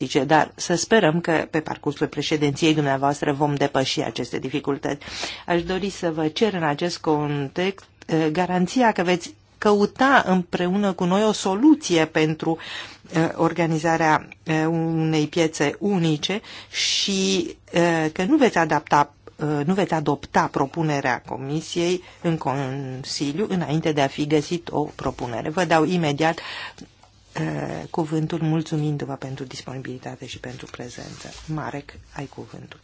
practice, dar să sperăm că pe parcursul președinției dumneavoastră vom depăși aceste dificultăți. Aș dori să vă cer în acest context eh, garanția că veți căuta împreună cu noi o soluție pentru eh, organizarea eh, unei piețe unice și că nu veți adapta nu veți adopta propunerea Comisiei în Consiliu înainte de a fi găsit o propunere. Vă dau imediat cuvântul mulțumindu-vă pentru disponibilitate și pentru prezență. Marek, ai cuvântul.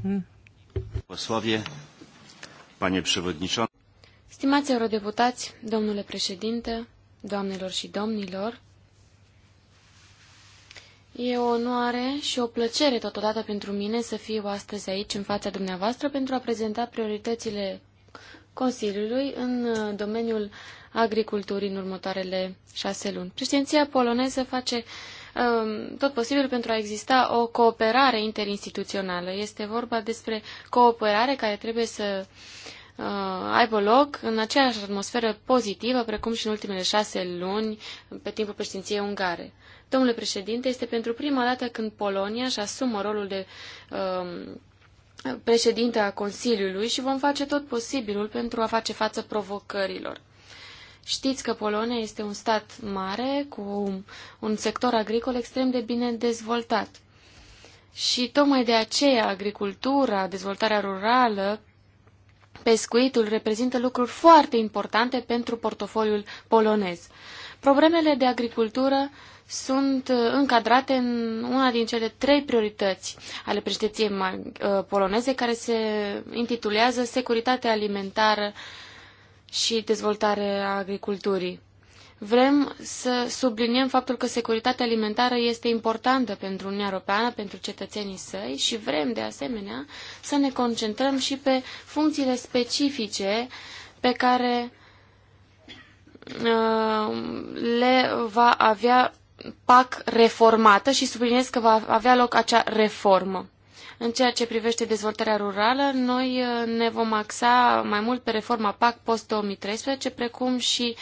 Hmm. Posłowie, panie przewodniczący. Stimați eurodeputați, domnule președinte, doamnelor și domnilor, E o onoare și o plăcere totodată pentru mine să fiu astăzi aici în fața dumneavoastră pentru a prezenta prioritățile Consiliului în uh, domeniul agriculturii în următoarele șase luni. Președinția poloneză face um, tot posibil pentru a exista o cooperare interinstituțională. Este vorba despre cooperare care trebuie să uh, aibă loc în aceeași atmosferă pozitivă, precum și în ultimele șase luni, pe timpul președinției ungare. Domnule președinte, este pentru prima dată când Polonia își asumă rolul de um, președinte a Consiliului și vom face tot posibilul pentru a face față provocărilor. Știți că Polonia este un stat mare cu un sector agricol extrem de bine dezvoltat. Și tocmai de aceea agricultura, dezvoltarea rurală, pescuitul reprezintă lucruri foarte importante pentru portofoliul polonez. Problemele de agricultură sunt uh, încadrate în una din cele trei priorități ale președinției uh, poloneze, care se intitulează Securitatea alimentară și dezvoltarea agriculturii. Vrem să subliniem faptul că securitatea alimentară este importantă pentru Uniunea Europeană, pentru cetățenii săi și vrem, de asemenea, să ne concentrăm și pe funcțiile specifice pe care uh, le va avea PAC reformată și subliniez că va avea loc acea reformă. În ceea ce privește dezvoltarea rurală, noi uh, ne vom axa mai mult pe reforma PAC post-2013, precum și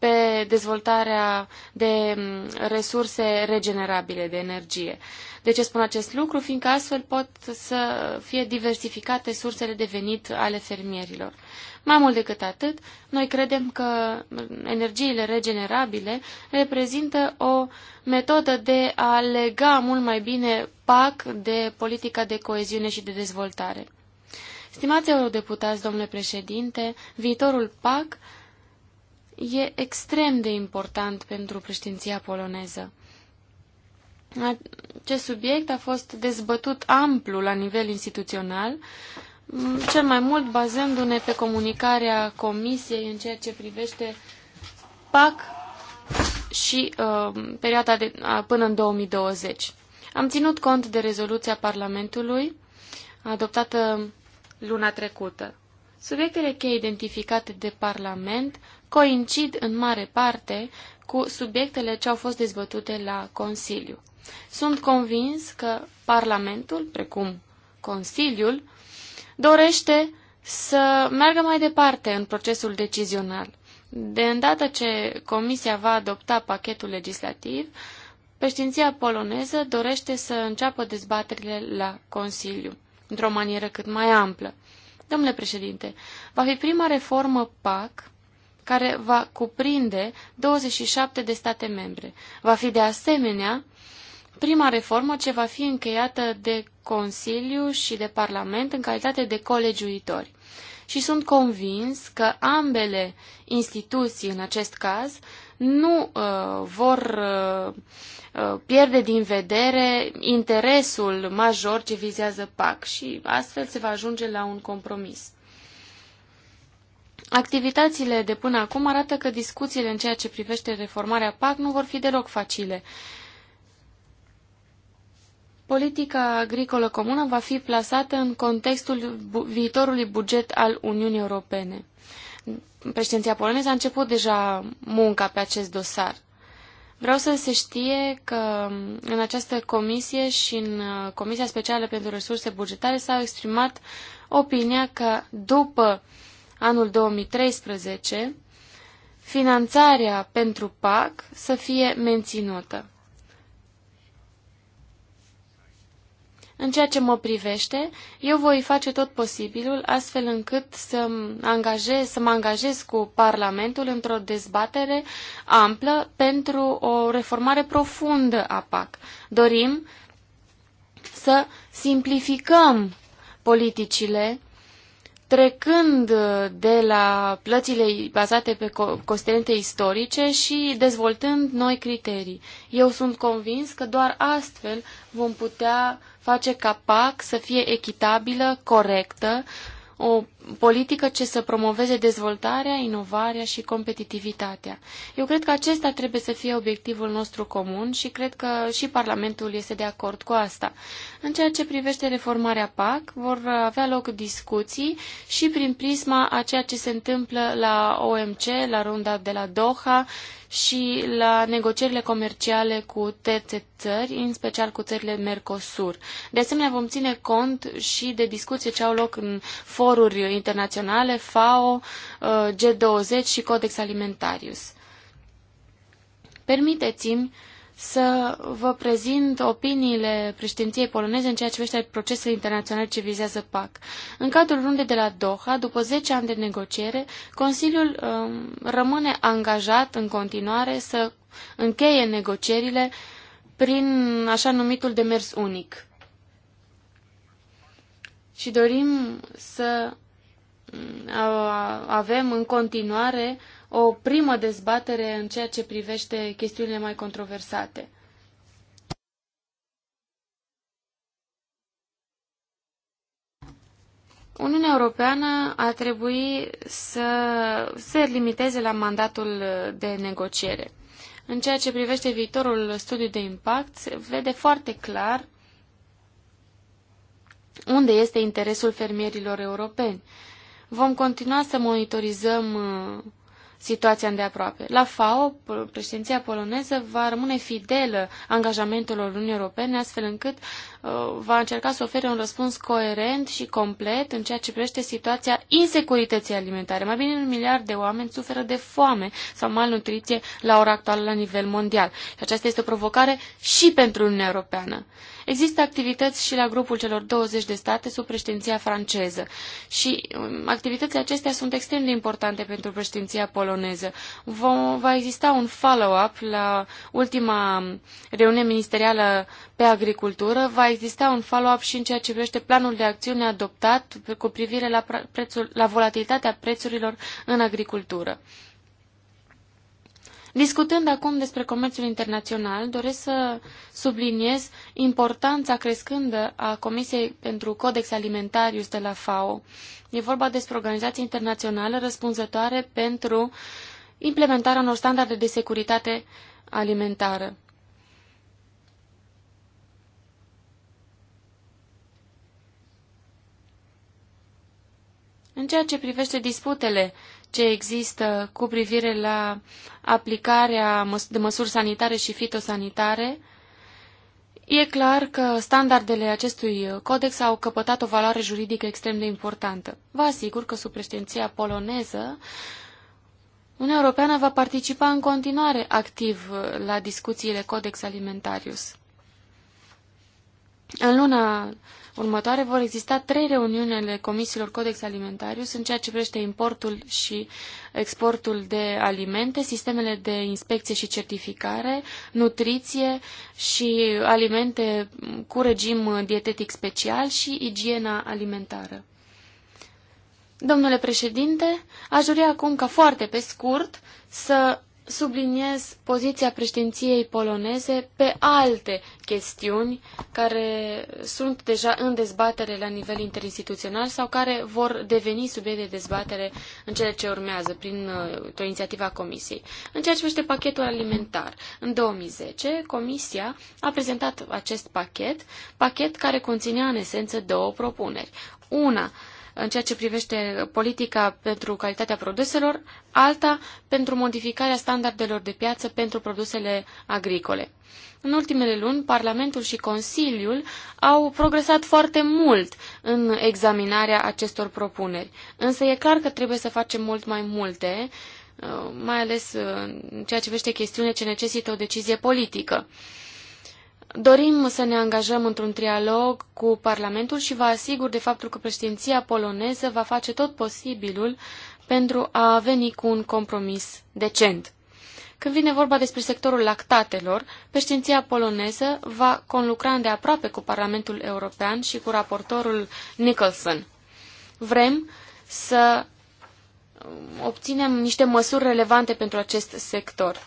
pe dezvoltarea de mm, resurse regenerabile de energie. De ce spun acest lucru? Fiindcă astfel pot să fie diversificate sursele de venit ale fermierilor. Mai mult decât atât, noi credem că energiile regenerabile reprezintă o metodă de a lega mult mai bine PAC de politica de coeziune și de dezvoltare. Stimați eurodeputați, domnule președinte, viitorul PAC e extrem de important pentru președinția poloneză. Acest subiect a fost dezbătut amplu la nivel instituțional, cel mai mult bazându-ne pe comunicarea Comisiei în ceea ce privește PAC și uh, perioada de, uh, până în 2020. Am ținut cont de rezoluția Parlamentului adoptată luna trecută. Subiectele cheie identificate de Parlament coincid în mare parte cu subiectele ce au fost dezbătute la Consiliu. Sunt convins că Parlamentul, precum Consiliul, dorește să meargă mai departe în procesul decizional. De îndată ce Comisia va adopta pachetul legislativ, peștinția poloneză dorește să înceapă dezbaterile la Consiliu, într-o manieră cât mai amplă. Domnule președinte, va fi prima reformă PAC care va cuprinde 27 de state membre. Va fi de asemenea prima reformă ce va fi încheiată de Consiliu și de Parlament în calitate de colegiuitori. Și sunt convins că ambele instituții, în acest caz, nu uh, vor uh, uh pierde din vedere interesul major ce vizează PAC și astfel se va ajunge la un compromis. Activitățile de până acum arată că discuțiile în ceea ce privește reformarea PAC nu vor fi deloc facile. Politica agricolă comună va fi plasată în contextul viitorului buget al Uniunii Europene. Președinția poloneză a început deja munca pe acest dosar. Vreau să se știe că în această comisie și în uh, Comisia Specială pentru Resurse Bugetare s-au exprimat opinia că după uh, anul 2013, finanțarea pentru PAC să fie menținută. În ceea ce mă privește, eu voi face tot posibilul astfel încât să, angajez, să mă angajez cu Parlamentul într-o dezbatere amplă pentru o reformare profundă a PAC. Dorim să simplificăm politicile trecând de la plățile bazate pe costelente istorice și dezvoltând noi criterii. Eu sunt convins că doar astfel vom putea face ca PAC să fie echitabilă, corectă, o politică ce să promoveze dezvoltarea, inovarea și competitivitatea. Eu cred că acesta trebuie să fie obiectivul nostru comun și cred că și Parlamentul este de acord cu asta. În ceea ce privește reformarea PAC, vor avea loc discuții și prin prisma a ceea ce se întâmplă la OMC, la runda de la Doha și la negocierile comerciale cu terțe țări, în special cu țările Mercosur. De asemenea, vom ține cont și de discuții ce au loc în foruri internaționale, FAO, uh, G20 și Codex Alimentarius. Permiteți-mi să vă prezint opiniile președinției poloneze în ceea ce privește procesele internaționale ce vizează PAC. În cadrul rundei de la Doha, după 10 ani de negociere, Consiliul um, rămâne angajat în continuare să încheie negocierile prin așa numitul demers unic. Și dorim să um, avem în continuare uh, o primă dezbatere în ceea ce privește chestiunile mai controversate. Uniunea Europeană a trebui să se limiteze la mandatul de negociere. În ceea ce privește viitorul studiu de impact, se vede foarte clar unde este interesul fermierilor europeni. Vom continua să monitorizăm uh, situația îndeaproape. La FAO, președinția poloneză va rămâne fidelă angajamentelor Uniunii Europene, astfel încât uh, va încerca să ofere un răspuns coerent și complet în ceea ce privește situația insecurității alimentare. Mai bine un miliard de oameni suferă de foame sau malnutriție la ora actuală la nivel mondial. Și aceasta este o provocare și pentru Uniunea Europeană. Există activități și la grupul celor 20 de state sub președinția franceză și um, activitățile acestea sunt extrem de importante pentru președinția poloneză. va exista un follow-up la ultima reuniune ministerială pe agricultură, va exista un follow-up și în ceea ce privește planul de acțiune adoptat cu privire la, prețul, la volatilitatea prețurilor în agricultură. Discutând acum despre comerțul internațional, doresc să subliniez importanța crescândă a Comisiei pentru Codex Alimentarius de la FAO. E vorba despre organizație internațională răspunzătoare pentru implementarea unor standarde de securitate alimentară. În ceea ce privește disputele ce există cu privire la aplicarea de măsuri sanitare și fitosanitare, e clar că standardele acestui codex au căpătat o valoare juridică extrem de importantă. Vă asigur că sub președinția poloneză Uniunea Europeană va participa în continuare activ la discuțiile Codex Alimentarius. În luna următoare vor exista trei reuniuni ale comisiilor Codex Alimentarius în ceea ce privește importul și exportul de alimente, sistemele de inspecție și certificare, nutriție și alimente cu regim dietetic special și igiena alimentară. Domnule președinte, aș dori acum ca foarte pe scurt să subliniez poziția președinției poloneze pe alte chestiuni care sunt deja în dezbatere la nivel interinstituțional sau care vor deveni subiect de dezbatere în cele ce urmează prin o uh, inițiativă a Comisiei. În ceea ce privește pachetul alimentar, în 2010 Comisia a prezentat acest pachet, pachet care conținea în esență două propuneri. Una, în ceea ce privește politica pentru calitatea produselor, alta pentru modificarea standardelor de piață pentru produsele agricole. În ultimele luni, Parlamentul și Consiliul au progresat foarte mult în examinarea acestor propuneri, însă e clar că trebuie să facem mult mai multe, uh, mai ales uh, în ceea ce privește chestiune ce necesită o decizie politică. Dorim să ne angajăm într-un trialog cu Parlamentul și vă asigur de faptul că președinția poloneză va face tot posibilul pentru a veni cu un compromis decent. Când vine vorba despre sectorul lactatelor, președinția poloneză va conlucra îndeaproape cu Parlamentul European și cu raportorul Nicholson. Vrem să obținem niște măsuri relevante pentru acest sector.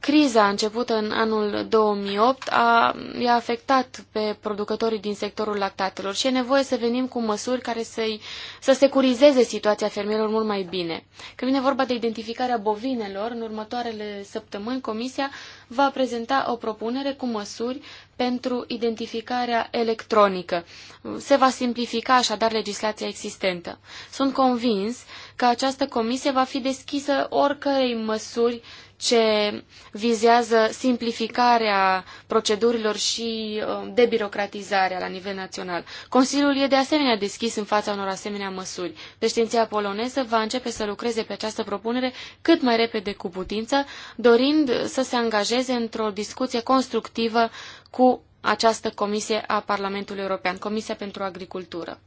Criza începută în anul 2008 a, i-a afectat pe producătorii din sectorul lactatelor și e nevoie să venim cu măsuri care să-i, să securizeze situația fermierilor mult mai bine. Când vine vorba de identificarea bovinelor, în următoarele săptămâni Comisia va prezenta o propunere cu măsuri pentru identificarea electronică. Se va simplifica așadar legislația existentă. Sunt convins că această comisie va fi deschisă oricărei măsuri ce vizează simplificarea procedurilor și uh, debirocratizarea la nivel național. Consiliul e de asemenea deschis în fața unor asemenea măsuri. Președinția poloneză va începe să lucreze pe această propunere cât mai repede cu putință, dorind să se angajeze într-o discuție constructivă cu această comisie a Parlamentului European, Comisia pentru Agricultură.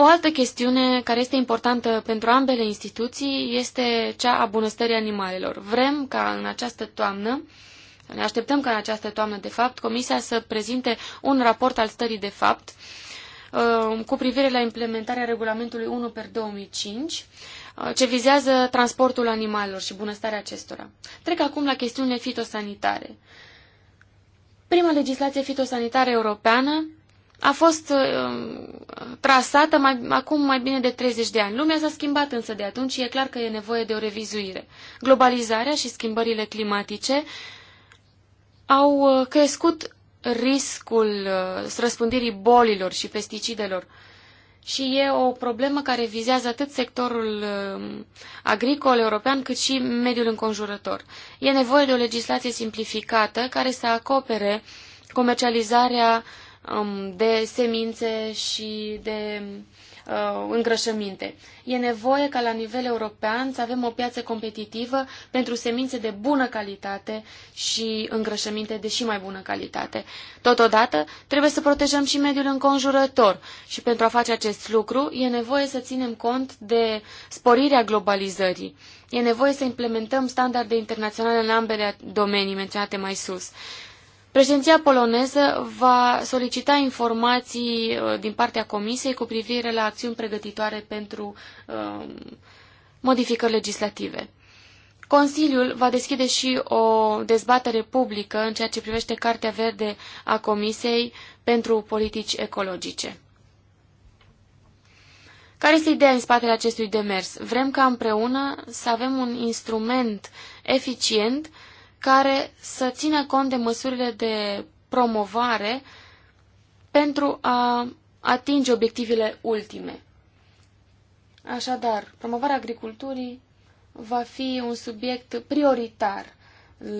O altă chestiune care este importantă pentru ambele instituții este cea a bunăstării animalelor. Vrem ca în această toamnă, ne așteptăm ca în această toamnă, de fapt, Comisia să prezinte un raport al stării de fapt uh, cu privire la implementarea regulamentului 1 per 2005 uh, ce vizează transportul animalelor și bunăstarea acestora. Trec acum la chestiunile fitosanitare. Prima legislație fitosanitară europeană a fost uh, trasată mai, acum mai bine de 30 de ani. Lumea s-a schimbat însă de atunci și e clar că e nevoie de o revizuire. Globalizarea și schimbările climatice au uh, crescut riscul uh, răspândirii bolilor și pesticidelor. Și e o problemă care vizează atât sectorul uh, agricol european cât și mediul înconjurător. E nevoie de o legislație simplificată care să acopere comercializarea uh, Um, de semințe și de uh, îngrășăminte. E nevoie ca la nivel european să avem o piață competitivă pentru semințe de bună calitate și îngrășăminte de și mai bună calitate. Totodată, trebuie să protejăm și mediul înconjurător și pentru a face acest lucru e nevoie să ținem cont de sporirea globalizării. E nevoie să implementăm standarde internaționale în ambele domenii menționate mai sus. Președinția poloneză va solicita informații uh, din partea Comisiei cu privire la acțiuni pregătitoare pentru uh, modificări legislative. Consiliul va deschide și o dezbatere publică în ceea ce privește Cartea Verde a Comisiei pentru politici ecologice. Care este ideea în spatele acestui demers? Vrem ca împreună să avem un instrument eficient uh, care să țină cont de măsurile de promovare pentru a atinge obiectivele ultime. Așadar, promovarea agriculturii va fi un subiect prioritar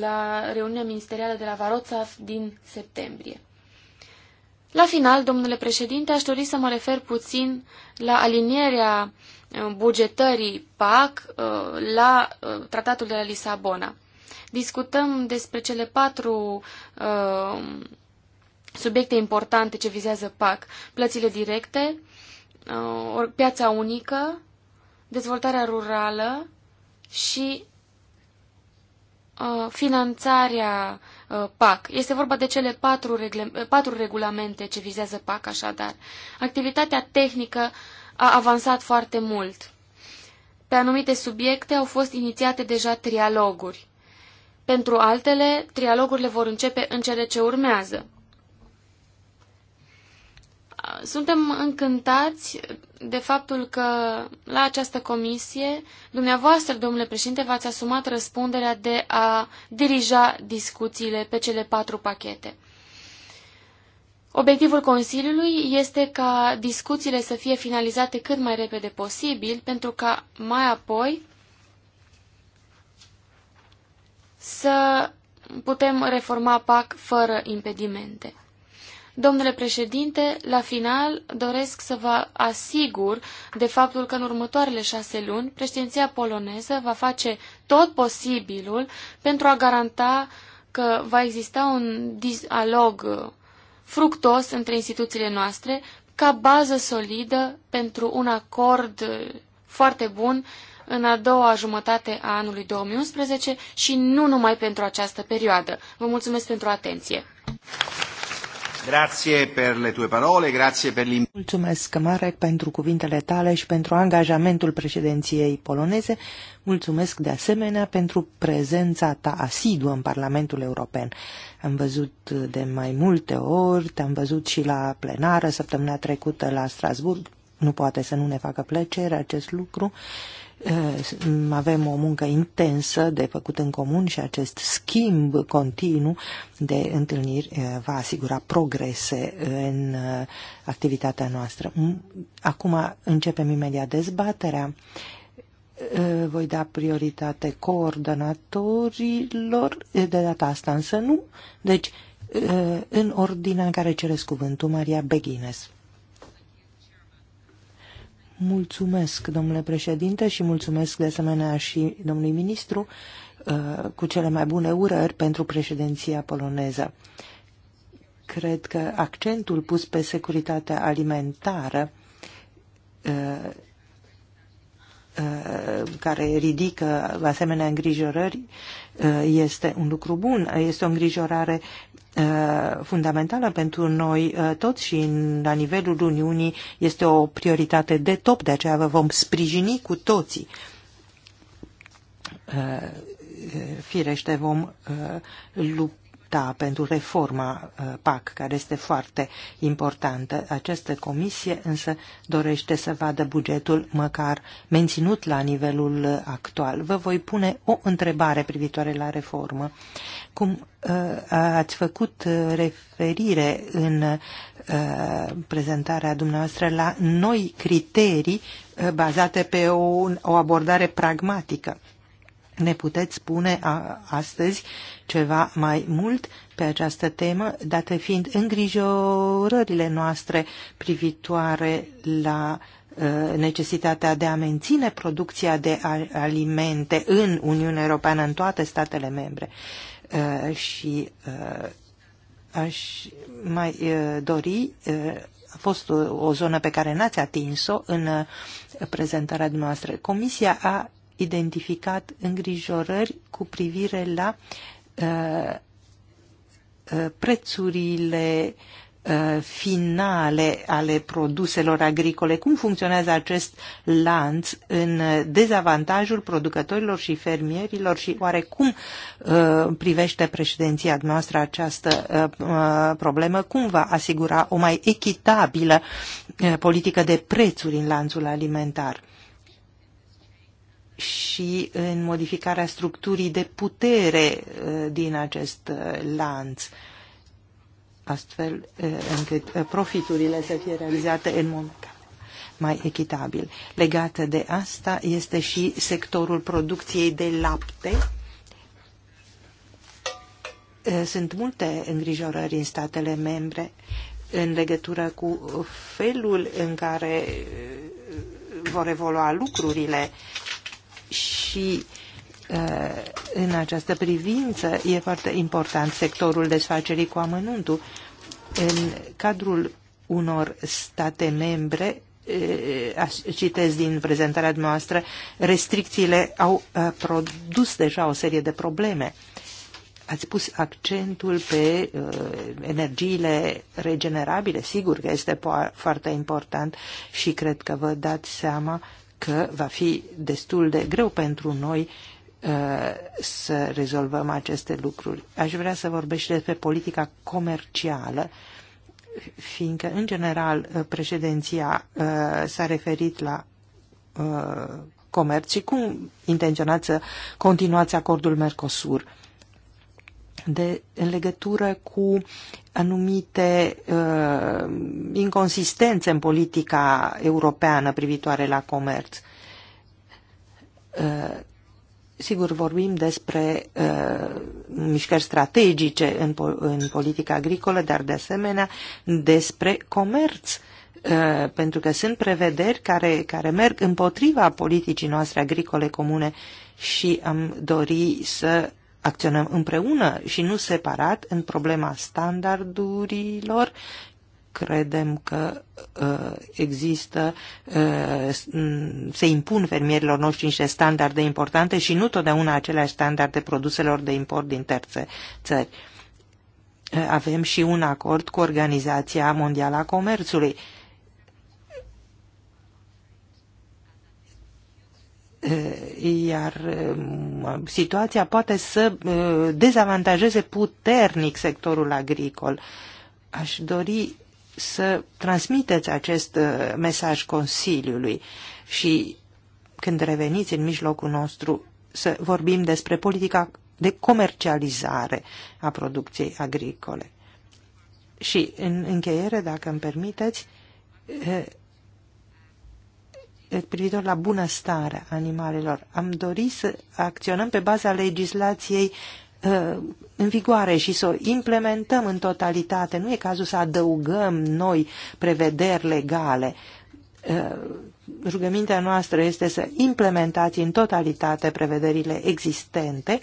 la reuniunea ministerială de la Varoțaf din septembrie. La final, domnule președinte, aș dori să mă refer puțin la alinierea uh, bugetării PAC uh, la uh, tratatul de la Lisabona discutăm despre cele patru uh, subiecte importante ce vizează PAC. Plățile directe, uh, piața unică, dezvoltarea rurală și uh, finanțarea uh, PAC. Este vorba de cele patru, regle, uh, patru regulamente ce vizează PAC, așadar. Activitatea tehnică a avansat foarte mult. Pe anumite subiecte au fost inițiate deja trialoguri. Pentru altele, trialogurile vor începe în cele ce urmează. Suntem încântați de faptul că la această comisie, dumneavoastră, domnule președinte, v-ați asumat răspunderea de a dirija discuțiile pe cele patru pachete. Obiectivul Consiliului este ca discuțiile să fie finalizate cât mai repede posibil, pentru ca mai apoi să putem reforma PAC fără impedimente. Domnule președinte, la final doresc să vă asigur de faptul că în următoarele șase luni președinția poloneză va face tot posibilul pentru a garanta că va exista un dialog fructos între instituțiile noastre ca bază solidă pentru un acord foarte bun în a doua jumătate a anului 2011 și nu numai pentru această perioadă. Vă mulțumesc pentru atenție. Grazie per le tue parole, grazie per Mulțumesc, Marek, pentru cuvintele tale și pentru angajamentul președinției poloneze. Mulțumesc de asemenea pentru prezența ta asiduă în Parlamentul European. Am văzut de mai multe ori, te-am văzut și la plenară săptămâna trecută la Strasburg. Nu poate să nu ne facă plăcere acest lucru Eh, avem o muncă intensă de făcut în comun și acest schimb continuu de întâlniri eh, va asigura progrese în eh, activitatea noastră. Acum începem imediat dezbaterea. Voi da prioritate coordonatorilor de data asta, însă nu. Deci, în ordinea în care cereți cuvântul, Maria Beghines. Mulțumesc, domnule președinte, și mulțumesc de asemenea și domnului ministru uh, cu cele mai bune urări pentru președinția poloneză. Cred că accentul pus pe securitatea alimentară uh, uh, care ridică asemenea îngrijorări Uh, este un lucru bun, este o îngrijorare uh, fundamentală pentru noi uh, toți și la nivelul Uniunii este o prioritate de top, de aceea vă vom sprijini cu toții. Firește vom lupta lupta pentru reforma uh, PAC, care este foarte importantă. Această comisie însă dorește să vadă bugetul măcar menținut la nivelul uh, actual. Vă voi pune o întrebare privitoare la reformă. Cum uh, ați făcut referire în prezentarea dumneavoastră la noi criterii bazate pe o, abordare pragmatică ne puteți spune a, astăzi ceva mai mult pe această temă, date fiind îngrijorările noastre privitoare la uh, necesitatea de a menține producția de alimente în Uniunea Europeană, în toate statele membre. Uh, și uh, aș mai dori a fost o, o zonă pe care n-ați atins-o în prezentarea dumneavoastră. Comisia a identificat îngrijorări cu privire la uh, uh prețurile uh, finale ale produselor agricole. Cum funcționează acest lanț în dezavantajul producătorilor și fermierilor și oarecum cum uh, privește președinția noastră această problemă? Cum va asigura o mai echitabilă politică de prețuri în lanțul alimentar? și în modificarea structurii de putere uh, din acest uh, lanț, astfel uh, încât profiturile să fie realizate în mod mai echitabil. Legată de asta este și sectorul producției de lapte. Sunt multe îngrijorări în statele membre în legătură cu felul în care vor evolua lucrurile și uh, în această privință e foarte important sectorul desfacerii cu amănuntul. În cadrul unor state membre, uh, citesc din prezentarea noastră, restricțiile au uh, produs deja o serie de probleme. Ați pus accentul pe uh, energiile regenerabile, sigur că este foarte important și cred că vă dați seama că va fi destul de greu pentru noi uh, să rezolvăm aceste lucruri. Aș vrea să vorbesc și despre politica comercială, fiindcă, în general, uh, președinția uh, s-a referit la comerț și cum intenționați să continuați acordul Mercosur de, în legătură cu anumite uh, inconsistențe în politica europeană privitoare la comerț. Uh, sigur, vorbim despre uh, mișcări strategice în, în politica agricolă, dar de asemenea despre comerț. Uh, pentru că sunt prevederi care, care merg împotriva politicii noastre agricole comune și am dori să acționăm împreună și nu separat în problema standardurilor. Credem că uh, există, uh, se impun fermierilor noștri niște standarde importante și nu totdeauna aceleași standarde produselor de import din terțe țări. Uh, avem și un acord cu Organizația Mondială a Comerțului. Uh, Eh, iar eh, situația poate să eh, dezavantajeze puternic sectorul agricol. Aș dori să transmiteți acest mesaj Consiliului și când reveniți în mijlocul nostru să vorbim despre politica de comercializare a producției agricole. Și în încheiere, dacă îmi permiteți, privitor la bunăstarea animalelor. Am dorit să acționăm pe baza legislației uh, în vigoare și să o implementăm în totalitate. Nu e cazul să adăugăm noi prevederi legale. Uh, rugămintea noastră este să implementați în totalitate prevederile existente uh,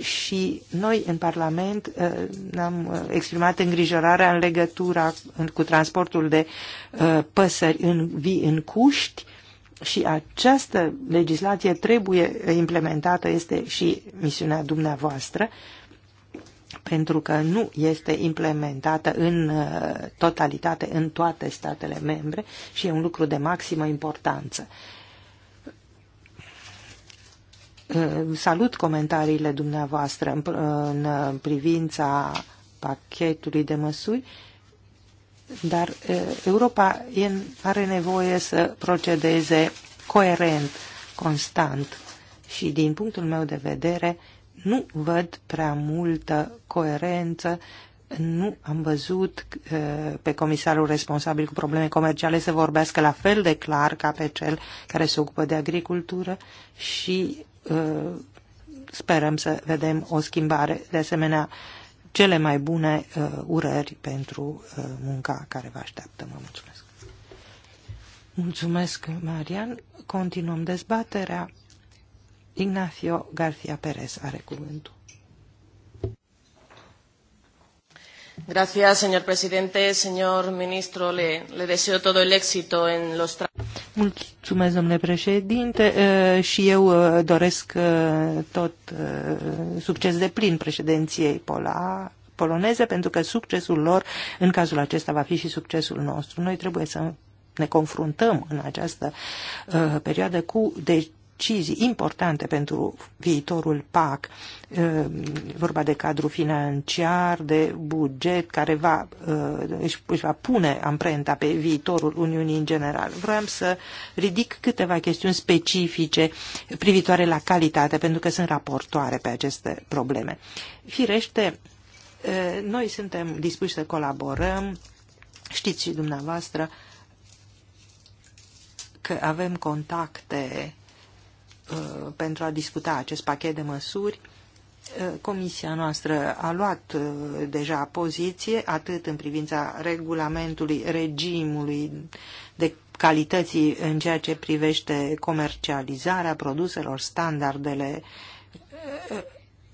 și noi în Parlament uh, ne-am uh, exprimat îngrijorarea în legătura cu transportul de uh, păsări în vii în cuști și această legislație trebuie implementată, este și misiunea dumneavoastră, pentru că nu este implementată în totalitate în toate statele membre și e un lucru de maximă importanță salut comentariile dumneavoastră în, în privința pachetului de măsuri, dar Europa are nevoie să procedeze coerent, constant și din punctul meu de vedere nu văd prea multă coerență nu am văzut pe comisarul responsabil cu probleme comerciale să vorbească la fel de clar ca pe cel care se ocupă de agricultură și Uh, sperăm să vedem o schimbare. De asemenea, cele mai bune uh, urări pentru uh, munca care vă așteaptă. Mă mulțumesc! Mulțumesc, Marian. Continuăm dezbaterea. Ignacio García Pérez are cuvântul. Gracias, señor presidente. Señor ministro, le, le deseo todo el éxito en los Mulțumesc, domnule președinte, eh, și eu eh, doresc eh, tot succes de plin președinției pola, poloneze, pentru că succesul lor, în cazul acesta, va fi și succesul nostru. Noi trebuie să ne confruntăm în această uh, perioadă cu de deci, decizii importante pentru viitorul PAC. Vorba de cadru financiar, de buget care va, își, va pune amprenta pe viitorul Uniunii în general. Vreau să ridic câteva chestiuni specifice privitoare la calitate, pentru că sunt raportoare pe aceste probleme. Firește, noi suntem dispuși să colaborăm, știți și dumneavoastră, că avem contacte Uh, pentru a discuta acest pachet de măsuri. Uh, comisia noastră a luat uh, deja poziție atât în privința regulamentului regimului de calității în ceea ce privește comercializarea produselor, standardele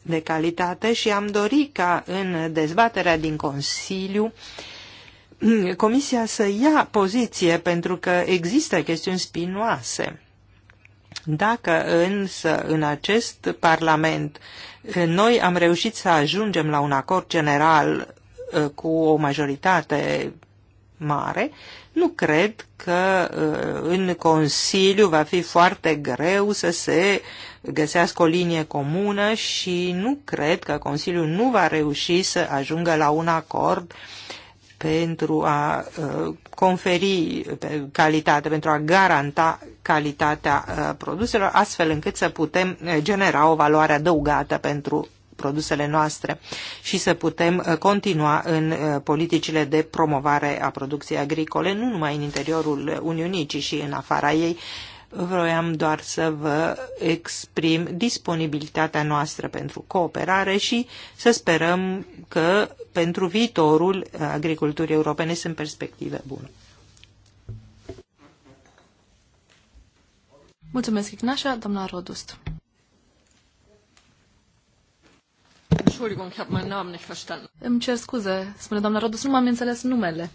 de calitate și am dorit ca în dezbaterea din Consiliu mm, Comisia să ia poziție pentru că există chestiuni spinoase dacă însă în acest Parlament eh, noi am reușit să ajungem la un acord general eh, cu o majoritate mare, nu cred că eh, în Consiliu va fi foarte greu să se găsească o linie comună și nu cred că Consiliul nu va reuși să ajungă la un acord uh, pentru a uh, conferi uh, calitate, pentru a garanta calitatea uh, produselor, astfel încât să putem genera o valoare adăugată pentru produsele noastre și să putem continua în politicile de promovare a producției agricole, nu numai în interiorul Uniunii, ci și în afara ei, Vroiam doar să vă exprim disponibilitatea noastră pentru cooperare și să sperăm că pentru viitorul agriculturii europene sunt perspective bune. Mulțumesc, Ignașa. Doamna Rodust. Îmi cer scuze, spune doamna Rodus, nu m-am înțeles numele.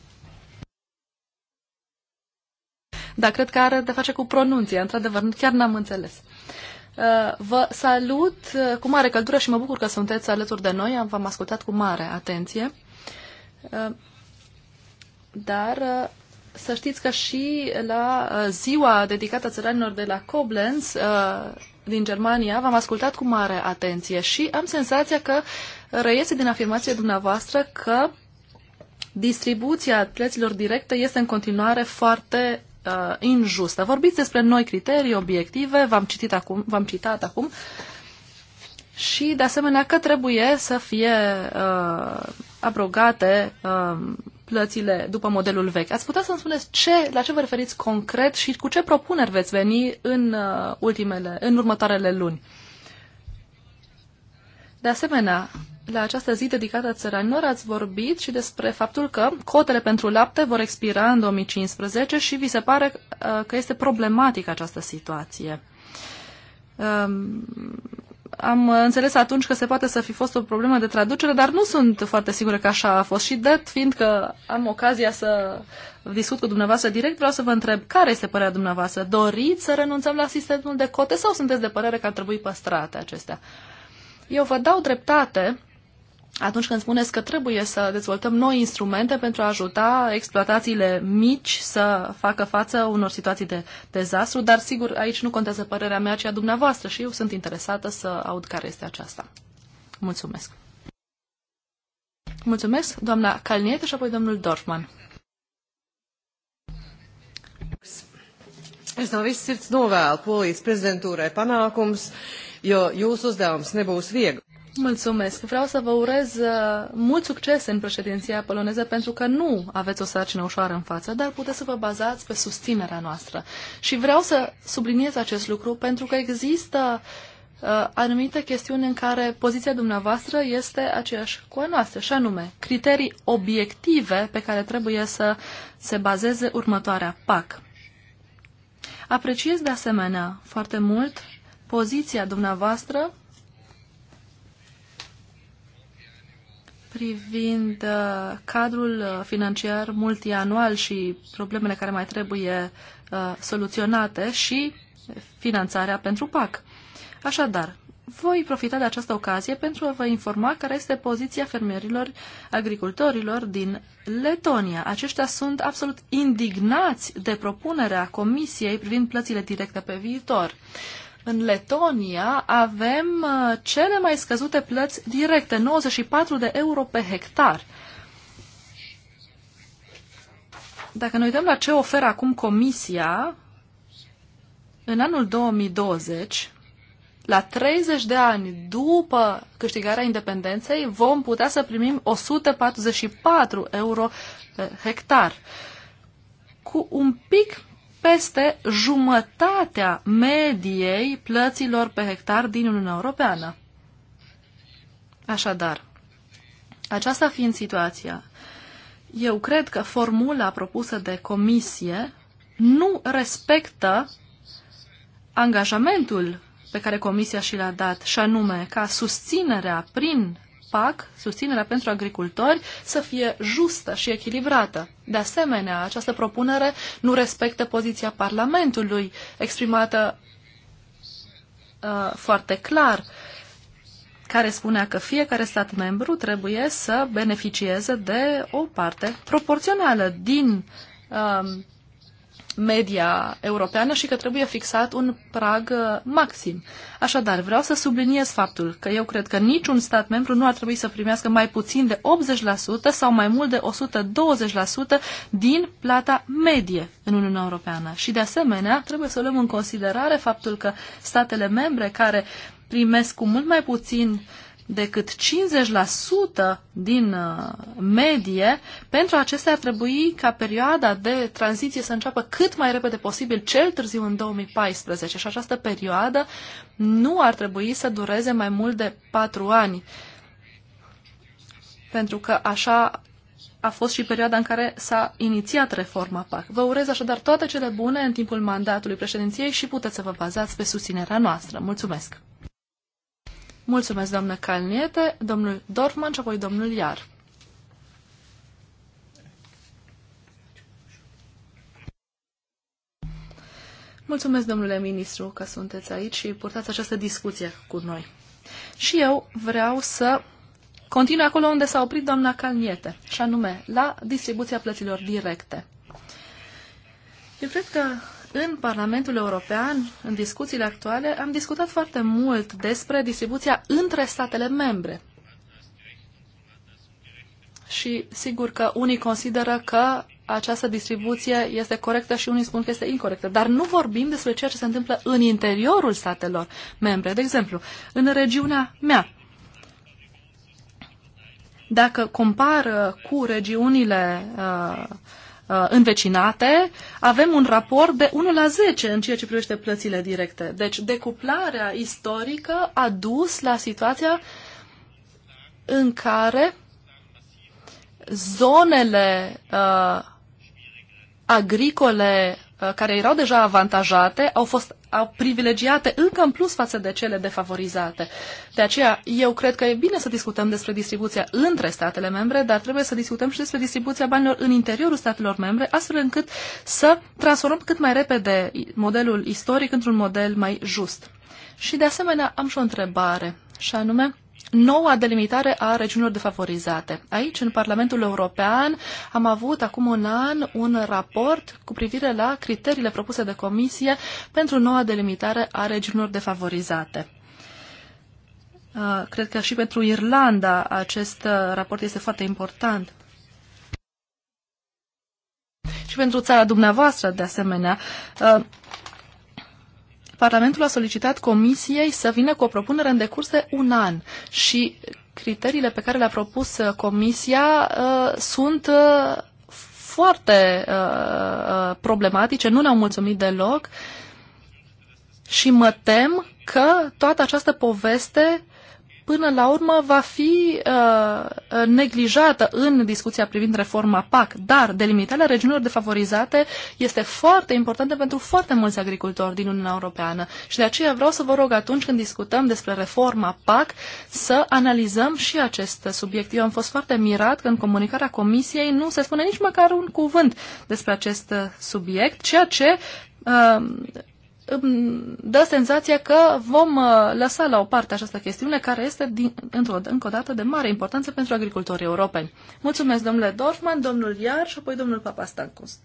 Da, cred că are de face cu pronunția, într-adevăr, chiar n-am înțeles. Uh, vă salut uh, cu mare căldură și mă bucur că sunteți alături de noi. V-am ascultat cu mare atenție. Uh, dar să știți că și la ziua dedicată țăranilor de la Koblenz din Germania v-am ascultat cu mare atenție și am senzația că răiese din afirmația dumneavoastră că distribuția plăților directe este în continuare foarte uh, injustă. Vorbiți despre noi criterii, obiective, v-am, citit acum, v-am citat acum și, de asemenea, că trebuie să fie uh, abrogate uh, plățile după modelul vechi. Ați putea să-mi spuneți ce, la ce vă referiți concret și cu ce propuneri veți veni în, uh, ultimele, în următoarele luni? De asemenea, la această zi dedicată țăranilor ați vorbit și despre faptul că cotele pentru lapte vor expira în 2015 și vi se pare uh, că este problematică această situație. Um, am înțeles atunci că se poate să fi fost o problemă de traducere, dar nu sunt foarte sigură că așa a fost. Și dat fiindcă am ocazia să discut cu dumneavoastră direct, vreau să vă întreb care este părerea dumneavoastră. Doriți să renunțăm la sistemul de cote sau sunteți de părere că ar trebui păstrate acestea? Eu vă dau dreptate atunci când spuneți că trebuie să dezvoltăm noi instrumente pentru a ajuta exploatațiile mici să facă față unor situații de dezastru, dar sigur aici nu contează părerea mea, ci a dumneavoastră și eu sunt interesată să aud care este aceasta. Mulțumesc. Mulțumesc, doamna Calniet și apoi domnul Dorfman. Es no viss sirds novēlu polijas prezidentūrai panākums, jo jūsu uzdevums nebūs viegli. Mulțumesc. Vreau să vă urez uh, mult succes în președinția poloneză pentru că nu aveți o sarcină ușoară în față, dar puteți să vă bazați pe susținerea noastră. Și vreau să subliniez acest lucru pentru că există uh, anumite chestiuni în care poziția dumneavoastră este aceeași cu a noastră, și anume criterii obiective pe care trebuie să se bazeze următoarea PAC. Apreciez de asemenea foarte mult poziția dumneavoastră privind uh, cadrul uh, financiar multianual și problemele care mai trebuie uh, soluționate și finanțarea pentru PAC. Așadar, voi profita de această ocazie pentru a vă informa care este poziția fermierilor agricultorilor din Letonia. Aceștia sunt absolut indignați de propunerea Comisiei privind plățile directe pe viitor. În Letonia avem uh, cele mai scăzute plăți directe, 94 de euro pe hectar. Dacă ne uităm la ce oferă acum Comisia, în anul 2020, la 30 de ani după câștigarea independenței, vom putea să primim 144 euro pe uh, hectar. Cu un pic peste jumătatea mediei plăților pe hectar din Uniunea Europeană. Așadar, aceasta fiind situația, eu cred că formula propusă de comisie nu respectă angajamentul pe care comisia și l-a dat, și anume ca susținerea prin PAC, susținerea pentru agricultori, să fie justă și echilibrată. De asemenea, această propunere nu respectă poziția Parlamentului, exprimată uh, foarte clar, care spunea că fiecare stat membru trebuie să beneficieze de o parte proporțională din uh, media europeană și că trebuie fixat un prag uh, maxim. Așadar, vreau să subliniez faptul că eu cred că niciun stat membru nu ar trebui să primească mai puțin de 80% sau mai mult de 120% din plata medie în Uniunea Europeană. Și de asemenea, trebuie să luăm în considerare faptul că statele membre care primesc cu mult mai puțin uh, decât 50% din uh, medie, pentru acestea ar trebui ca perioada de tranziție să înceapă cât mai repede posibil, cel târziu în 2014. Și această perioadă nu ar trebui să dureze mai mult de 4 ani, pentru că așa a fost și perioada în care s-a inițiat reforma PAC. Vă urez așadar toate cele bune în timpul mandatului președinției și puteți să vă bazați pe susținerea noastră. Mulțumesc! Mulțumesc, doamnă Calniete, domnul Dorfman și apoi domnul Iar. Mulțumesc, domnule ministru, că sunteți aici și purtați această discuție cu noi. Și eu vreau să continui acolo unde s-a oprit doamna Calniete, și anume la distribuția plăților directe. Eu cred că în Parlamentul European, în discuțiile actuale, am discutat foarte mult despre distribuția între statele membre. Și sigur că unii consideră că această distribuție este corectă și unii spun că este incorrectă. Dar nu vorbim despre ceea ce se întâmplă în interiorul statelor membre. De exemplu, în regiunea mea, dacă compar cu regiunile uh, uh, învecinate, avem un raport de 1 la 10 în ceea ce privește plățile directe. Deci decuplarea istorică a dus la situația în care zonele uh, agricole Uh, care erau deja avantajate au fost au privilegiate încă în plus față de cele defavorizate. De aceea, eu cred că e bine să discutăm despre distribuția între statele membre, dar trebuie să discutăm și despre distribuția banilor în interiorul statelor membre, astfel încât să transformăm cât mai repede modelul istoric într-un model mai just. Și, de asemenea, am și o întrebare, și anume, noua delimitare a regiunilor defavorizate. Aici, în Parlamentul European, am avut acum un an un raport cu privire la criteriile propuse de Comisie pentru noua delimitare a regiunilor defavorizate. Uh, cred că și pentru Irlanda acest uh, raport este foarte important. Și pentru țara dumneavoastră, de asemenea, uh, Parlamentul a solicitat Comisiei să vină cu o propunere în decurs de un an și criteriile pe care le-a propus uh, Comisia uh, sunt uh, foarte uh, uh, problematice, nu ne-au mulțumit deloc și mă tem că toată această poveste până la urmă va fi uh, uh, neglijată în discuția privind reforma PAC, dar delimitarea regiunilor defavorizate este foarte importantă pentru foarte mulți agricultori din Uniunea Europeană și de aceea vreau să vă rog atunci când discutăm despre reforma PAC să analizăm și acest subiect. Eu am fost foarte mirat că în comunicarea Comisiei nu se spune nici măcar un cuvânt despre acest subiect, ceea ce uh, dă senzația că vom uh, lăsa la o parte această chestiune care este din, într-o, încă o dată de mare importanță pentru agricultorii europeni. Mulțumesc, domnule Dorfman, domnul Iar și apoi domnul Papastancus.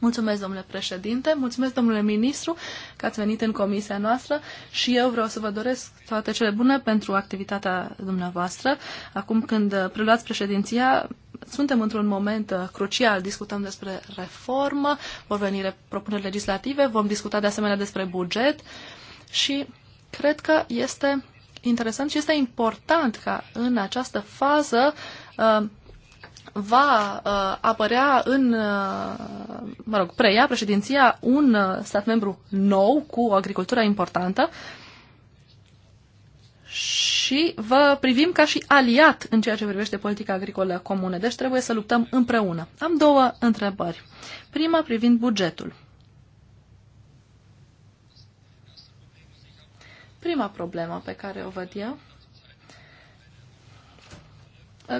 Mulțumesc, domnule președinte, mulțumesc, domnule ministru, că ați venit în comisia noastră și eu vreau să vă doresc toate cele bune pentru activitatea dumneavoastră. Acum când preluați președinția, suntem într-un moment uh, crucial, discutăm despre reformă, vor veni propuneri legislative, vom discuta de asemenea despre buget și cred că este interesant și este important ca în această fază uh, va uh, apărea în, mă rog, preia președinția un stat membru nou cu o agricultură importantă și vă privim ca și aliat în ceea ce privește politica agricolă comună. Deci trebuie să luptăm împreună. Am două întrebări. Prima privind bugetul. Prima problemă pe care o văd eu.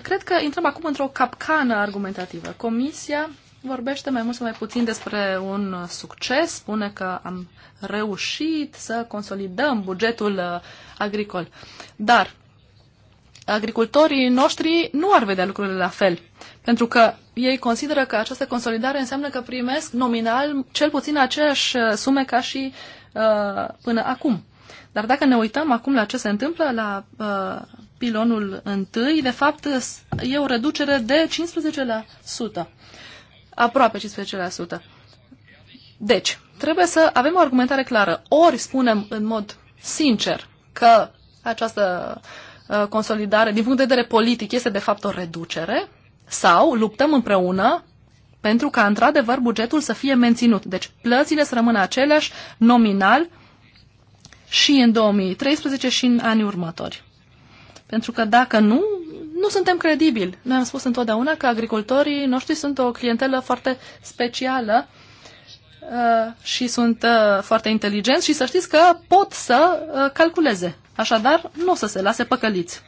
Cred că intrăm acum într-o capcană argumentativă. Comisia vorbește mai mult sau mai puțin despre un succes, spune că am reușit să consolidăm bugetul uh, agricol. Dar agricultorii noștri nu ar vedea lucrurile la fel, pentru că ei consideră că această consolidare înseamnă că primesc nominal cel puțin aceeași uh, sume ca și uh, până acum. Dar dacă ne uităm acum la ce se întâmplă la uh, pilonul întâi, de fapt e o reducere de 15% aproape 15%. Deci, trebuie să avem o argumentare clară. Ori spunem în mod sincer că această uh, consolidare, din punct de vedere politic, este de fapt o reducere, sau luptăm împreună pentru ca, într-adevăr, bugetul să fie menținut. Deci, plățile să rămână aceleași nominal și în 2013 și în anii următori. Pentru că dacă nu, nu suntem credibili. Noi am spus întotdeauna că agricultorii noștri sunt o clientelă foarte specială uh, și sunt uh, foarte inteligenți și să știți că pot să uh, calculeze. Așadar, nu o să se lase păcăliți.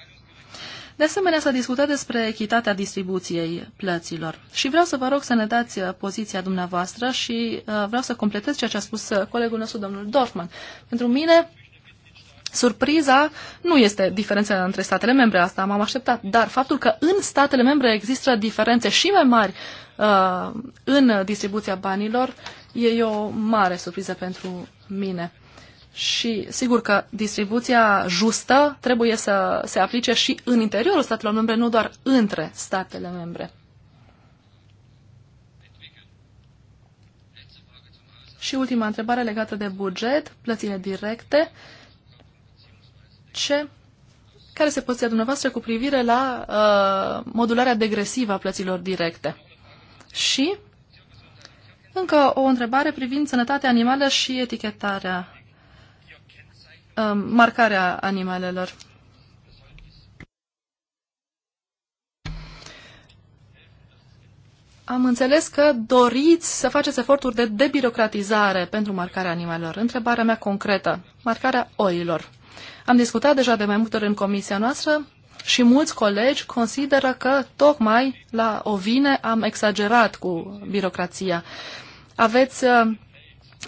De asemenea, s-a discutat despre echitatea distribuției plăților. Și vreau să vă rog să ne dați poziția dumneavoastră și vreau să completez ceea ce a spus colegul nostru, domnul Dorfman. Pentru mine, Surpriza nu este diferența între statele membre, asta m-am așteptat, dar faptul că în statele membre există diferențe și mai mari uh, în distribuția banilor e o mare surpriză pentru mine. Și sigur că distribuția justă trebuie să se aplice și în interiorul statelor membre, nu doar între statele membre. Și ultima întrebare legată de buget, plățile directe. Uh, ce, care este poziția dumneavoastră cu privire la uh, modularea degresivă a plăților directe? Și încă o întrebare privind sănătatea animală și etichetarea, uh, marcarea animalelor. Am înțeles că doriți să faceți eforturi de debirocratizare pentru marcarea animalelor. Întrebarea mea concretă, marcarea oilor. Am discutat deja de mai multe ori în comisia noastră și mulți colegi consideră că tocmai la Ovine am exagerat cu birocrația. Aveți uh,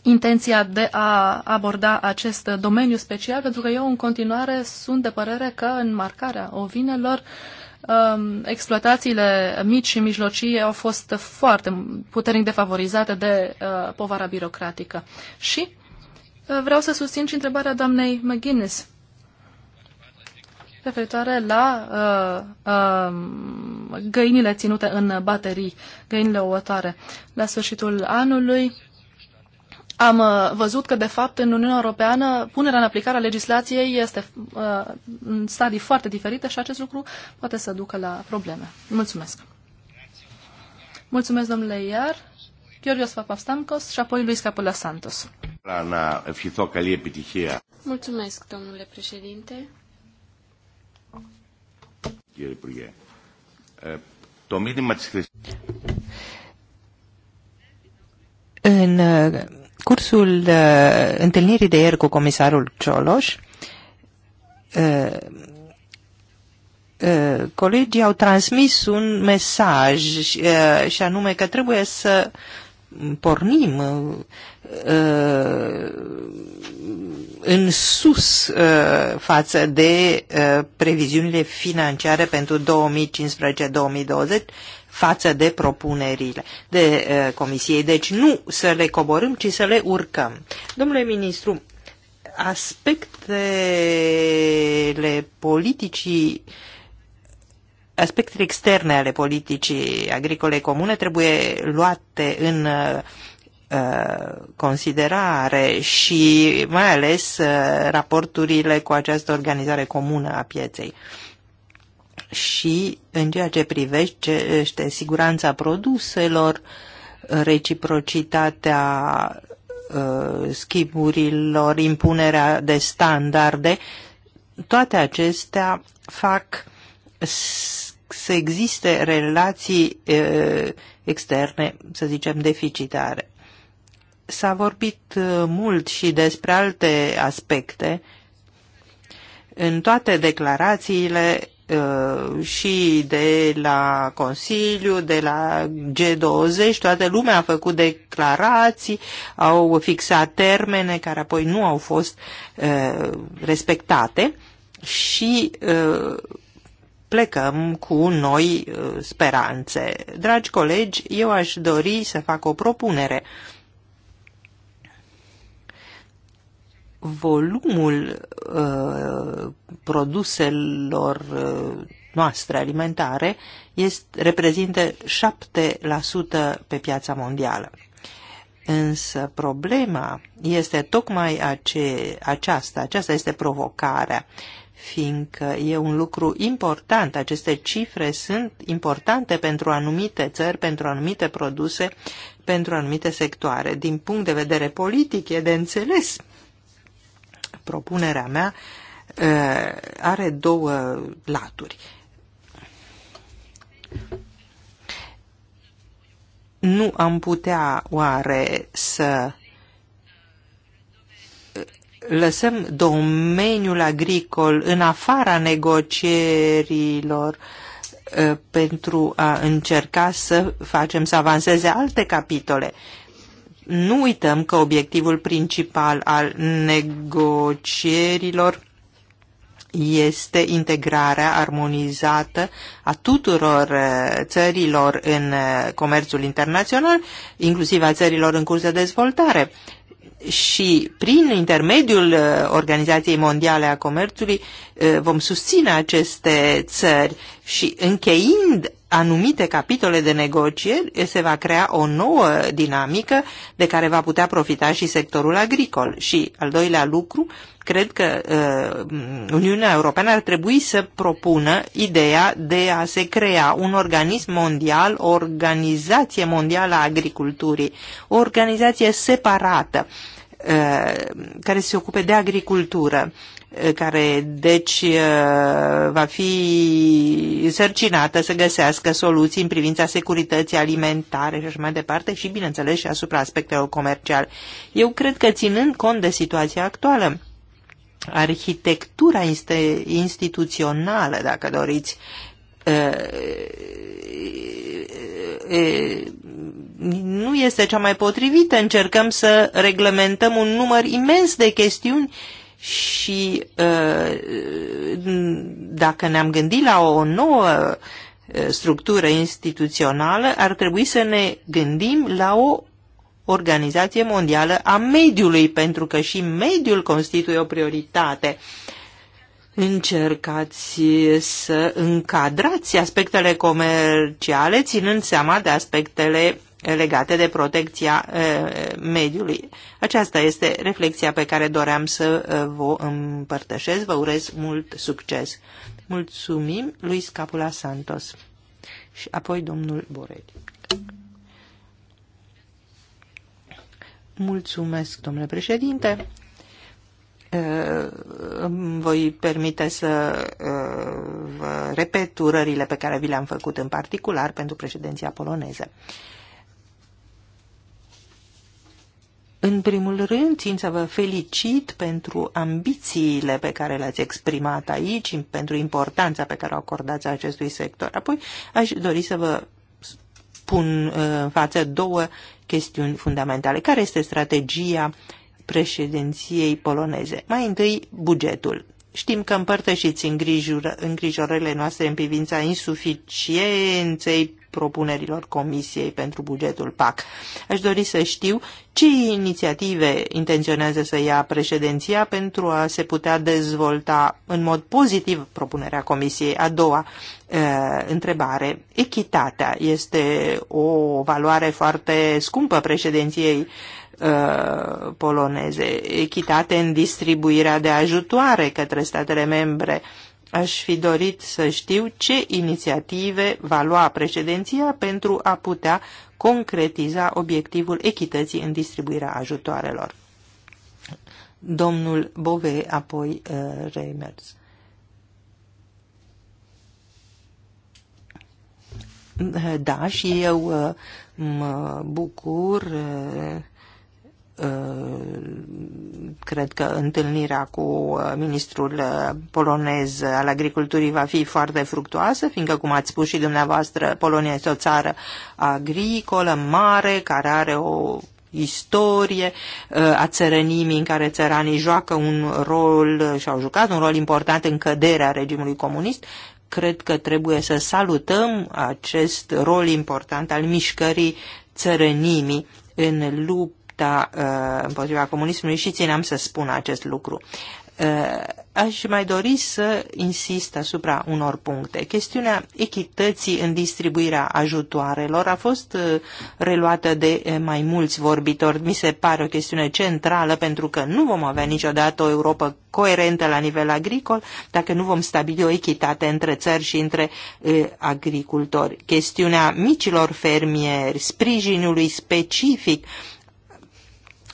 intenția de a aborda acest domeniu special, pentru că eu în continuare sunt de părere că în marcarea ovinelor um, exploatațiile mici și mijlocii au fost foarte puternic defavorizate de uh, povara birocratică. Și uh, vreau să susțin și întrebarea doamnei McGuinness referitoare la uh, uh, găinile ținute în baterii, găinile ouătoare. La sfârșitul anului am uh, văzut că, de fapt, în Uniunea Europeană, punerea în aplicare a legislației este uh, în stadii foarte diferite și acest lucru poate să ducă la probleme. Mulțumesc! Mulțumesc, domnule Iar, Georgios Papastamcos și apoi Luis Capula Santos. Mulțumesc, domnule președinte κύριε Υπουργέ. Το μήνυμα της În cursul întâlnirii de ieri cu comisarul Cioloș, colegii au transmis un mesaj și anume că trebuie să pornim Uh, în sus uh, față de uh, previziunile financiare pentru 2015-2020 față de propunerile de comisiei. Deci nu să le coborâm, ci să le urcăm. Domnule ministru, aspectele politicii aspectele externe ale politicii agricole comune trebuie luate în Uh, considerare și mai ales uh, raporturile cu această organizare comună a pieței. Și în ceea ce privește siguranța produselor, reciprocitatea uh, schimburilor, impunerea de standarde, toate acestea fac să existe relații externe, să zicem, deficitare. S-a vorbit uh, mult și despre alte aspecte. În toate declarațiile uh, și de la Consiliu, de la G20, toată lumea a făcut declarații, au fixat termene care apoi nu au fost uh, respectate și plecăm cu noi speranțe. Dragi colegi, eu aș dori să fac o propunere volumul uh, produselor uh, noastre alimentare este, reprezintă 7% pe piața mondială. Însă problema este tocmai ace, aceasta, aceasta este provocarea, fiindcă e un lucru important, aceste cifre sunt importante pentru anumite țări, pentru anumite produse, pentru anumite sectoare. Din punct de vedere politic e de înțeles propunerea mea are două laturi. Nu am putea oare să lăsăm domeniul agricol în afara negocierilor pentru a încerca să facem să avanseze alte capitole nu uităm că obiectivul principal al negocierilor este integrarea armonizată a tuturor eh, țărilor în eh, comerțul internațional, inclusiv a țărilor în curs de dezvoltare. Și prin intermediul eh, Organizației Mondiale a Comerțului vom susține aceste țări și încheind anumite capitole de negocieri se va crea o nouă dinamică de care va putea profita și sectorul agricol. Și al doilea lucru, cred că uh, Uniunea Europeană ar trebui să propună ideea de a se crea un organism mondial, o organizație mondială a agriculturii, o organizație separată uh, care se ocupe de agricultură care deci uh, va fi sărcinată să găsească soluții în privința securității alimentare și așa mai departe și, bineînțeles, și asupra aspectelor comerciale. Eu cred că, ținând cont de situația actuală, arhitectura instituțională, dacă doriți, uh, uh, nu este cea mai potrivită. Încercăm să reglementăm un număr imens de chestiuni și uh, dacă ne-am gândit la o nouă uh, structură instituțională, ar trebui să ne gândim la o Organizație Mondială a Mediului, pentru că și mediul constituie o prioritate. Încercați să încadrați aspectele comerciale, ținând seama de aspectele legate de protecția mediului. Aceasta este reflexia pe care doream să vă împărtășesc. Vă urez mult succes. Mulțumim lui Scapula Santos și apoi domnul Borel. Mulțumesc, domnule președinte. Îmi voi permite să vă repet urările pe care vi le-am făcut în particular pentru președinția poloneză. În primul rând, țin să vă felicit pentru ambițiile pe care le-ați exprimat aici, pentru importanța pe care o acordați acestui sector. Apoi, aș dori să vă pun uh, în față două chestiuni fundamentale. Care este strategia președinției poloneze? Mai întâi, bugetul. Știm că împărtășiți îngrijorările noastre în privința insuficienței propunerilor Comisiei pentru bugetul PAC. Aș dori să știu ce inițiative intenționează să ia președinția pentru a se putea dezvolta în mod pozitiv propunerea Comisiei. A doua uh, întrebare, echitatea este o valoare foarte scumpă președinției uh, poloneze, echitate în distribuirea de ajutoare către statele membre, Aș fi dorit să știu ce inițiative va lua președinția pentru a putea concretiza obiectivul echității în distribuirea ajutoarelor. Domnul Bove, apoi uh, Reimers. Da, și eu uh, mă bucur uh, Ă, cred că întâlnirea cu ă, ministrul ă, polonez al agriculturii va fi foarte fructuoasă, fiindcă, cum ați spus și dumneavoastră, Polonia este o țară agricolă mare, care are o istorie a țărănimii în care țăranii joacă un rol și au jucat un rol important în căderea regimului comunist, cred că trebuie să salutăm acest rol important al mișcării țărănimii în lup lupta uh, împotriva comunismului și țineam să spun acest lucru. Uh, aș mai dori să insist asupra unor puncte. Chestiunea echității în distribuirea ajutoarelor a fost uh, reluată de mai mulți vorbitori. Mi se pare o chestiune centrală pentru că nu vom avea niciodată o Europa coerentă la nivel agricol dacă nu vom stabili o echitate între țări și între uh, agricultori. Chestiunea micilor fermieri, sprijinului specific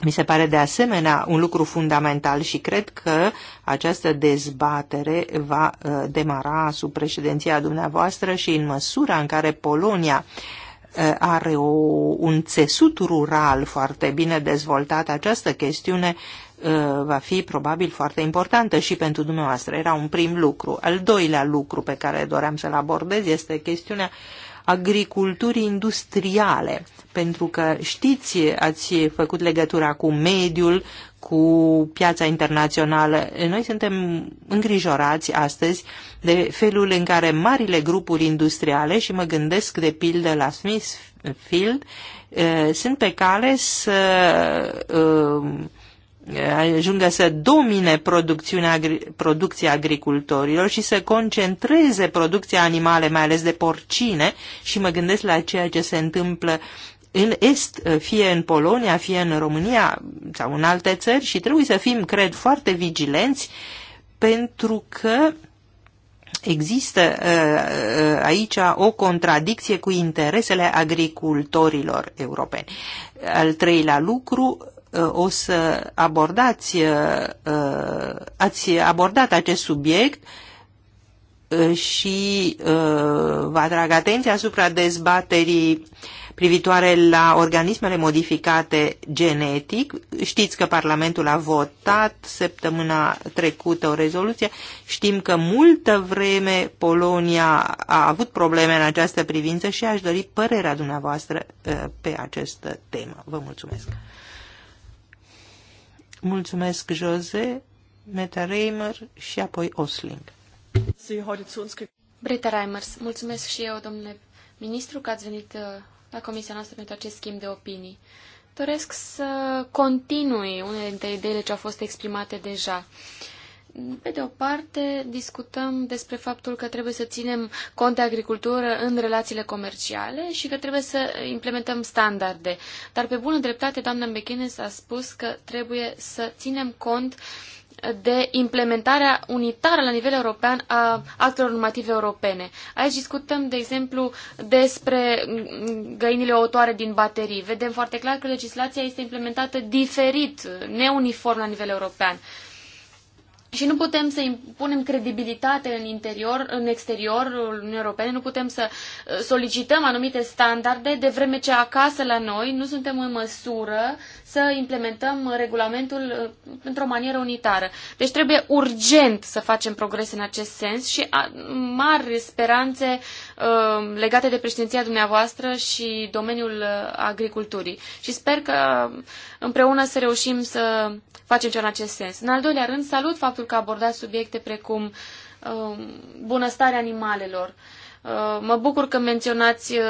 mi se pare de asemenea un lucru fundamental și cred că această dezbatere va uh, demara sub președinția dumneavoastră și în măsura în care Polonia uh, are o, un țesut rural foarte bine dezvoltat, această chestiune uh, va fi probabil foarte importantă și pentru dumneavoastră. Era un prim lucru. Al doilea lucru pe care doream să-l abordez este chestiunea uh, agriculturii industriale, pentru că știți, ați făcut legătura cu mediul, cu piața internațională. Noi suntem îngrijorați astăzi de felul în care marile grupuri industriale, și mă gândesc de pildă la Smithfield, eh, sunt pe cale să eh, ajungă să domine producțiunea, producția agricultorilor și să concentreze producția animale, mai ales de porcine, și mă gândesc la ceea ce se întâmplă în Est, fie în Polonia, fie în România sau în alte țări și trebuie să fim, cred, foarte vigilenți pentru că există uh, uh, aici o contradicție cu interesele agricultorilor europeni. Al treilea lucru, o să abordați, uh, uh, ați abordat acest subiect uh, și vă atrag atenția asupra dezbaterii privitoare la organismele modificate genetic. Știți că Parlamentul a votat săptămâna trecută o rezoluție. Știm că multă vreme Polonia a avut probleme în această privință și aș dori părerea dumneavoastră pe această temă. Vă mulțumesc! Mulțumesc, Jose, Meta Reimer și apoi Osling. Brita Reimers, mulțumesc și eu, domnule ministru, că ați venit uh, la comisia noastră pentru acest schimb de opinii. Doresc să continui unele dintre ideile ce au fost exprimate deja. Pe de o parte, discutăm despre faptul că trebuie să ținem cont de agricultură în relațiile comerciale și că trebuie să implementăm standarde. Dar pe bună dreptate, doamna McGuinness a spus că trebuie să ținem cont de implementarea unitară la nivel european a actelor normative europene. Aici discutăm, de exemplu, despre găinile otoare din baterii. Vedem foarte clar că legislația este implementată diferit, neuniform la nivel european. Și nu putem să impunem credibilitate în interior, în exteriorul Uniunii Europene, nu putem să uh, solicităm anumite standarde, de vreme ce acasă la noi nu suntem în măsură să implementăm regulamentul uh, într-o manieră unitară. Deci trebuie urgent să facem progrese în acest sens și mari speranțe uh, legate de președinția dumneavoastră și domeniul agriculturii. Și sper că împreună să reușim să facem ceva în acest sens. În al doilea rând, salut faptul că aborda subiecte precum um, bunăstarea animalelor. Uh, mă bucur că menționați uh,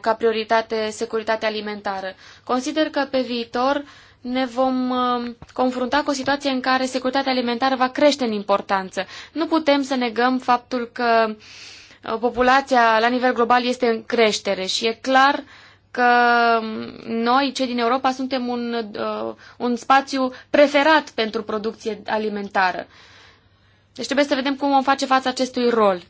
ca prioritate securitatea alimentară. Consider că pe viitor ne vom uh, confrunta cu o situație în care securitatea alimentară va crește în importanță. Nu putem să negăm faptul că populația la nivel global este în creștere și e clar că noi, cei din Europa, suntem un, uh, un spațiu preferat pentru producție alimentară. Deci trebuie să vedem cum vom face față acestui rol.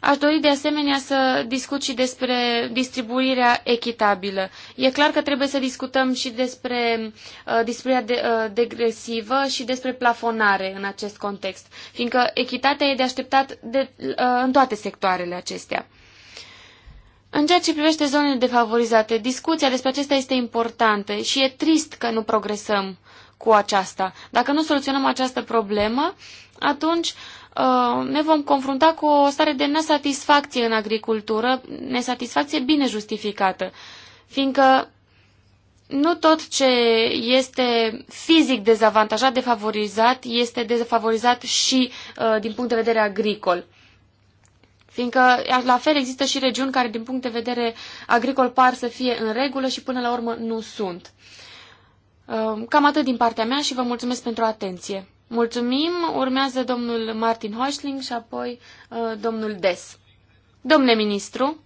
Aș dori de asemenea să discut și despre distribuirea echitabilă. E clar că trebuie să discutăm și despre uh, distribuirea de, uh, degresivă și despre plafonare în acest context, fiindcă echitatea e de așteptat de, uh, în toate sectoarele acestea. În ceea ce privește zonele defavorizate, discuția despre acestea este importantă și e trist că nu progresăm cu aceasta. Dacă nu soluționăm această problemă, atunci uh, ne vom confrunta cu o stare de nesatisfacție în agricultură, nesatisfacție bine justificată, fiindcă nu tot ce este fizic dezavantajat, defavorizat, este defavorizat și uh, din punct de vedere agricol. Fiindcă, la fel, există și regiuni care, din punct de vedere agricol, par să fie în regulă și, până la urmă, nu sunt. Um, cam atât din partea mea și vă mulțumesc pentru atenție. Mulțumim. Urmează domnul Martin Hoșling și apoi uh, domnul Des. Domnule ministru,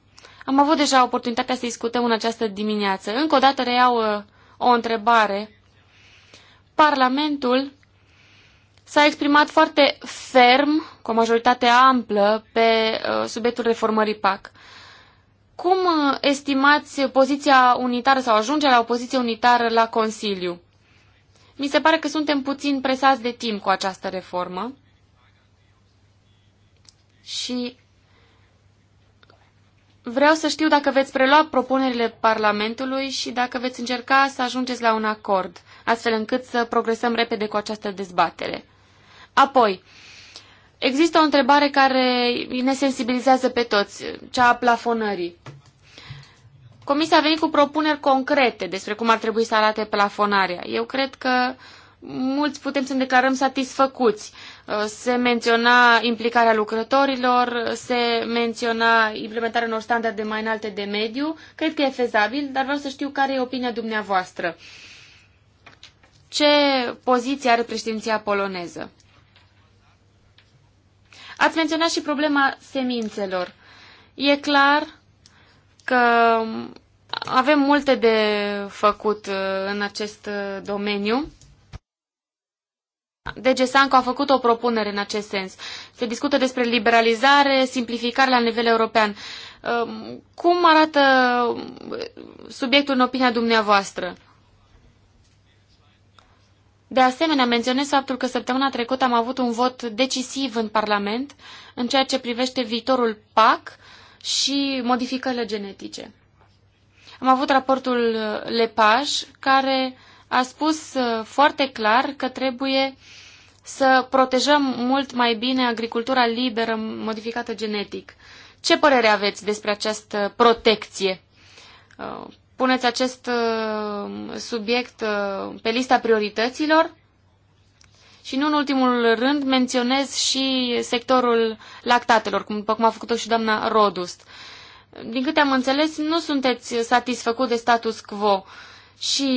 am avut deja oportunitatea să discutăm în această dimineață. Încă o dată reiau uh, o întrebare. Parlamentul s-a exprimat foarte ferm, cu o majoritate amplă, pe uh, subiectul reformării PAC. Cum uh, estimați poziția unitară sau ajunge la o poziție unitară la Consiliu? Mi se pare că suntem puțin presați de timp cu această reformă și vreau să știu dacă veți prelua propunerile Parlamentului și dacă veți încerca să ajungeți la un acord, astfel încât să progresăm repede cu această dezbatere. Apoi, există o întrebare care ne sensibilizează pe toți, cea a plafonării. Comisia a venit cu propuneri concrete despre cum ar trebui să arate plafonarea. Eu cred că mulți putem să ne declarăm satisfăcuți. Se menționa implicarea lucrătorilor, se menționa implementarea unor standarde mai înalte de mediu. Cred că e fezabil, dar vreau să știu care e opinia dumneavoastră. Ce poziție are președinția poloneză? Ați menționat și problema semințelor. E clar că avem multe de făcut uh, în acest uh, domeniu. DG Sanco a făcut o propunere în acest sens. Se discută despre liberalizare, simplificare la nivel european. Um, cum arată uh, subiectul în opinia dumneavoastră? De asemenea, menționez faptul că săptămâna trecută am avut un vot decisiv în Parlament în ceea ce privește viitorul PAC și modificările genetice. Am avut raportul Lepaj care a spus uh, foarte clar că trebuie să protejăm mult mai bine agricultura liberă modificată genetic. Ce părere aveți despre această protecție? Uh, puneți acest uh, subiect uh, pe lista priorităților? Și nu în ultimul rând menționez și sectorul lactatelor, cum, după cum a făcut-o și doamna Rodust. Din câte am înțeles, nu sunteți satisfăcut de status quo și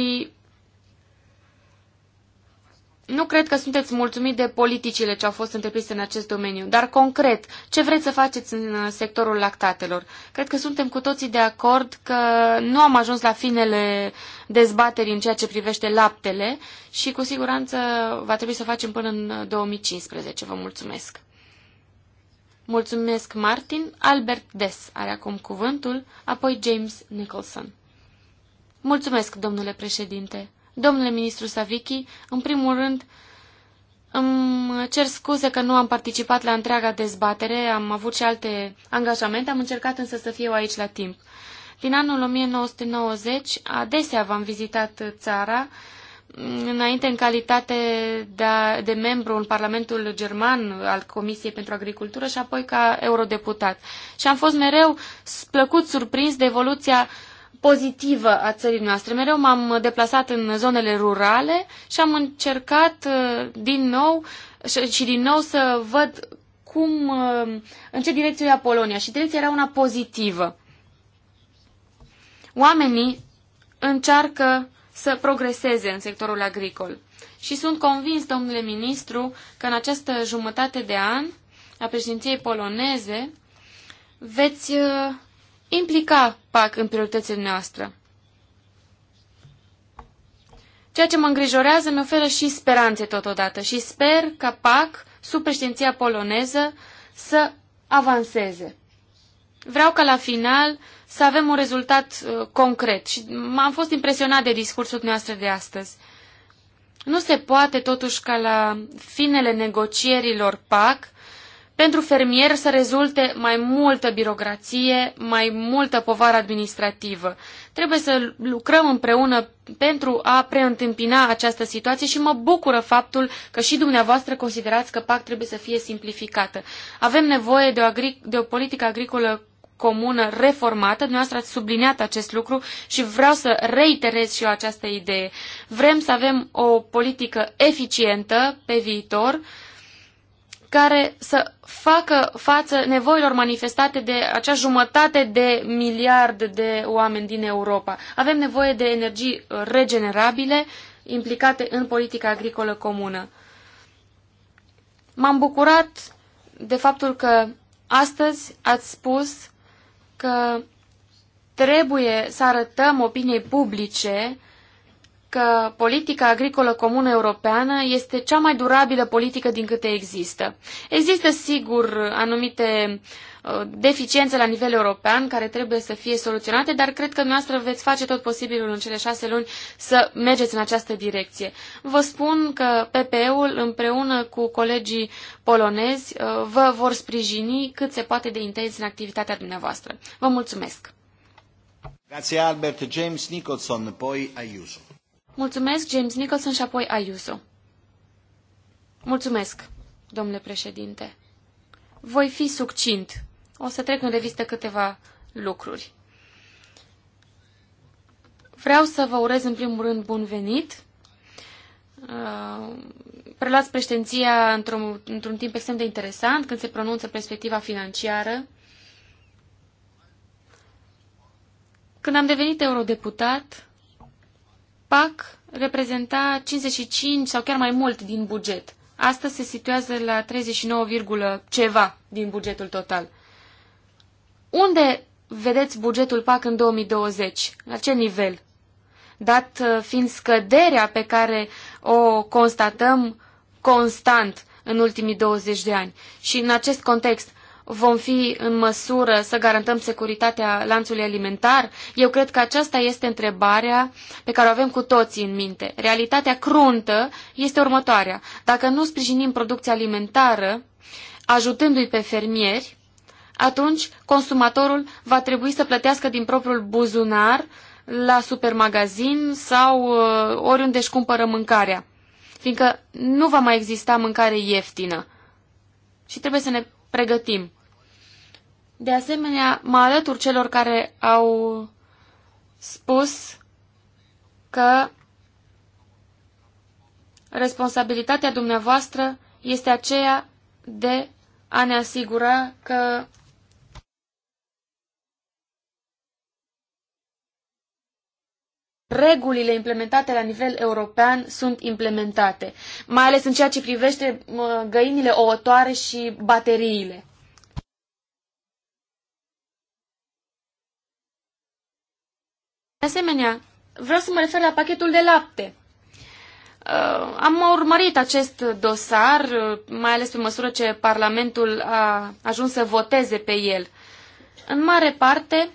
nu cred că sunteți mulțumit de politicile ce au fost întreprinse în acest domeniu, dar concret, ce vreți să faceți în uh, sectorul lactatelor? Cred că suntem cu toții de acord că nu am ajuns la finele dezbaterii în ceea ce privește laptele și cu siguranță va trebui să facem până în 2015. Uh, Vă mulțumesc! Mulțumesc, Martin. Albert Des are acum cuvântul, apoi James Nicholson. Mulțumesc, domnule președinte. Domnule ministru Savichi, în primul rând, îmi cer scuze că nu am participat la întreaga dezbatere, am avut și alte angajamente, am încercat însă să fiu aici la timp. Din anul 1990, adesea v-am vizitat țara, înainte în calitate de, de membru în Parlamentul German al Comisiei pentru Agricultură și apoi ca eurodeputat. Și am fost mereu plăcut surprins de evoluția pozitivă a țării noastre. Mereu m-am deplasat în zonele rurale și am încercat uh, din nou și din nou să văd cum, uh, în ce direcție ia Polonia și direcția era una pozitivă. Oamenii încearcă să progreseze în sectorul agricol și sunt convins, domnule ministru, că în această jumătate de an a președinției poloneze veți uh, implica PAC în prioritățile noastre. Ceea ce mă îngrijorează mi oferă și speranțe totodată și sper ca PAC, sub președinția poloneză, să avanseze. Vreau ca la final să avem un rezultat uh, concret și m-am fost impresionat de discursul noastră de astăzi. Nu se poate totuși ca la finele negocierilor PAC pentru fermier să rezulte mai multă birocrație, mai multă povară administrativă. Trebuie să lucrăm împreună pentru a preîntâmpina această situație și mă bucură faptul că și dumneavoastră considerați că PAC trebuie să fie simplificată. Avem nevoie de o, agri- de o politică agricolă comună reformată, dumneavoastră ați subliniat acest lucru și vreau să reiterez și eu această idee. Vrem să avem o politică eficientă pe viitor, uh, care să facă față nevoilor manifestate de acea jumătate de miliard de oameni din Europa. Avem nevoie de energii regenerabile implicate în politica agricolă comună. M-am bucurat de faptul că astăzi ați spus că trebuie să arătăm opiniei publice uh, că politica agricolă comună europeană este cea mai durabilă politică din câte există. Există, sigur, anumite uh, deficiențe la nivel european care trebuie să fie soluționate, dar cred că dumneavoastră veți face tot posibilul în cele șase luni să mergeți în această direcție. Vă spun că PPE-ul împreună cu colegii polonezi uh, vă vor sprijini cât se poate de intens în activitatea dumneavoastră. Vă mulțumesc! Grazie Albert, James Nicholson, poi Ayuso. Mulțumesc, James Nicholson și apoi Ayuso. Mulțumesc, domnule președinte. Voi fi succint. O să trec în revistă câteva lucruri. Vreau să vă urez în primul rând bun venit. Uh, Prelați președinția într-un, într timp extrem de interesant, când se pronunță perspectiva financiară. Când am devenit eurodeputat, PAC reprezenta 55 sau chiar mai mult din buget. Astăzi se situează la 39, ceva din bugetul total. Unde vedeți bugetul PAC în 2020? La ce nivel? Dat uh, fiind scăderea pe care o constatăm constant în ultimii 20 de ani. Și în acest context, vom fi în măsură să garantăm securitatea lanțului alimentar? Eu cred că aceasta este întrebarea pe care o avem cu toții în minte. Realitatea cruntă este următoarea. Dacă nu sprijinim producția alimentară, ajutându-i pe fermieri, atunci consumatorul va trebui să plătească din propriul buzunar la supermagazin sau uh, oriunde își cumpără mâncarea, fiindcă nu va mai exista mâncare ieftină și trebuie să ne pregătim. De asemenea, mă alătur celor care au spus că responsabilitatea dumneavoastră este aceea de a ne asigura că regulile implementate la nivel european sunt implementate, mai ales în ceea ce privește găinile ouătoare și bateriile. De asemenea, vreau să mă refer la pachetul de lapte. Uh, am urmărit acest dosar, uh, mai ales pe măsură ce Parlamentul a ajuns să voteze pe el. În mare parte,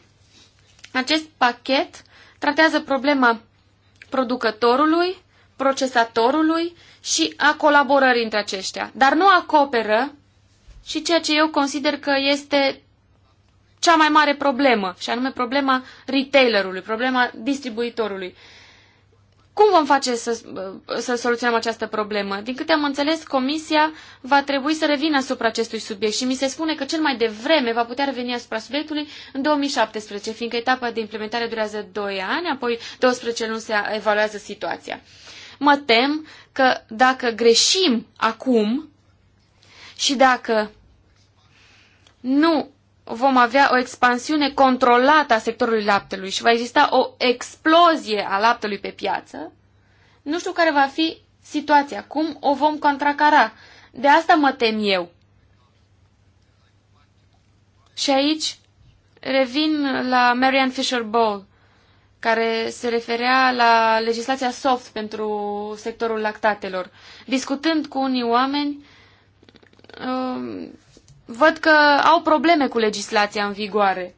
acest pachet tratează problema producătorului, procesatorului și a colaborării între aceștia, dar nu acoperă și ceea ce eu consider că este cea mai mare problemă, și anume problema retailerului, problema distribuitorului. Cum vom face să, să soluționăm această problemă? Din câte am înțeles, Comisia va trebui să revină asupra acestui subiect și mi se spune că cel mai devreme va putea reveni asupra subiectului în 2017, fiindcă etapa de implementare durează 2 ani, apoi 12 luni se evaluează situația. Mă tem că dacă greșim acum și dacă nu vom avea o expansiune controlată a sectorului laptelui și va exista o explozie a laptelui pe piață, nu știu care va fi situația, cum o vom contracara. De asta mă tem eu. Și aici revin la Marian Fisher Ball, care se referea la legislația soft pentru sectorul lactatelor. Discutând cu unii oameni, um, văd că au probleme cu legislația în vigoare.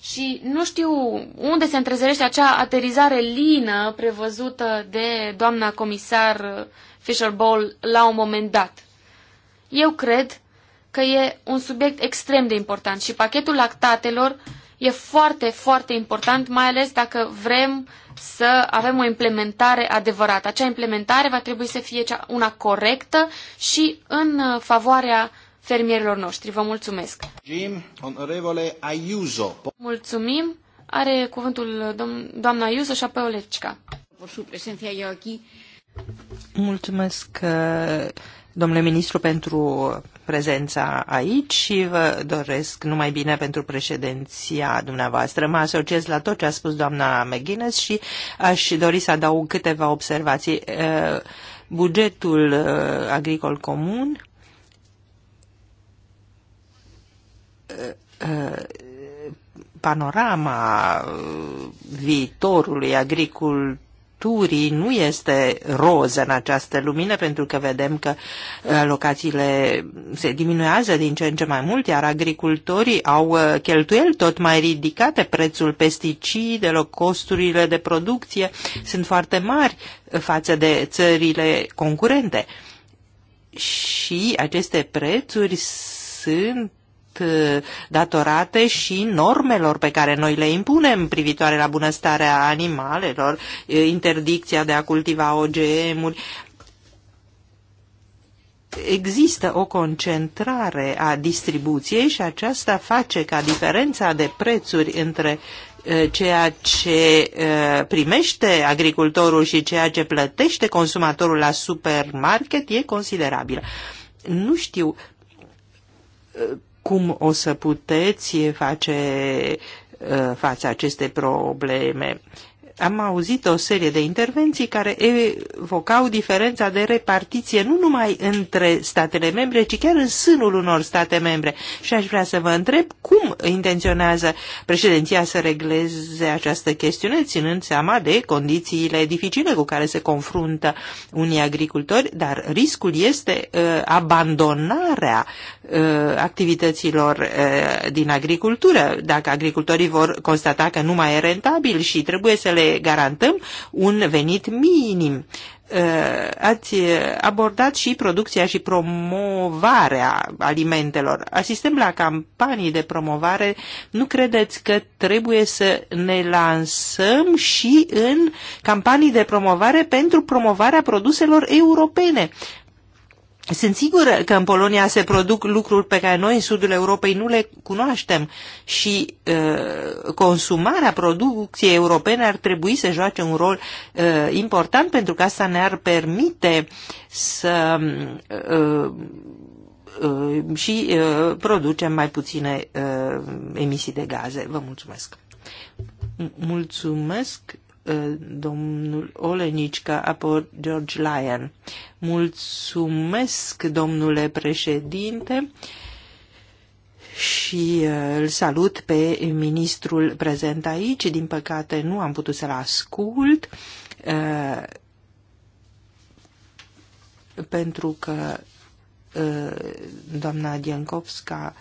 Și nu știu unde se întrezărește acea aterizare lină prevăzută de doamna comisar Fisher Ball la un moment dat. Eu cred că e un subiect extrem de important și pachetul lactatelor E foarte, foarte important, mai ales dacă vrem să avem o implementare adevărată. Acea implementare va trebui să fie una corectă și în uh, favoarea fermierilor noștri. Vă mulțumesc! Jim, Ayuso. Mulțumim! Are cuvântul uh, doamna Ayuso și apoi Olecica. Mulțumesc! Uh, domnule ministru, pentru prezența aici și vă doresc numai bine pentru președinția dumneavoastră. Mă asociez la tot ce a spus doamna McGuinness și aș dori să adaug câteva observații. Eh, bugetul eh, agricol comun eh, panorama viitorului agricul naturii nu este roz în această lumină, pentru că vedem că uh, locațiile se diminuează din ce în ce mai mult, iar agricultorii au uh, cheltuieli tot mai ridicate, prețul pesticidelor, costurile de producție sunt foarte mari uh, față de țările concurente. Și aceste prețuri sunt Uh, datorate și normelor pe care noi le impunem privitoare la bunăstarea animalelor, uh, interdicția de a cultiva OGM-uri. Există o concentrare a distribuției și aceasta face ca diferența de prețuri între uh, ceea ce primește agricultorul și ceea ce plătește consumatorul la supermarket e considerabilă. Nu știu cum o să puteți face uh, față aceste probleme. Am auzit o serie de intervenții care evocau diferența de repartiție nu numai între statele membre, ci chiar în sânul unor state membre. Și aș vrea să vă întreb cum intenționează președinția să regleze această chestiune, ținând seama de condițiile dificile cu care se confruntă unii agricultori, dar riscul este uh, abandonarea Uh, activităților uh, din agricultură. Dacă agricultorii vor constata că nu mai e rentabil și trebuie să le garantăm un venit minim. Uh, ați abordat și producția și promovarea alimentelor. Asistăm la campanii de promovare. Nu credeți că trebuie să ne lansăm și în campanii de promovare pentru promovarea produselor europene? Sunt sigur că în Polonia se produc lucruri pe care noi în sudul Europei nu le cunoaștem și uh, consumarea producției europene ar trebui să joace un rol uh, important pentru că asta ne-ar permite să uh, uh, și uh, producem mai puține uh, emisii de gaze. Vă mulțumesc! Mulțumesc! Uh, domnul Olenicica, apoi George Lyon. Mulțumesc, domnule președinte, și uh, îl salut pe ministrul prezent aici. Din păcate nu am putut să-l ascult uh, pentru că doamna Diankovska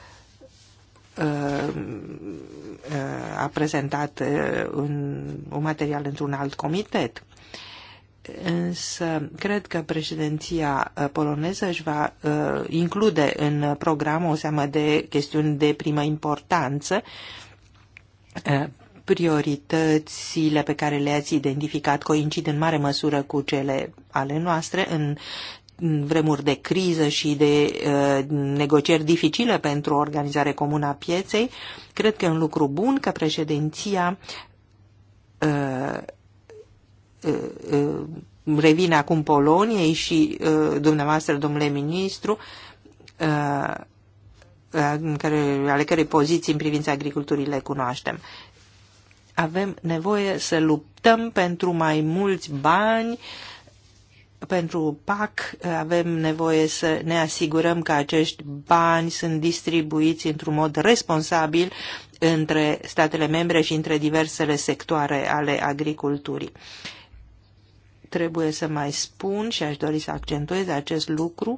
a prezentat uh, un, un material într-un alt comitet. Însă, cred că președinția uh, poloneză își va uh, include în program o seamă de chestiuni de primă importanță prioritățile pe care le-ați identificat coincid în mare măsură cu cele ale noastre în vremuri de criză și de uh, negocieri dificile pentru o organizare comună a pieței, cred că e un lucru bun că președinția uh, uh, uh revine acum Poloniei și uh, dumneavoastră, domnule ministru, uh, care, ale cărei poziții în privința agriculturii le cunoaștem avem nevoie să luptăm pentru mai mulți bani pentru PAC eh, avem nevoie să ne asigurăm că acești bani sunt distribuiți într-un mod responsabil între statele membre și între diversele sectoare ale agriculturii. Trebuie să mai spun și aș dori să accentuez acest lucru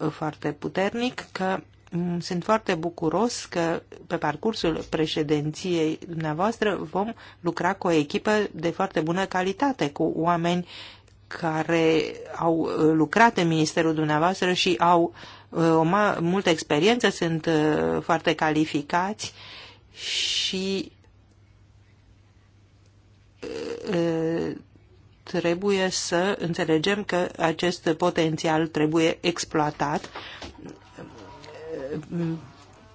eh, foarte puternic că mm, sunt foarte bucuros că pe parcursul președinției dumneavoastră vom lucra cu o echipă de foarte bună calitate, cu oameni uh, care au uh, lucrat în ministerul dumneavoastră și au uh, o multă experiență, sunt uh, foarte calificați și trebuie să înțelegem că acest potențial trebuie exploatat.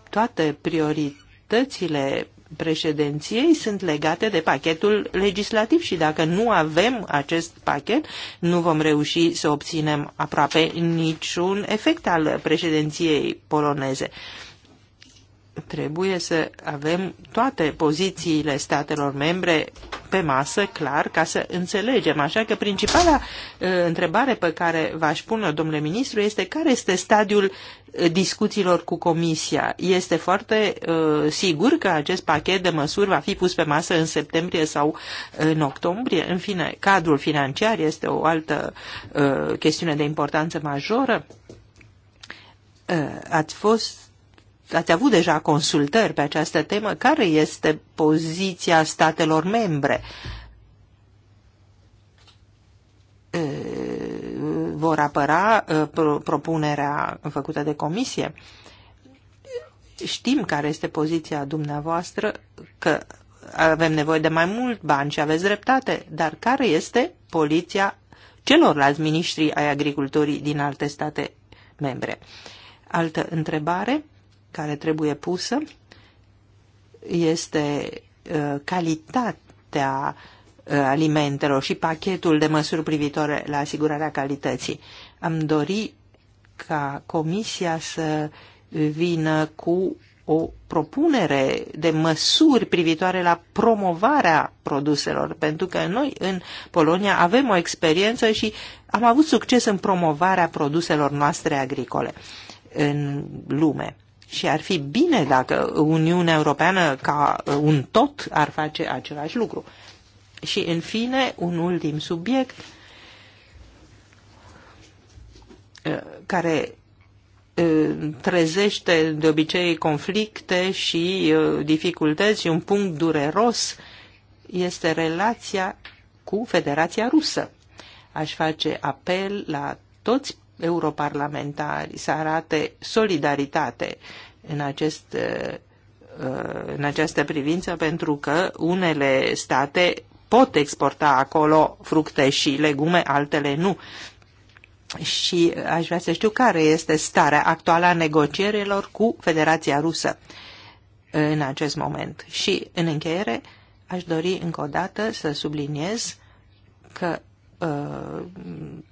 Toate prioritățile președinției sunt legate de pachetul legislativ și dacă nu avem acest pachet, nu vom reuși să obținem aproape niciun efect al președinției poloneze trebuie să avem toate pozițiile statelor membre pe masă, clar, ca să înțelegem. Așa că principala uh, întrebare pe care v-aș pune domnule ministru, este care este stadiul uh, discuțiilor cu Comisia. Este foarte uh, sigur că acest pachet de măsuri va fi pus pe masă în septembrie sau în octombrie. În fine, cadrul financiar este o altă uh, chestiune de importanță majoră. Uh, ați fost ați avut deja consultări pe această temă, care este poziția statelor membre? Vor apăra propunerea făcută de comisie? Știm care este poziția dumneavoastră, că avem nevoie de mai mult bani și aveți dreptate, dar care este poliția celorlalți miniștri ai agriculturii din alte state membre? Altă întrebare care trebuie pusă este uh, calitatea uh, alimentelor și pachetul de măsuri privitoare la asigurarea calității. Am dori ca Comisia să vină cu o propunere de măsuri privitoare la promovarea produselor, pentru că noi în Polonia avem o experiență și am avut succes în promovarea produselor noastre agricole în lume. Și ar fi bine dacă Uniunea Europeană ca uh, un tot ar face același lucru. Și în fine, un ultim subiect uh, care uh, trezește de obicei conflicte și dificultăți și un punct dureros este relația cu Federația Rusă. Aș face apel la toți europarlamentari să arate solidaritate în, acest, uh, uh, în această privință, pentru că unele state pot exporta acolo fructe și legume, altele nu. Și aș vrea să știu care este starea actuală a negocierilor cu Federația Rusă în acest moment. Și, în încheiere, aș dori încă o dată să subliniez că Uh,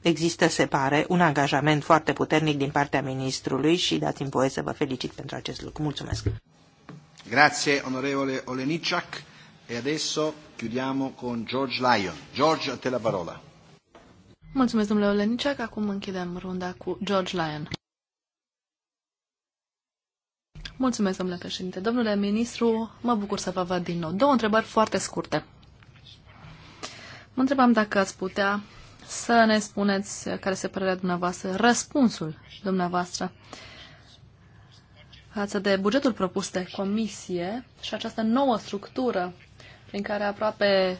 există, se pare, un angajament foarte puternic din partea ministrului și dați-mi voie să vă felicit pentru acest lucru. Mulțumesc! Grazie, onorevole Oleniciac. E adesso chiudiamo con George Lyon. George, a te la parola. Mulțumesc, domnule Oleniciac. Acum închidem runda cu George Lyon. Mulțumesc, domnule președinte. Domnule ministru, mă bucur să vă văd din nou. Două întrebări foarte scurte. Mă întrebam dacă ați putea să ne spuneți care este părerea dumneavoastră, răspunsul dumneavoastră față de bugetul propus de comisie și această nouă structură prin care aproape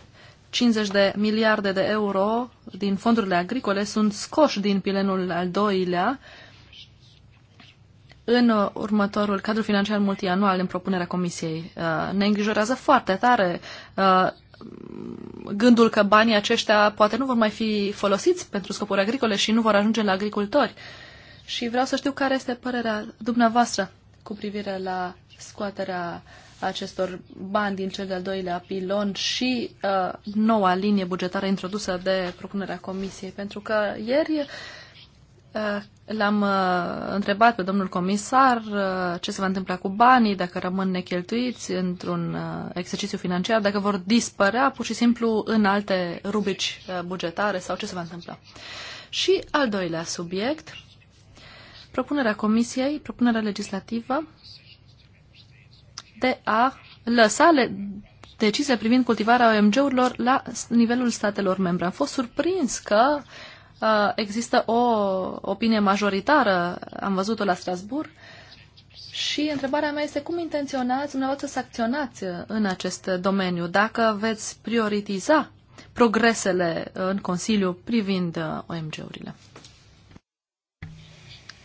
50 de miliarde de euro din fondurile agricole sunt scoși din pilenul al doilea în următorul cadru financiar multianual în propunerea Comisiei. Uh, ne îngrijorează foarte tare uh, gândul că banii aceștia poate nu vor mai fi folosiți pentru scopuri agricole și nu vor ajunge la agricultori. Și vreau să știu care este părerea dumneavoastră cu privire la scoaterea acestor bani din cel de-al doilea pilon și uh, noua linie bugetară introdusă de propunerea Comisiei. Pentru că ieri uh, L-am uh, întrebat pe domnul comisar uh, ce se va întâmpla cu banii, dacă rămân necheltuiți într-un uh, exercițiu financiar, dacă vor dispărea pur și simplu în alte rubici uh, bugetare sau ce se va întâmpla. Și al doilea subiect, propunerea comisiei, propunerea legislativă de a lăsa le decizia privind cultivarea OMG-urilor la nivelul statelor membre. Am fost surprins că uh, Uh, există o opinie majoritară, am văzut-o la Strasburg, și întrebarea mea este cum intenționați dumneavoastră să acționați uh, în acest domeniu, dacă veți prioritiza progresele uh, în Consiliu privind OMG-urile.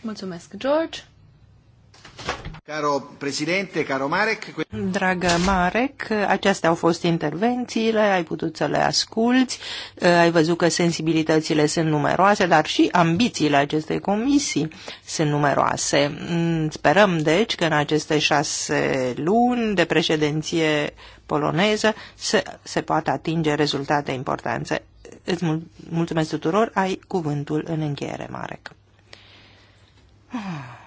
Mulțumesc, George. Caro președinte, caro Marek. Dragă Marek, acestea au fost intervențiile, ai putut să le asculți, eh, ai văzut că sensibilitățile sunt numeroase, dar și ambițiile acestei comisii sunt numeroase. Mm, sperăm, deci, că în aceste șase luni de președinție poloneză se, se poate atinge rezultate importante. Îți mulțumesc tuturor, ai cuvântul în încheiere, Marek. Ah.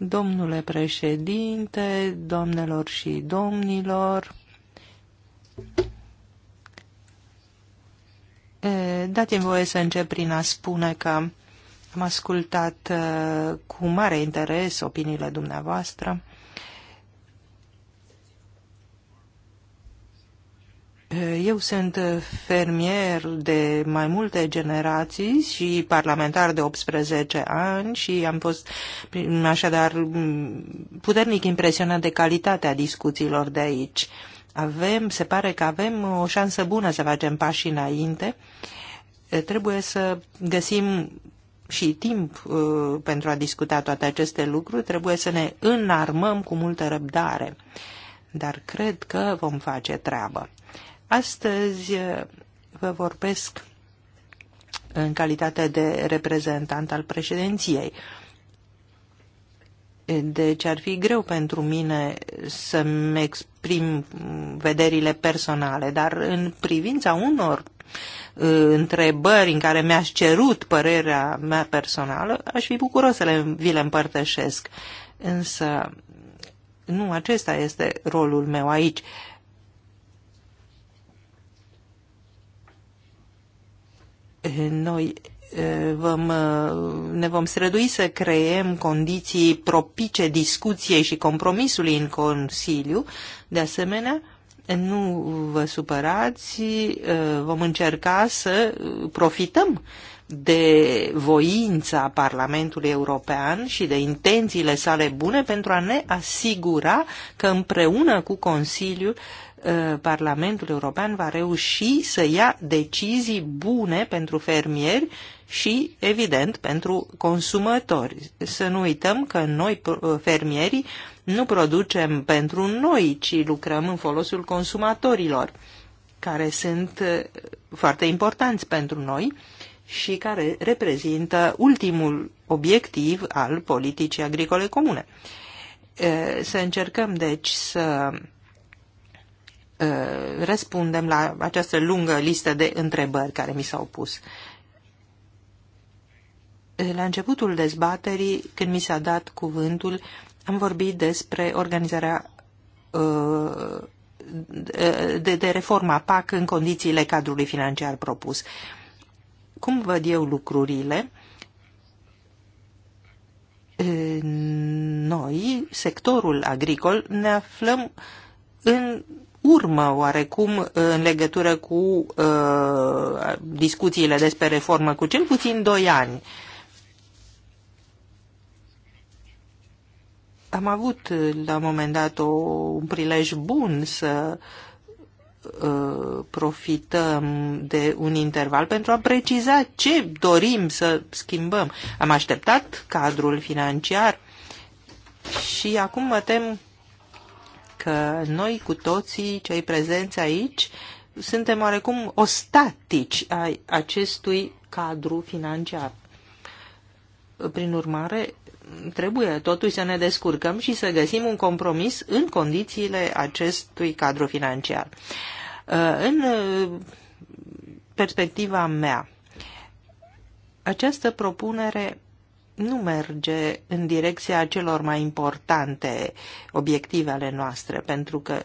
Domnule președinte, doamnelor și domnilor, dați-mi voie să încep prin a spune că am ascultat uh, cu mare interes opiniile dumneavoastră Eu sunt fermier de mai multe generații și parlamentar de 18 ani și am fost așadar puternic impresionat de calitatea discuțiilor de aici. Avem, se pare că avem o șansă bună să facem pași înainte. Trebuie să găsim și timp uh, pentru a discuta toate aceste lucruri, trebuie să ne înarmăm cu multă răbdare. Dar cred că vom face treabă. Astăzi eh, vă vorbesc în calitate de reprezentant al președinției. Deci ar fi greu pentru mine să-mi exprim mm, vederile personale, dar în privința unor eh, întrebări în care mi-aș cerut părerea mea personală, aș fi bucuros să le, vi le împărtășesc. Însă, nu acesta este rolul meu aici. Uh, noi vom, ne vom strădui să creem condiții propice discuției și compromisului în Consiliu. De asemenea, nu vă supărați, vom încerca să profităm de voința Parlamentului European și de intențiile sale bune pentru a ne asigura că împreună cu Consiliul Uh, Parlamentul European va reuși să ia decizii bune pentru fermieri și, evident, pentru consumatori. Să nu uităm că noi, uh, fermierii, nu producem pentru noi, ci lucrăm în folosul consumatorilor, care sunt uh, foarte importanți pentru noi și care reprezintă ultimul obiectiv al politicii agricole comune. Să încercăm, deci, să Uh, răspundem la această lungă listă de întrebări care mi s-au pus. La începutul dezbaterii, când mi s-a dat cuvântul, am vorbit despre organizarea uh, de, de reforma PAC în condițiile cadrului financiar propus. Cum văd eu lucrurile? Noi, sectorul agricol, ne aflăm în urmă oarecum în legătură cu uh, discuțiile despre reformă cu cel puțin doi ani. Am avut la un moment dat o, un prilej bun să uh, profităm de un interval pentru a preciza ce dorim să schimbăm. Am așteptat cadrul financiar și acum mă tem că noi cu toții, cei prezenți aici, suntem oarecum ostatici ai acestui cadru financiar. Prin urmare, trebuie totuși să ne descurcăm și să găsim un compromis în condițiile acestui cadru financiar. Uh, în uh, perspectiva mea, această propunere nu merge în direcția celor mai importante obiective ale noastre, pentru că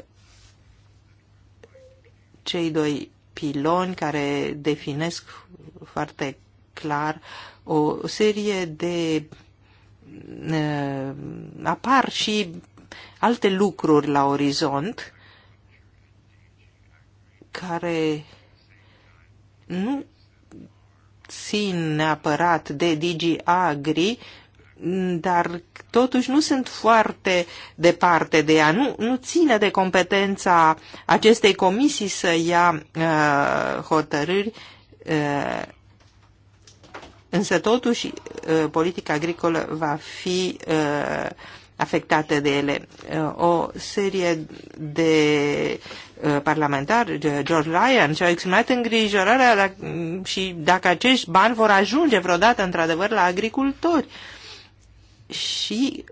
cei doi piloni care definesc foarte clar o serie de apar și alte lucruri la orizont care nu țin neapărat de Digi Agri, dar totuși nu sunt foarte departe de ea. Nu, nu ține de competența acestei comisii să ia uh, hotărâri, uh, însă totuși uh, politica agricolă va fi uh, afectată de ele. Uh, o serie de Uh, parlamentar, George Ryan, și-au exprimat îngrijorarea mm, și dacă acești bani vor ajunge vreodată într-adevăr la agricultori. Și,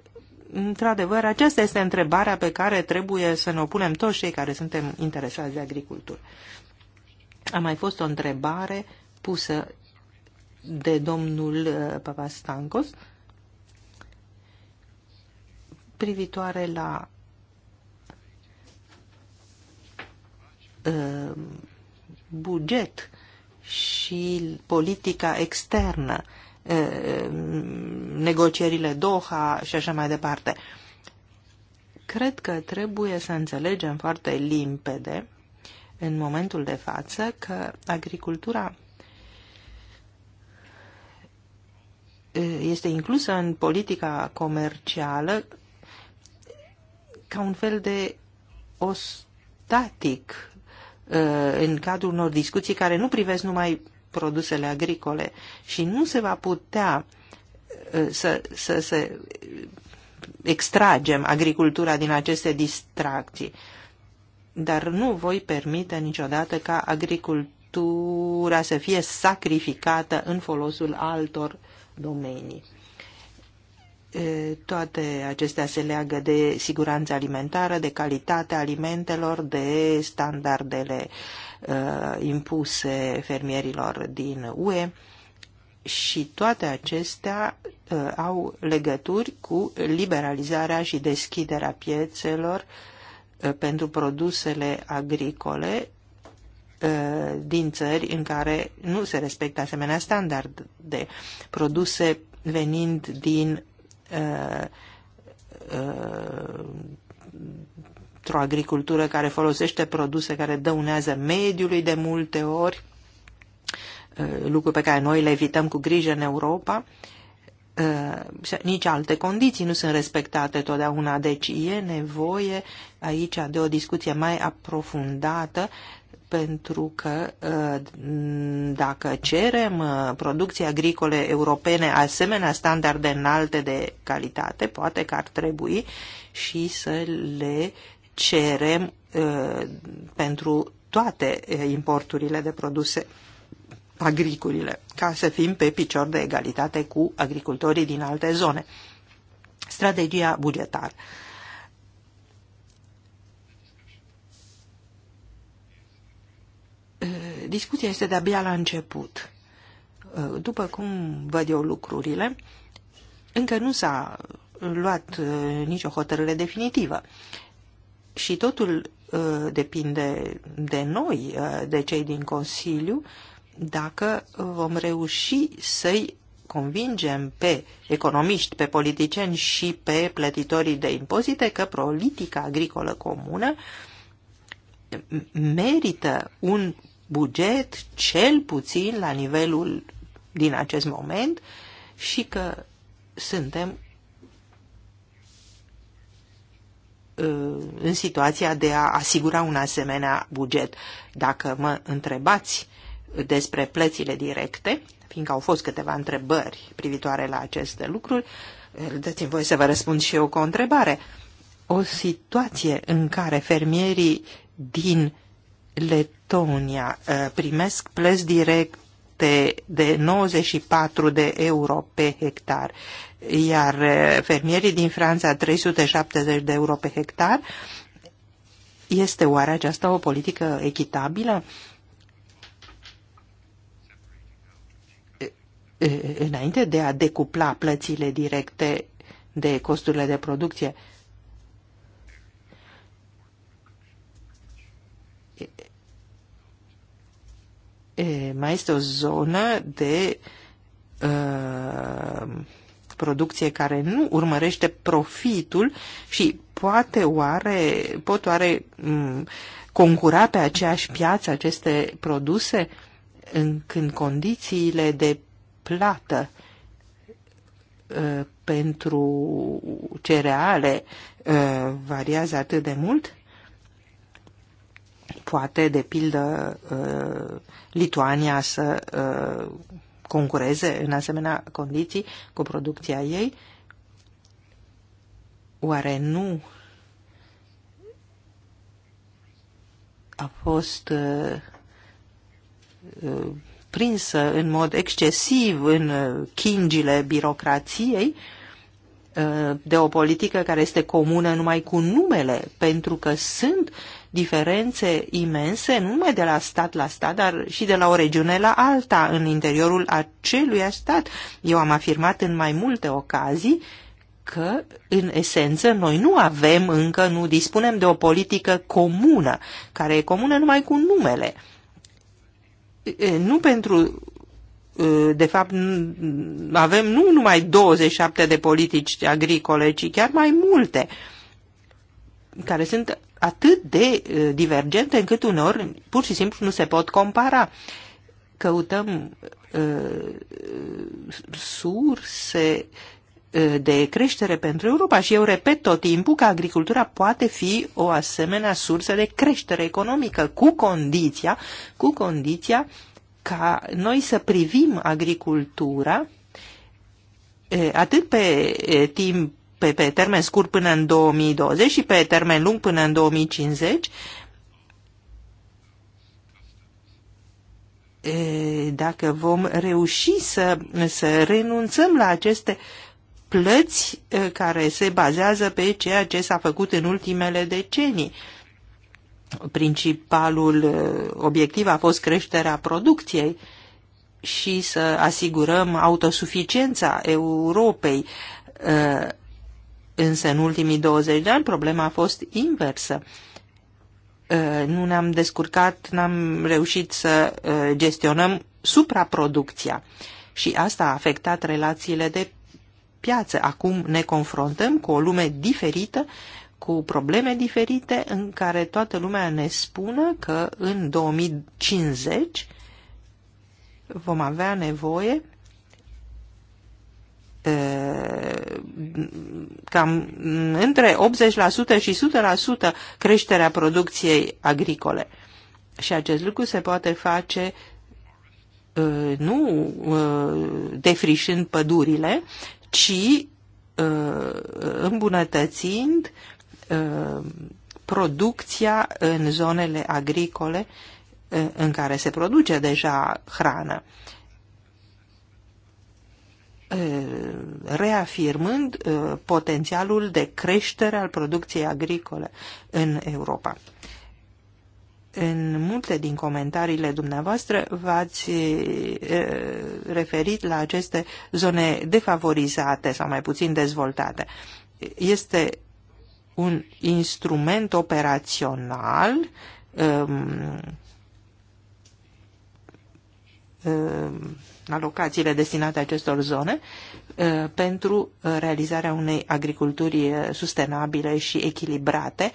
într-adevăr, aceasta este întrebarea pe care trebuie să ne opunem toți cei care suntem interesați de agricultură. A mai fost o întrebare pusă de domnul uh, Papastancos privitoare la Uh, buget și politica externă, uh, negocierile Doha și așa mai departe. Cred că trebuie să înțelegem foarte limpede în momentul de față că agricultura uh, este inclusă în politica comercială ca un fel de ostatic Uh, în cadrul unor discuții care nu privesc numai produsele agricole și nu se va putea uh, să, să, să extragem agricultura din aceste distracții. Dar nu voi permite niciodată ca agricultura să fie sacrificată în folosul altor domenii toate acestea se leagă de siguranța alimentară, de calitatea alimentelor, de standardele uh, impuse fermierilor din UE și toate acestea uh, au legături cu liberalizarea și deschiderea piețelor uh, pentru produsele agricole din țări în care nu se respectă asemenea standarde. Produse venind din într-o agricultură care folosește produse care dăunează mediului de multe ori, lucruri pe care noi le evităm cu grijă în Europa, nici alte condiții nu sunt respectate totdeauna, deci e nevoie aici de o discuție mai aprofundată pentru că ă, dacă cerem ă, producții agricole europene asemenea standarde înalte de calitate, poate că ar trebui și să le cerem ă, pentru toate importurile de produse agricole, ca să fim pe picior de egalitate cu agricultorii din alte zone. Strategia bugetară. discuția este de-abia la început. Uh, după cum văd eu lucrurile, încă nu s-a luat uh, nicio hotărâre definitivă. Și totul uh, depinde de noi, de cei din Consiliu, dacă vom reuși să-i convingem pe economiști, pe politicieni și pe plătitorii de impozite că politica agricolă comună merită un buget, cel puțin la nivelul din acest moment, și că suntem uh, în situația de a asigura un asemenea buget. Dacă mă întrebați despre plățile directe, fiindcă au fost câteva întrebări privitoare la aceste lucruri, uh, dați-mi voie să vă răspund și eu cu o întrebare. O situație în care fermierii din Letonia eh, primesc plăți directe de 94 de euro pe hectar, iar eh, fermierii din Franța 370 de euro pe hectar. Este oare aceasta o politică echitabilă? Eh, înainte de a decupla plățile directe de costurile de producție, mai este o zonă de uh, producție care nu urmărește profitul și poate oare, pot oare m- concura pe aceeași piață aceste produse în, când condițiile de plată pentru cereale uh, variază atât de mult? poate, de pildă, uh, Lituania să uh, concureze în asemenea condiții cu producția ei? Oare nu a fost uh, prinsă în mod excesiv în chingile birocrației de o politică care este comună numai cu numele, pentru că sunt diferențe imense, nu numai de la stat la stat, dar și de la o regiune la alta în interiorul acelui stat. Eu am afirmat în mai multe ocazii că, în esență, noi nu avem încă, nu dispunem de o politică comună, care e comună numai cu numele. Nu pentru de fapt, avem nu numai 27 de politici agricole, ci chiar mai multe. Uh, care sunt atât de uh, divergente încât uneori pur și simplu nu se pot compara. Căutăm uh, surse uh, de creștere pentru Europa și eu repet tot timpul că agricultura poate fi o asemenea sursă de creștere economică cu condiția, cu condiția ca noi să privim agricultura uh, atât pe timp pe, pe termen scurt până în 2020 și pe termen lung până în 2050, dacă vom reuși să, să renunțăm la aceste plăți care se bazează pe ceea ce s-a făcut în ultimele decenii. Principalul obiectiv a fost creșterea producției și să asigurăm autosuficiența Europei Însă în ultimii 20 de ani problema a fost inversă. Uh, nu ne-am descurcat, n-am reușit să uh, gestionăm supraproducția și asta a afectat relațiile de piață. Acum ne confruntăm cu o lume diferită, cu probleme diferite în care toată lumea ne spune că în 2050 vom avea nevoie cam între 80% și 100% creșterea producției agricole. Și acest lucru se poate face nu defrișând pădurile, ci îmbunătățind producția în zonele agricole în care se produce deja hrană. Uh, reafirmând uh, potențialul de creștere al producției agricole în Europa. În multe din comentariile dumneavoastră v-ați uh, referit la aceste zone defavorizate sau mai puțin dezvoltate. Este un instrument operațional um, um, alocațiile destinate acestor zone uh, pentru realizarea unei agriculturi uh, sustenabile și echilibrate.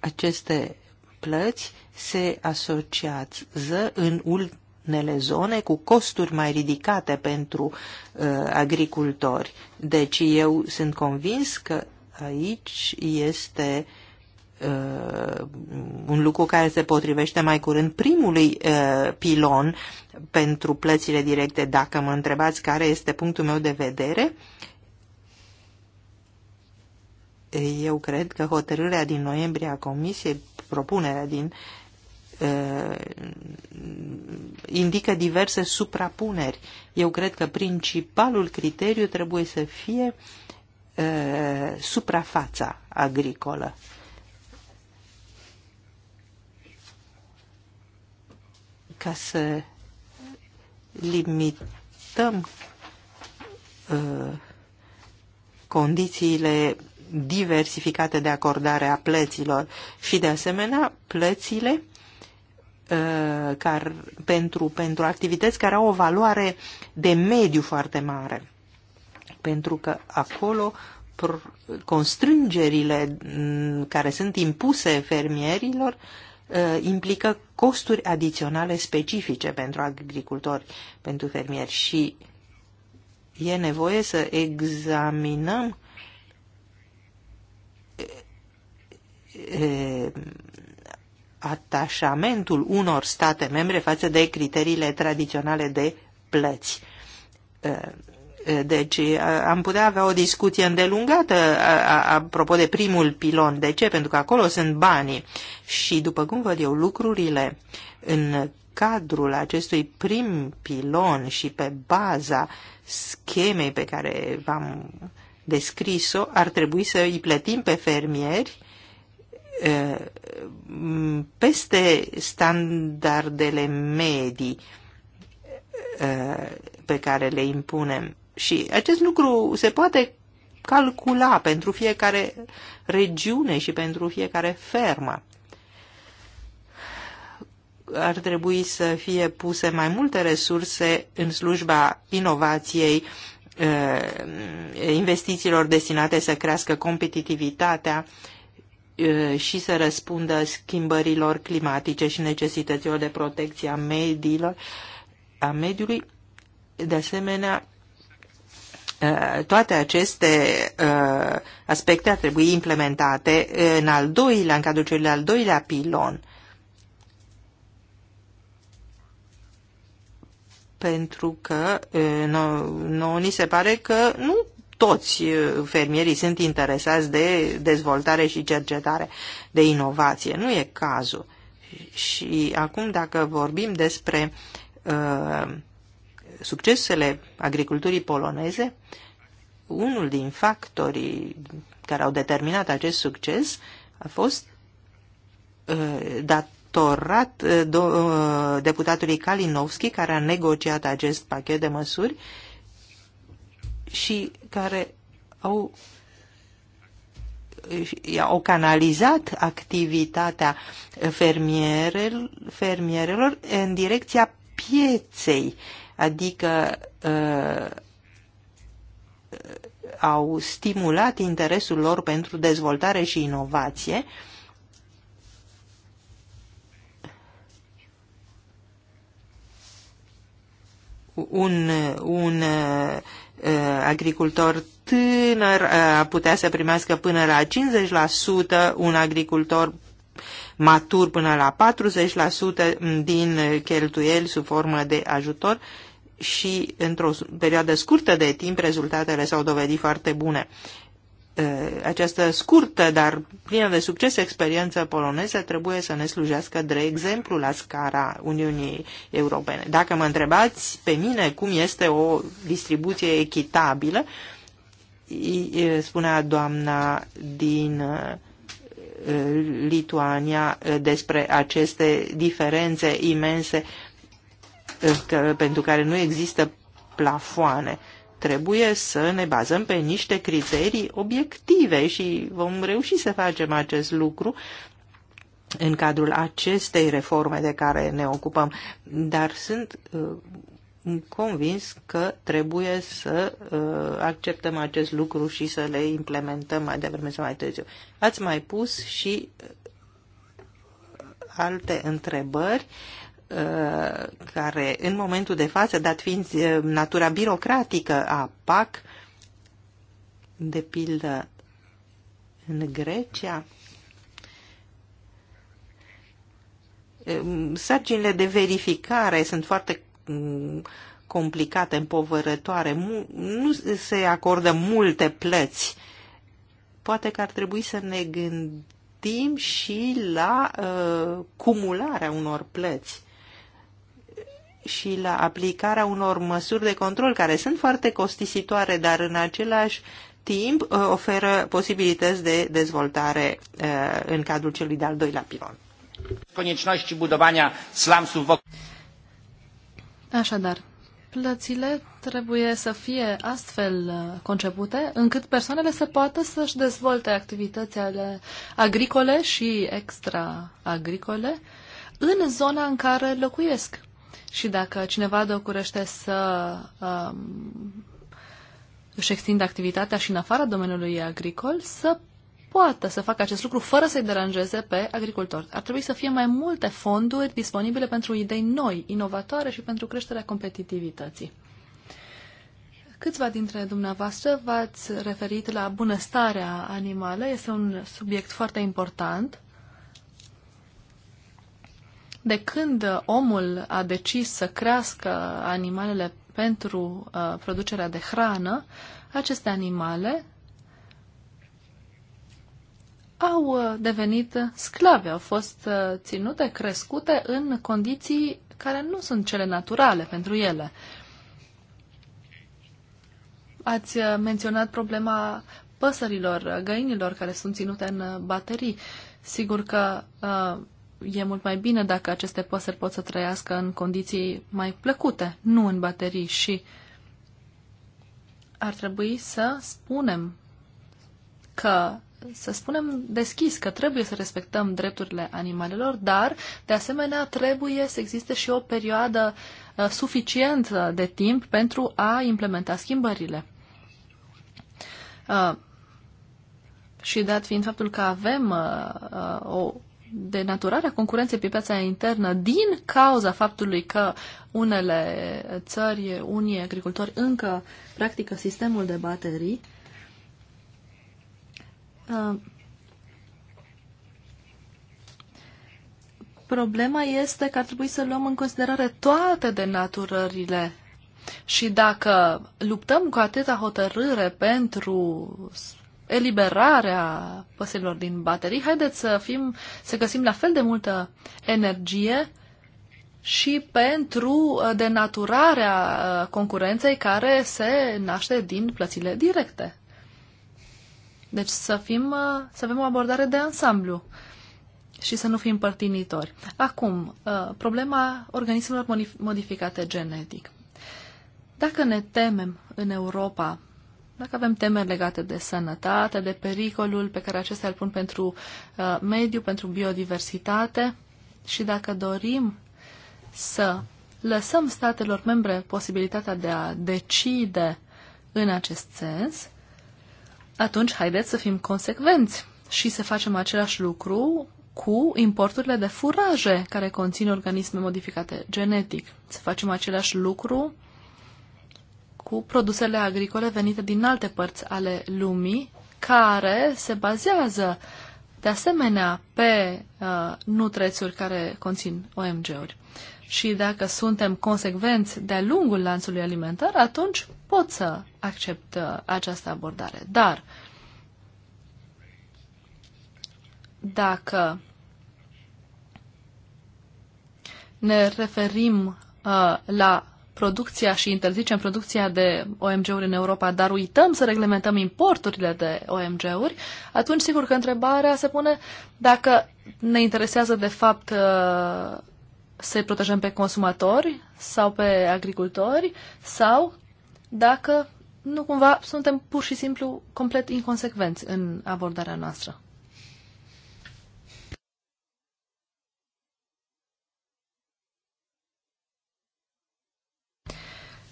Aceste plăți se asociază în ultimul unele zone cu costuri mai ridicate pentru uh, agricultori. Deci eu sunt convins că aici este uh, un lucru care se potrivește mai curând primului uh, pilon pentru plățile directe. Dacă mă întrebați care este punctul meu de vedere, eu cred că hotărârea din noiembrie a Comisiei, propunerea din uh, indică diverse suprapuneri. Eu cred că principalul criteriu trebuie să fie uh, suprafața agricolă. ca să limităm uh, condițiile diversificate de acordare a plăților și de asemenea plățile uh, car, pentru, pentru activități care au o valoare de mediu foarte mare. Pentru că acolo constrângerile mm, care sunt impuse fermierilor uh, Uh, implică costuri adiționale specifice pentru agricultori, pentru fermieri și e nevoie să examinăm uh, uh, atașamentul unor state membre față de criteriile tradiționale de plăți deci am putea avea o discuție îndelungată apropo de primul pilon. De ce? Pentru că acolo sunt banii. Și după cum văd eu lucrurile în cadrul acestui prim pilon și pe baza schemei pe care v-am descris-o, ar trebui să îi plătim pe fermieri peste standardele medii pe care le impunem. Și acest lucru se poate calcula pentru fiecare regiune și pentru fiecare fermă. Ar trebui să fie puse mai multe resurse în slujba inovației, eh, investițiilor destinate să crească competitivitatea eh, și să răspundă schimbărilor climatice și necesităților de protecție a mediilor, a mediului. De asemenea, Eh, toate aceste eh, aspecte ar trebui implementate în al doilea, în cadrul celui al doilea pilon. Pentru că eh, nouă ni se pare că nu toți fermierii sunt interesați de dezvoltare și cercetare, de inovație. Nu e cazul. Și acum dacă vorbim despre uh, succesele agriculturii poloneze, unul din factorii care au determinat acest succes a fost uh, datorat uh, uh, deputatului Kalinowski, care a negociat acest pachet de măsuri și care au au canalizat activitatea fermierelor în direcția pieței adică ă, au stimulat interesul lor pentru dezvoltare și inovație, un, un uh, agricultor tânăr uh, putea să primească până la 50%, un agricultor matur până la 40% din cheltuieli sub formă de ajutor și într-o perioadă scurtă de timp rezultatele s-au dovedit foarte bune. Această scurtă, dar plină de succes experiență poloneză trebuie să ne slujească de exemplu la scara Uniunii Europene. Dacă mă întrebați pe mine cum este o distribuție echitabilă, spunea doamna din Lituania despre aceste diferențe imense pentru care nu există plafoane. Trebuie să ne bazăm pe niște criterii obiective și vom reuși să facem acest lucru în cadrul acestei reforme de care ne ocupăm. Dar sunt uh, convins că trebuie să uh, acceptăm acest lucru și să le implementăm mai devreme sau mai târziu. Ați mai pus și uh, alte întrebări Uh, care în momentul de față, dat fiind uh, natura birocratică a PAC, de pildă în Grecia, um, sarcinile de verificare sunt foarte um, complicate, împovărătoare, nu se acordă multe plăți. Poate că ar trebui să ne gândim și la uh, cumularea unor plăți și la aplicarea unor măsuri de control care sunt foarte costisitoare, dar în același timp uh, oferă posibilități de dezvoltare uh, în cadrul celui de-al doilea pilon. Așadar, plățile trebuie să fie astfel uh, concepute încât persoanele să poată să-și dezvolte activitățile agricole și extra-agricole în zona în care locuiesc. Și dacă cineva docurește să um, își extindă activitatea și în afara domeniului agricol, să poată să facă acest lucru fără să-i deranjeze pe agricultori. Ar trebui să fie mai multe fonduri disponibile pentru idei noi, inovatoare și pentru creșterea competitivității. Câțiva dintre dumneavoastră v-ați referit la bunăstarea animală. Este un subiect foarte important de când omul a decis să crească animalele pentru uh, producerea de hrană, aceste animale au uh, devenit sclave, au fost uh, ținute, crescute în condiții care nu sunt cele naturale pentru ele. Ați uh, menționat problema păsărilor, găinilor care sunt ținute în baterii. Sigur că uh, e mult mai bine dacă aceste păsări pot să trăiască în condiții mai plăcute, nu în baterii și ar trebui să spunem că să spunem deschis că trebuie să respectăm drepturile animalelor, dar de asemenea trebuie să existe și o perioadă uh, suficientă de timp pentru a implementa schimbările. Uh, și dat fiind faptul că avem uh, uh o denaturarea concurenței pe piața internă din cauza faptului că unele țări, unii agricultori încă practică sistemul de baterii, uh, problema este că ar trebui să luăm în considerare toate denaturările și dacă luptăm cu atâta hotărâre pentru eliberarea păsărilor din baterii, haideți să, fim, să găsim la fel de multă energie și pentru uh, denaturarea uh, concurenței care se naște din plățile directe. Deci să, fim, uh, să avem o abordare de ansamblu și să nu fim părtinitori. Acum, problema organismelor modificate genetic. Dacă ne temem în Europa dacă avem teme legate de sănătate, de pericolul pe care acestea îl pun pentru uh, mediu, pentru biodiversitate și dacă dorim să lăsăm statelor membre posibilitatea de a decide în acest sens, atunci haideți să fim consecvenți și să facem același lucru cu importurile de furaje care conțin organisme modificate genetic. Să facem același lucru cu produsele agricole venite din alte părți ale lumii, care se bazează de asemenea pe uh, nutrețuri care conțin OMG-uri. Și dacă suntem consecvenți de-a lungul lanțului alimentar, atunci pot să accept uh, această abordare. Dar dacă ne referim uh, la producția și interzicem producția de OMG-uri în Europa, dar uităm să reglementăm importurile de OMG-uri, atunci sigur că întrebarea se pune dacă ne interesează de fapt uh, să-i protejăm pe consumatori sau pe agricultori sau dacă nu cumva suntem pur și simplu complet inconsecvenți în abordarea noastră.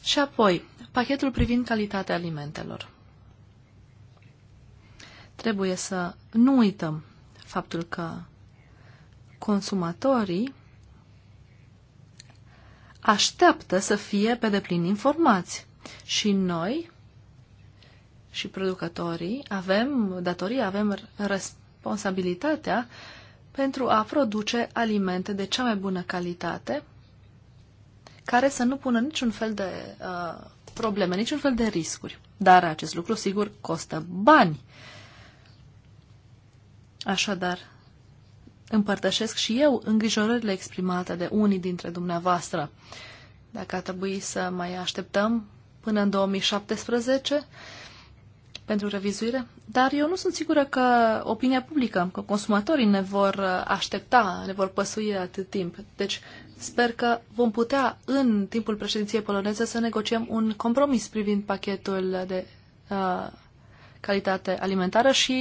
Și apoi, pachetul privind calitatea alimentelor. Trebuie să nu uităm faptul că consumatorii așteaptă să fie pe deplin informați și noi și producătorii avem datoria, avem responsabilitatea pentru a produce alimente de cea mai bună calitate care să nu pună niciun fel de uh, probleme, niciun fel de riscuri. Dar acest lucru, sigur, costă bani. Așadar, împărtășesc și eu îngrijorările exprimate de unii dintre dumneavoastră. Dacă a trebui să mai așteptăm până în 2017, pentru revizuire, dar eu nu sunt sigură că opinia publică, că consumatorii ne vor aștepta, ne vor păsui atât timp. Deci sper că vom putea în timpul președinției poloneze să negociem un compromis privind pachetul de uh, calitate alimentară și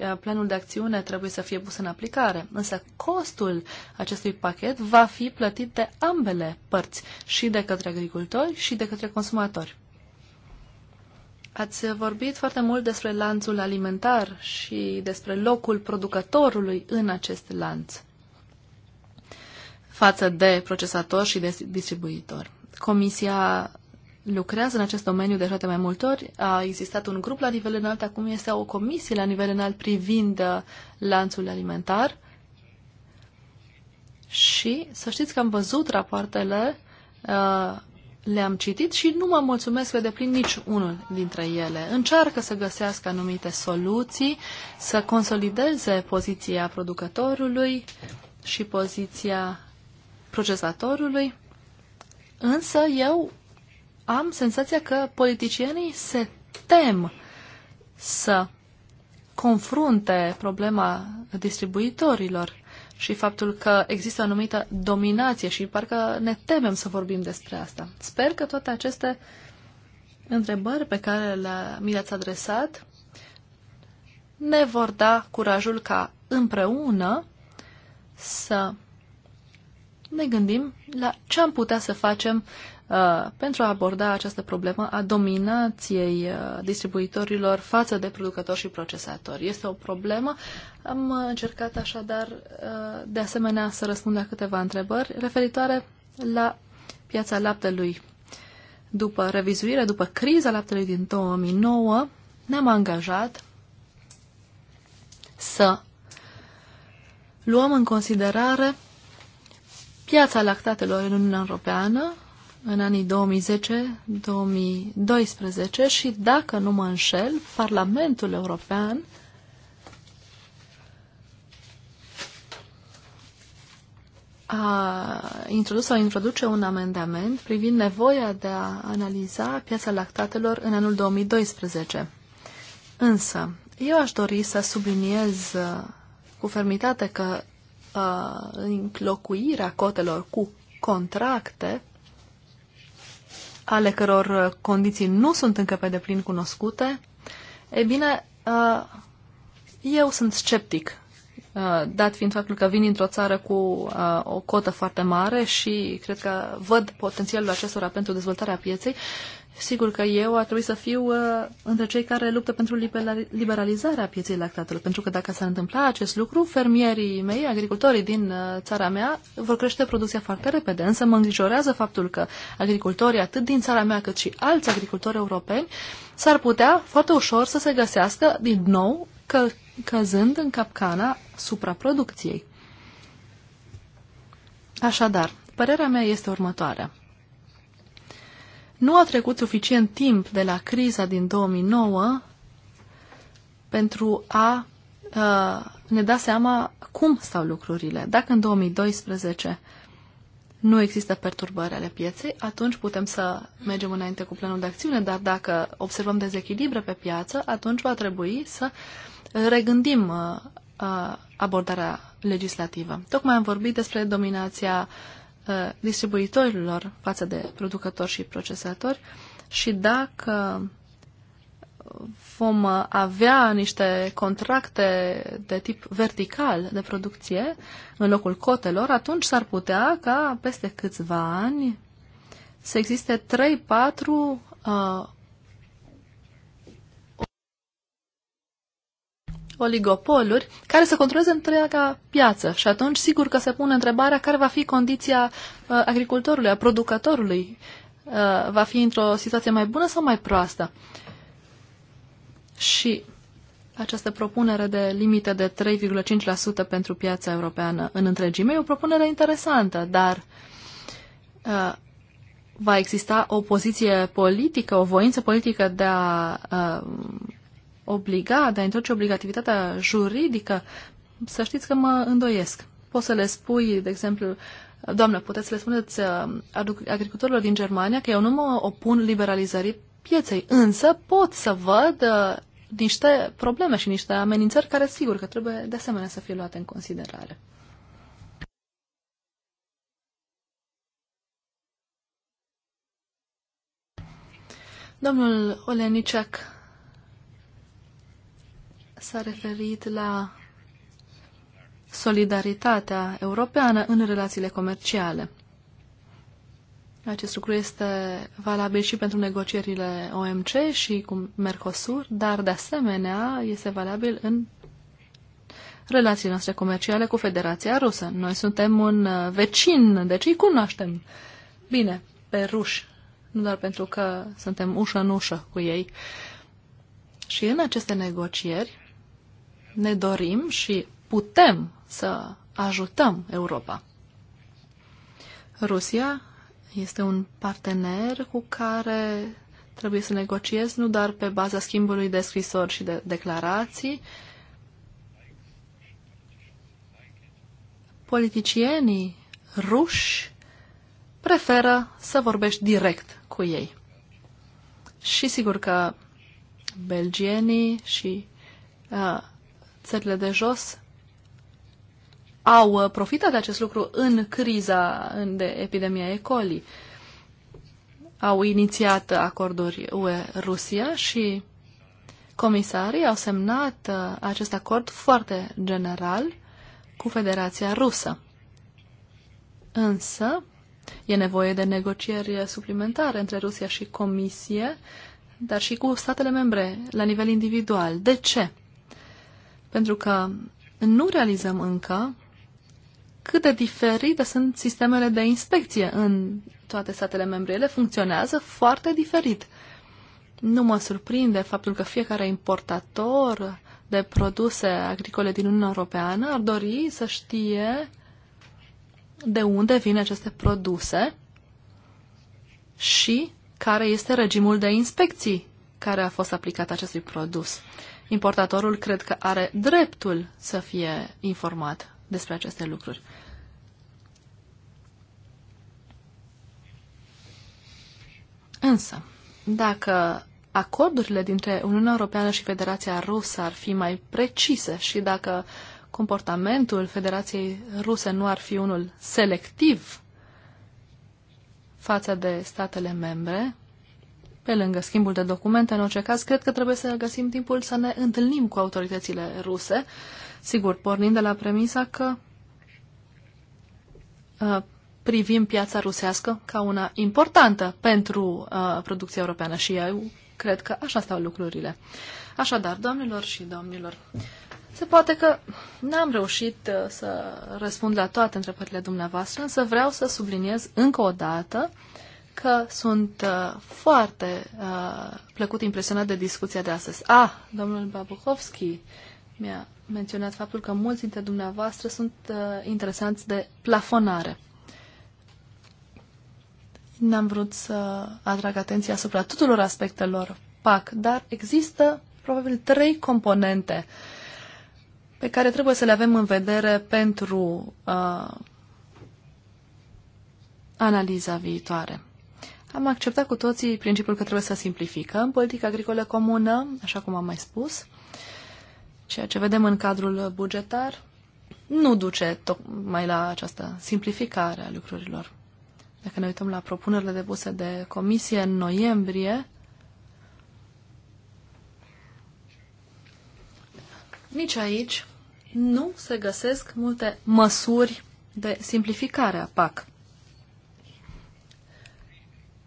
uh, planul de acțiune trebuie să fie pus în aplicare. Însă costul acestui pachet va fi plătit de ambele părți, și de către agricultori și de către consumatori. Ați vorbit foarte mult despre lanțul alimentar și despre locul producătorului în acest lanț față de procesator și de distribuitor. Comisia lucrează în acest domeniu deja de mai multe ori. A existat un grup la nivel înalt, acum este o comisie la nivel înalt privind uh, lanțul alimentar. Și să știți că am văzut rapoartele uh, le-am citit și nu mă mulțumesc pe de deplin nici unul dintre ele. Încearcă să găsească anumite soluții, să consolideze poziția producătorului și poziția procesatorului, însă eu am senzația că politicienii se tem să confrunte problema distribuitorilor și faptul că există o anumită dominație și parcă ne temem să vorbim despre asta. Sper că toate aceste întrebări pe care le mi le-ați adresat ne vor da curajul ca împreună să ne gândim la ce am putea să facem Uh, pentru a aborda această problemă a dominației uh, distribuitorilor față de producători și procesatori. Este o problemă. Am încercat așadar uh, de asemenea să răspund la câteva întrebări referitoare la piața laptelui. După revizuire, după criza laptelui din 2009, ne-am angajat să luăm în considerare piața lactatelor în Uniunea Europeană în anii 2010-2012 și, dacă nu mă înșel, Parlamentul European a introdus sau introduce un amendament privind nevoia de a analiza piața lactatelor în anul 2012. Însă, eu aș dori să subliniez uh, cu fermitate că uh, înlocuirea cotelor cu contracte ale căror uh, condiții nu sunt încă pe deplin cunoscute, e bine, uh, eu sunt sceptic, uh, dat fiind faptul că vin dintr-o țară cu o cotă foarte mare și cred că văd potențialul acestora pentru dezvoltarea pieței Sigur că eu ar trebui să fiu uh, între cei care luptă pentru liberalizarea pieței lactatelor, pentru că dacă s-ar întâmpla acest lucru, fermierii mei, agricultorii din uh, țara mea, vor crește producția foarte repede. Însă mă îngrijorează faptul că agricultorii atât din țara mea cât și alți agricultori europeni s-ar putea foarte ușor să se găsească din nou că, căzând în capcana supraproducției. Așadar, părerea mea este următoarea. Nu a trecut suficient timp de la criza din 2009 pentru a uh, ne da seama cum stau lucrurile. Dacă în 2012 nu există perturbări ale pieței, atunci putem să mergem înainte cu planul de acțiune, dar dacă observăm dezechilibre pe piață, atunci va trebui să regândim uh, uh, abordarea legislativă. Tocmai am vorbit despre dominația Uh, distribuitorilor față de producători și procesatori și dacă vom avea niște contracte de tip vertical de producție în locul cotelor, atunci s-ar putea ca peste câțiva ani să existe 3-4 uh, oligopoluri care să controleze întreaga piață. Și atunci, sigur că se pune întrebarea care va fi condiția uh, agricultorului, a producătorului. Uh, va fi într-o situație mai bună sau mai proastă? Și această propunere de limită de 3,5% pentru piața europeană în întregime e o propunere interesantă, dar uh, va exista o poziție politică, o voință politică de a uh, obliga, de a introduce obligativitatea juridică, să știți că mă îndoiesc. Poți să le spui, de exemplu, doamnă, puteți să le spuneți uh, agricultorilor din Germania că eu nu mă opun liberalizării pieței, însă pot să văd uh, niște probleme și niște amenințări care sigur că trebuie de asemenea să fie luate în considerare. Domnul Olenicek, s-a referit la solidaritatea europeană în relațiile comerciale. Acest lucru este valabil și pentru negocierile OMC și cu Mercosur, dar de asemenea este valabil în relațiile noastre comerciale cu Federația Rusă. Noi suntem un uh, vecin, deci îi cunoaștem bine pe ruși, nu doar pentru că suntem ușă în ușă cu ei. Și în aceste negocieri ne dorim și putem să ajutăm Europa. Rusia este un partener cu care trebuie să negociez nu doar pe baza schimbului de scrisori și de declarații. Politicienii ruși preferă să vorbești direct cu ei. Și sigur că belgienii și uh, țările de jos au uh, profitat de acest lucru în criza de epidemia E. coli. Au inițiat acorduri UE-Rusia și comisarii au semnat uh, acest acord foarte general cu Federația Rusă. Însă, e nevoie de negocieri suplimentare între Rusia și Comisie, dar și cu statele membre la nivel individual. De ce? Pentru că nu realizăm încă cât de diferite sunt sistemele de inspecție în toate statele membre. Ele funcționează foarte diferit. Nu mă surprinde faptul că fiecare importator de produse agricole din Uniunea Europeană ar dori să știe de unde vin aceste produse și care este regimul de inspecții care a fost aplicat acestui produs importatorul cred că are dreptul să fie informat despre aceste lucruri. Însă, dacă acordurile dintre Uniunea Europeană și Federația Rusă ar fi mai precise și dacă comportamentul Federației Ruse nu ar fi unul selectiv față de statele membre, pe lângă schimbul de documente, în orice caz, cred că trebuie să găsim timpul să ne întâlnim cu autoritățile ruse, sigur, pornind de la premisa că uh, privim piața rusească ca una importantă pentru uh, producția europeană și eu cred că așa stau lucrurile. Așadar, doamnelor și domnilor, se poate că n-am reușit uh, să răspund la toate întrebările dumneavoastră, însă vreau să subliniez încă o dată uh, că sunt uh, foarte uh, plăcut impresionat de discuția de astăzi. Ah, domnul Babuhovski mi-a menționat faptul că mulți dintre dumneavoastră sunt uh, interesanți de plafonare. N-am vrut să atrag atenția asupra tuturor aspectelor PAC, dar există probabil trei componente pe care trebuie să le avem în vedere pentru uh, analiza viitoare. Am acceptat cu toții principiul că trebuie să simplificăm politica agricolă comună, așa cum am mai spus. Ceea ce vedem în cadrul bugetar nu duce tocmai la această simplificare a lucrurilor. Dacă ne uităm la propunerile depuse de comisie în noiembrie, nici aici nu se găsesc multe măsuri de simplificare a PAC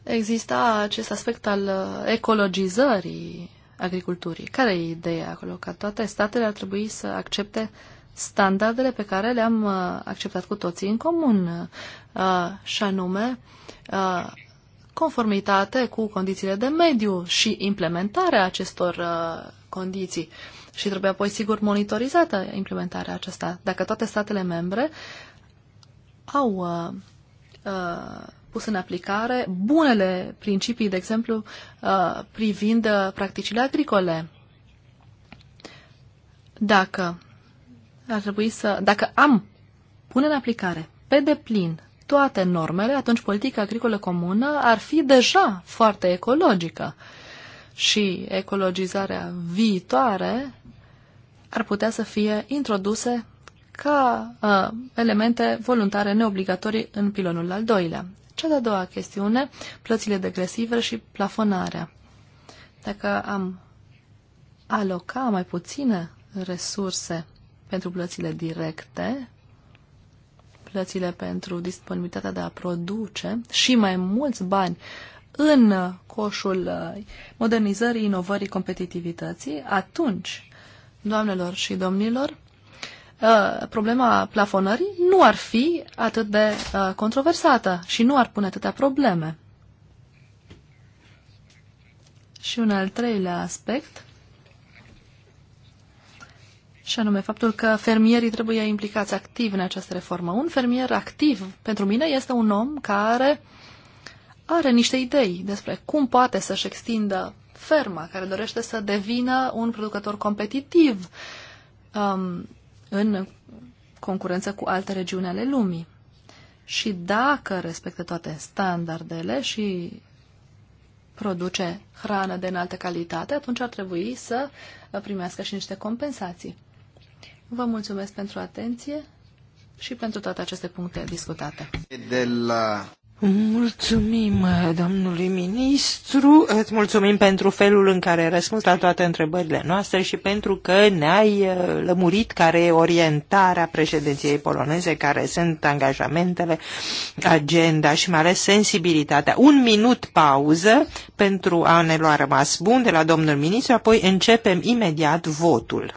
exista acest aspect al uh, ecologizării agriculturii. Care e ideea acolo? Că toate statele ar trebui să accepte standardele pe care le-am uh, acceptat cu toții în comun, uh, și anume conformitate cu condițiile de mediu și implementarea acestor condiții. Și trebuie apoi, sigur, monitorizată implementarea aceasta. Dacă toate statele membre au uh, pus în aplicare bunele principii, de exemplu, uh, privind uh, practicile agricole. Dacă ar trebui să, dacă am pune în aplicare pe deplin toate normele, atunci politica agricolă comună ar fi deja foarte ecologică. Și ecologizarea viitoare ar putea să fie introduse ca uh, elemente voluntare neobligatorii în pilonul al doilea. Cea de-a doua chestiune, plățile degresive și plafonarea. Dacă am aloca mai puține resurse pentru plățile directe, plățile pentru disponibilitatea de a produce și mai mulți bani în coșul uh, modernizării, inovării, competitivității, atunci, doamnelor și domnilor, Uh, problema plafonării nu ar fi atât de uh, controversată și nu ar pune atâtea probleme. Și un al treilea aspect, și anume faptul că fermierii trebuie implicați activ în această reformă. Un fermier activ, pentru mine, este un om care are niște idei despre cum poate să-și extindă ferma, care dorește să devină un producător competitiv, um, în concurență cu alte regiuni ale lumii. Și dacă respectă toate standardele și produce hrană de înaltă calitate, atunci ar trebui să primească și niște compensații. Vă mulțumesc pentru atenție și pentru toate aceste puncte discutate. De la... Mulțumim uh, domnului ministru, îți mulțumim pentru felul în care ai răspuns la toate întrebările noastre și pentru că ne-ai uh, lămurit care e orientarea președinției poloneze, care sunt angajamentele, agenda și mai ales sensibilitatea. Un minut pauză pentru a ne lua rămas bun de la domnul ministru, apoi începem imediat votul.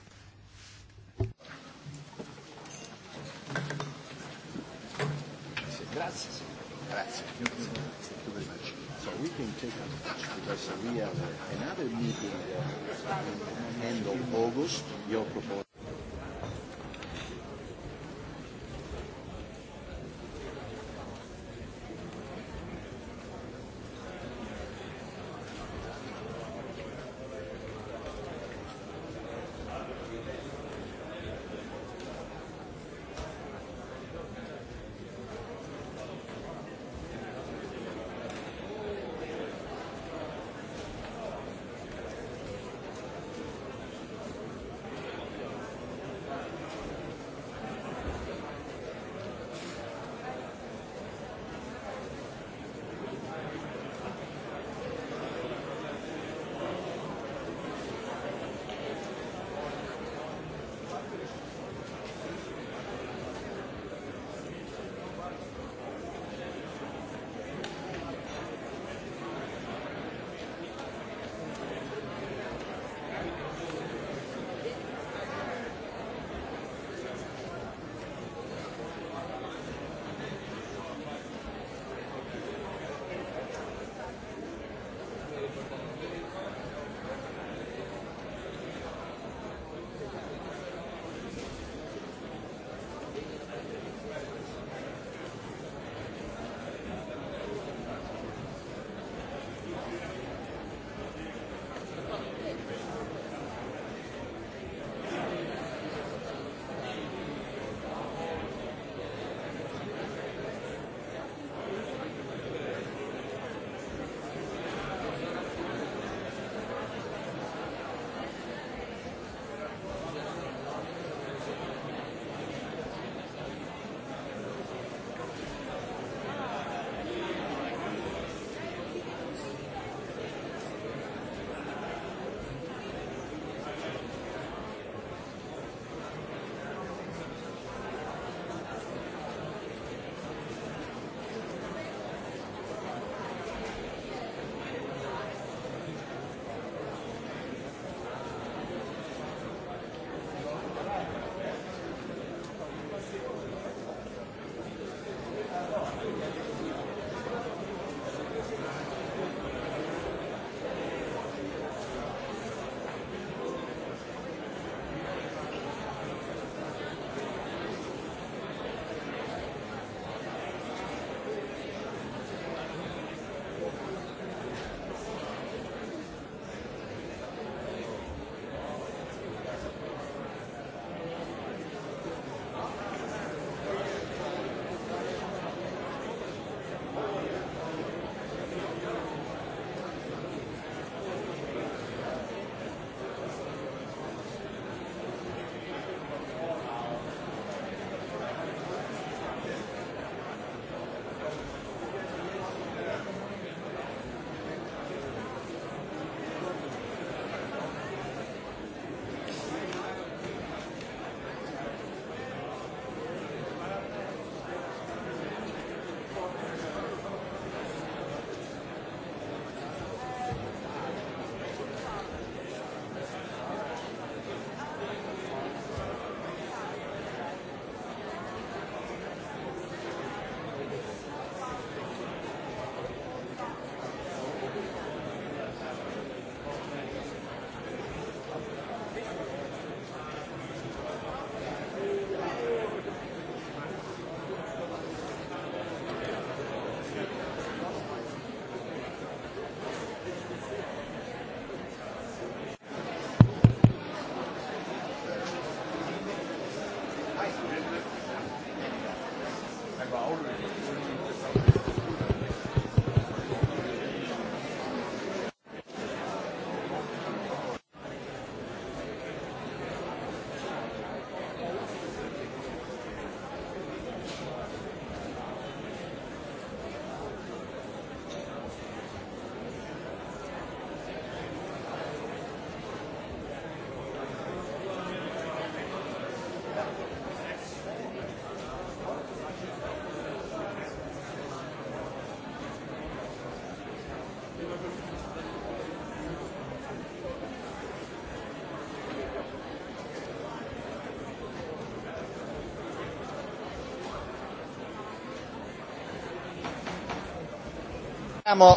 Au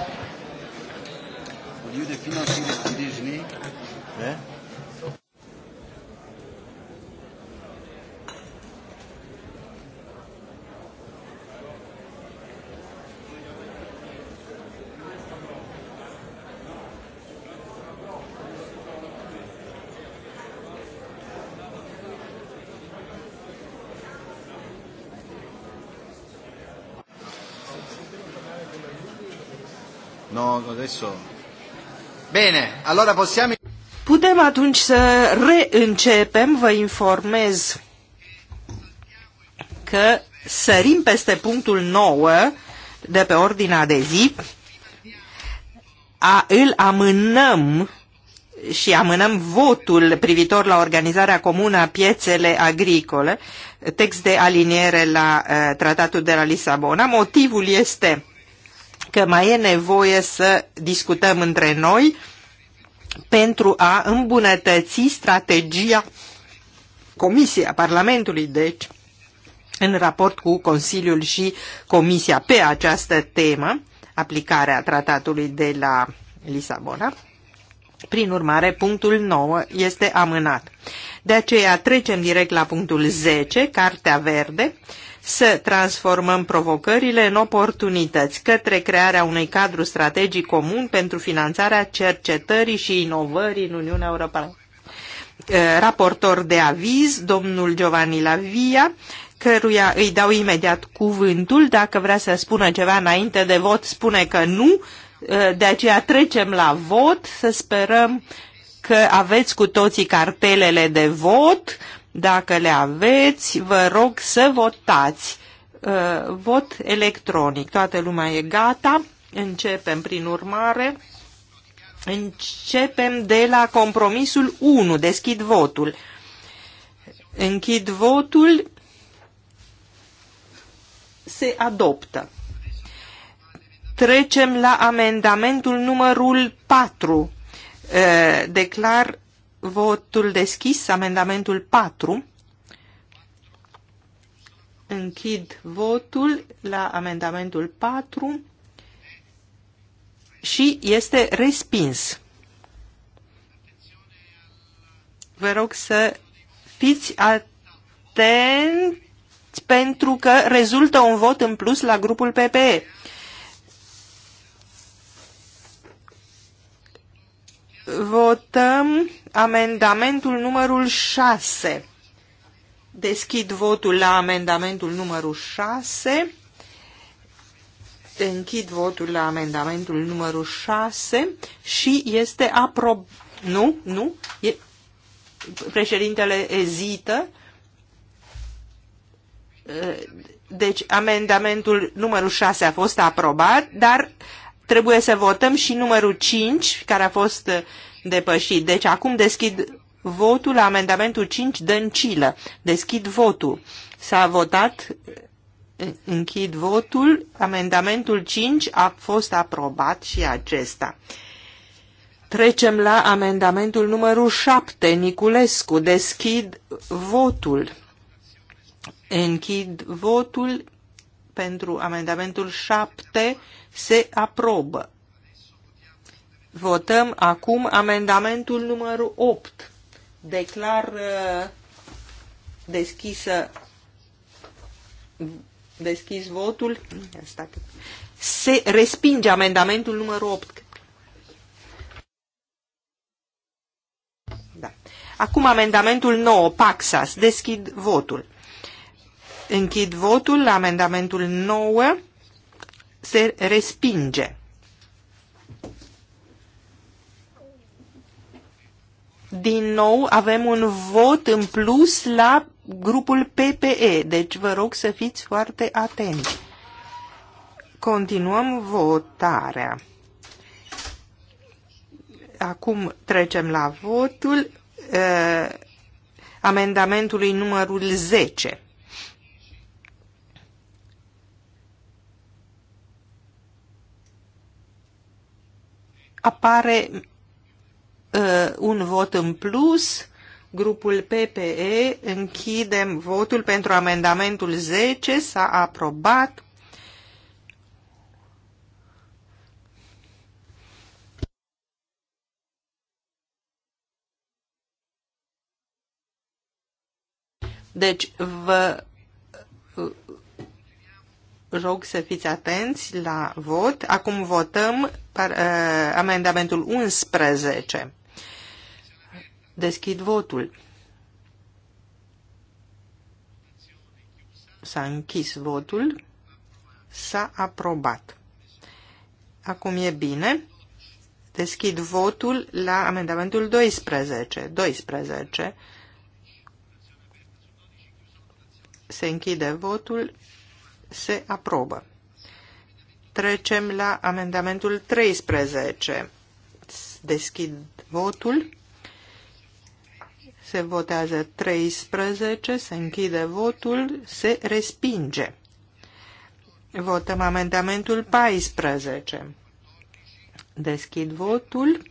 lieu de financer les petits déjeuners, hein, No, adesso... Bene, allora possiamo... Putem atunci să reîncepem, vă informez că sărim peste punctul 9 de pe ordinea de zi, a, îl amânăm și amânăm votul privitor la organizarea comună a piețele agricole, text de aliniere la uh, Tratatul de la Lisabona. Motivul este că mai e nevoie să discutăm între noi pentru a îmbunătăți strategia Comisia Parlamentului, deci, în raport cu Consiliul și Comisia pe această temă, aplicarea tratatului de la Lisabona. Prin urmare, punctul 9 este amânat. De aceea trecem direct la punctul 10, Cartea Verde, uh, să transformăm provocările în oportunități către crearea unui cadru strategic comun pentru finanțarea cercetării și inovării în Uniunea Europeană. Eh, raportor de aviz, domnul Giovanni Lavia, căruia îi dau imediat cuvântul. Dacă vrea să spună ceva înainte de vot, spune că nu. Eh, de aceea trecem la vot. Să sperăm că aveți cu toții cartelele de vot dacă le aveți, vă rog să votați. Uh, vot electronic. Toată lumea e gata. Începem prin urmare. Începem de la compromisul 1. Deschid votul. Închid votul. Se adoptă. Trecem la amendamentul numărul 4. Uh, declar Votul deschis, amendamentul 4. Închid votul la amendamentul 4 și este respins. Vă rog să fiți atenți pentru că rezultă un vot în plus la grupul PPE. Votăm amendamentul numărul 6. Deschid votul la amendamentul numărul 6. Închid votul la amendamentul numărul 6 și este aprob... Nu, nu, e... președintele ezită. Deci amendamentul numărul 6 a fost aprobat, dar trebuie să votăm și numărul 5, care a fost depășit. Deci acum deschid votul la amendamentul 5 Dăncilă. Deschid votul. S-a votat, închid votul, amendamentul 5 a fost aprobat și acesta. Trecem la amendamentul numărul 7, Niculescu. Deschid votul. Închid votul pentru amendamentul 7 se aprobă. Votăm acum amendamentul numărul 8. Declar uh, deschisă deschis votul. Se respinge amendamentul numărul 8. Da. Acum amendamentul 9, Paxas. Deschid votul. Închid votul la amendamentul 9 se respinge. Din nou avem un vot în plus la grupul PPE, deci vă rog să fiți foarte atenți. Continuăm votarea. Acum trecem la votul uh, amendamentului numărul 10. apare uh, un vot în plus. Grupul PPE, închidem votul pentru amendamentul 10, s-a aprobat. Deci vă rog să fiți atenți la vot. Acum votăm par, uh, amendamentul 11. Deschid votul. S-a închis votul. S-a aprobat. Acum e bine. Deschid votul la amendamentul 12. 12. Se închide votul se aprobă. Trecem la amendamentul 13. Deschid votul. Se votează 13, se închide votul, se respinge. Votăm amendamentul 14. Deschid votul.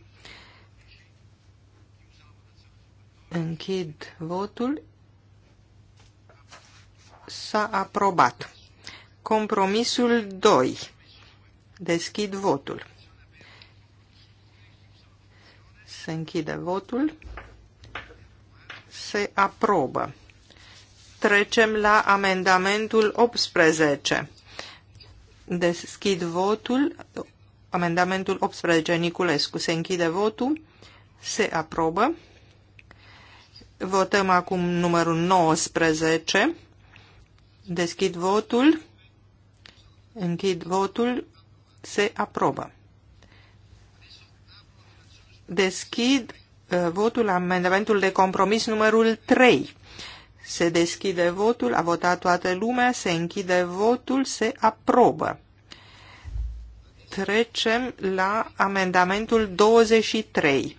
Închid votul. S-a aprobat. Compromisul 2. Deschid votul. Se închide votul. Se aprobă. Trecem la amendamentul 18. Deschid votul. Amendamentul 18, Niculescu. Se închide votul. Se aprobă. Votăm acum numărul 19. Deschid votul. Închid votul. Se aprobă. Deschid uh, votul amendamentul de compromis numărul 3. Se deschide votul, a votat toată lumea, se închide votul, se aprobă. Trecem la amendamentul 23.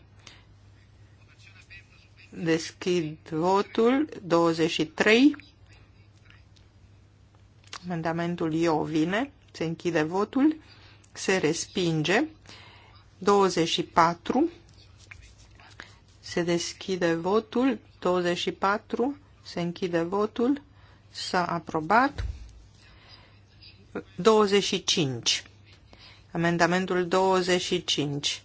Deschid votul 23. Amendamentul Iovine. Se închide votul. Se respinge. 24. Se deschide votul. 24. Se închide votul. S-a aprobat. 25. Amendamentul 25.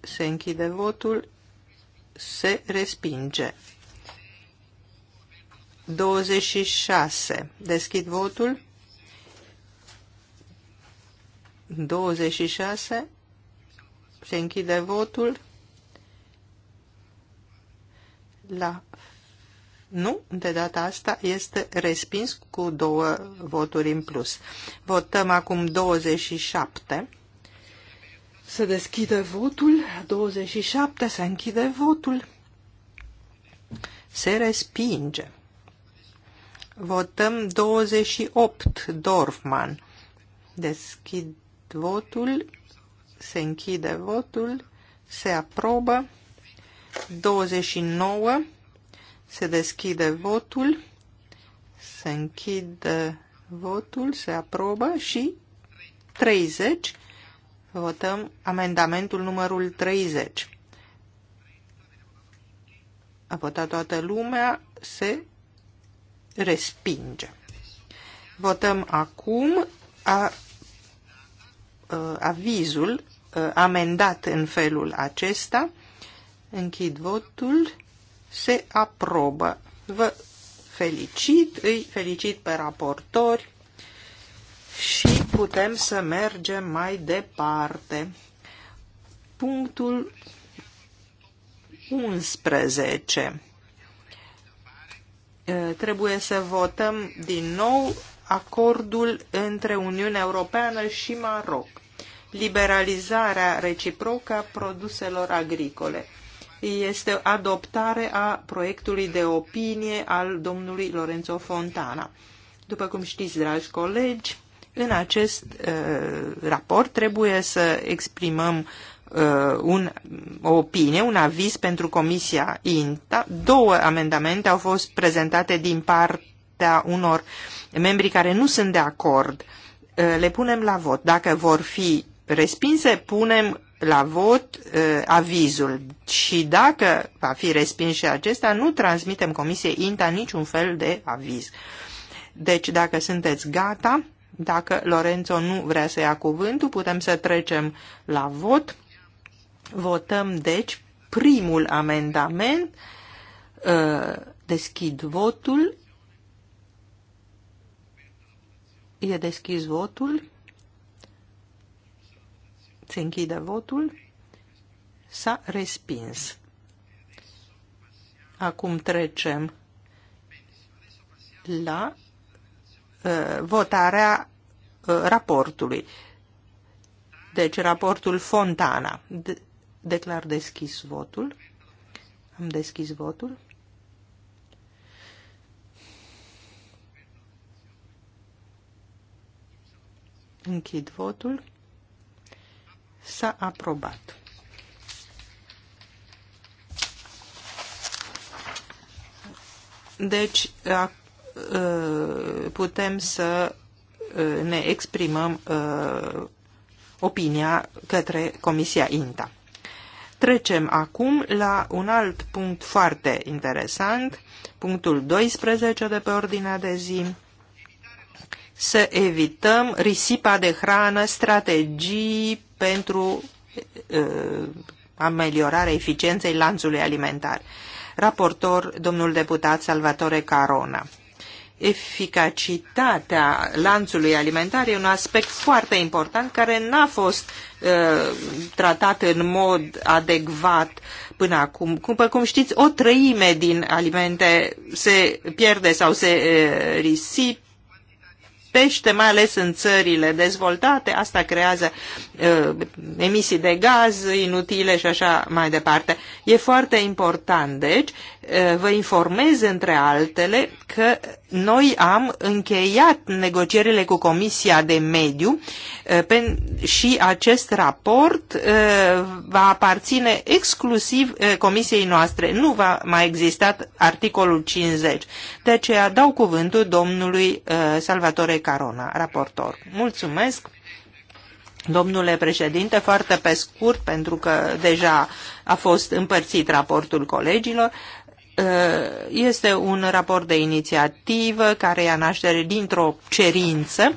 Se închide votul. Se respinge. 26. Deschid votul. 26. Se închide votul. La nu, de data asta este respins cu două voturi în plus. Votăm acum 27. Se deschide votul. 27 se închide votul. Se respinge. Votăm 28, Dorfman. Deschid votul, se închide votul, se aprobă. 29, se deschide votul, se închide votul, se aprobă și 30, votăm amendamentul numărul 30. A votat toată lumea, se respinge. Votăm acum a, a, avizul a, amendat în felul acesta. Închid votul. Se aprobă. Vă felicit, îi felicit pe raportori și putem să mergem mai departe. Punctul 11 trebuie să votăm din nou acordul între Uniunea Europeană și Maroc, liberalizarea reciprocă a produselor agricole. Este adoptare a proiectului de opinie al domnului Lorenzo Fontana. După cum știți, dragi colegi, în acest uh, raport trebuie să exprimăm Uh, un, o opinie, un aviz pentru Comisia INTA. Două amendamente au fost prezentate din partea unor membri care nu sunt de acord. Uh, le punem la vot. Dacă vor fi respinse, punem la vot uh, avizul. Și dacă va fi respins și acesta, nu transmitem Comisiei INTA niciun fel de aviz. Deci, dacă sunteți gata, dacă Lorenzo nu vrea să ia cuvântul, putem să trecem la vot. Votăm, deci, primul amendament. Uh, deschid votul. E deschis votul. Se închide votul. S-a respins. Acum trecem la uh, votarea uh, raportului. Deci raportul Fontana. De Declar deschis votul. Am deschis votul. Închid votul. S-a aprobat. Deci, putem să ne exprimăm opinia către Comisia INTA. Trecem acum la un alt punct foarte interesant, punctul 12 de pe ordinea de zi, să evităm risipa de hrană, strategii pentru uh, ameliorarea eficienței lanțului alimentar. Raportor, domnul deputat Salvatore Carona eficacitatea lanțului alimentar e un aspect foarte important care n-a fost uh, tratat în mod adecvat până acum. pe cum știți, o trăime din alimente se pierde sau se uh, pește mai ales în țările dezvoltate. Asta creează uh, emisii de gaz inutile și așa mai departe. E foarte important, deci, uh, vă informez între altele că noi am încheiat negocierile cu Comisia de Mediu eh, și acest raport eh, va aparține exclusiv eh, Comisiei noastre. Nu va mai exista articolul 50. De aceea dau cuvântul domnului Salvatore Carona, raportor. Mulțumesc! Domnule președinte, foarte pe scurt, pentru că deja a fost împărțit raportul colegilor, Uh, este un raport de inițiativă care ia naștere dintr-o cerință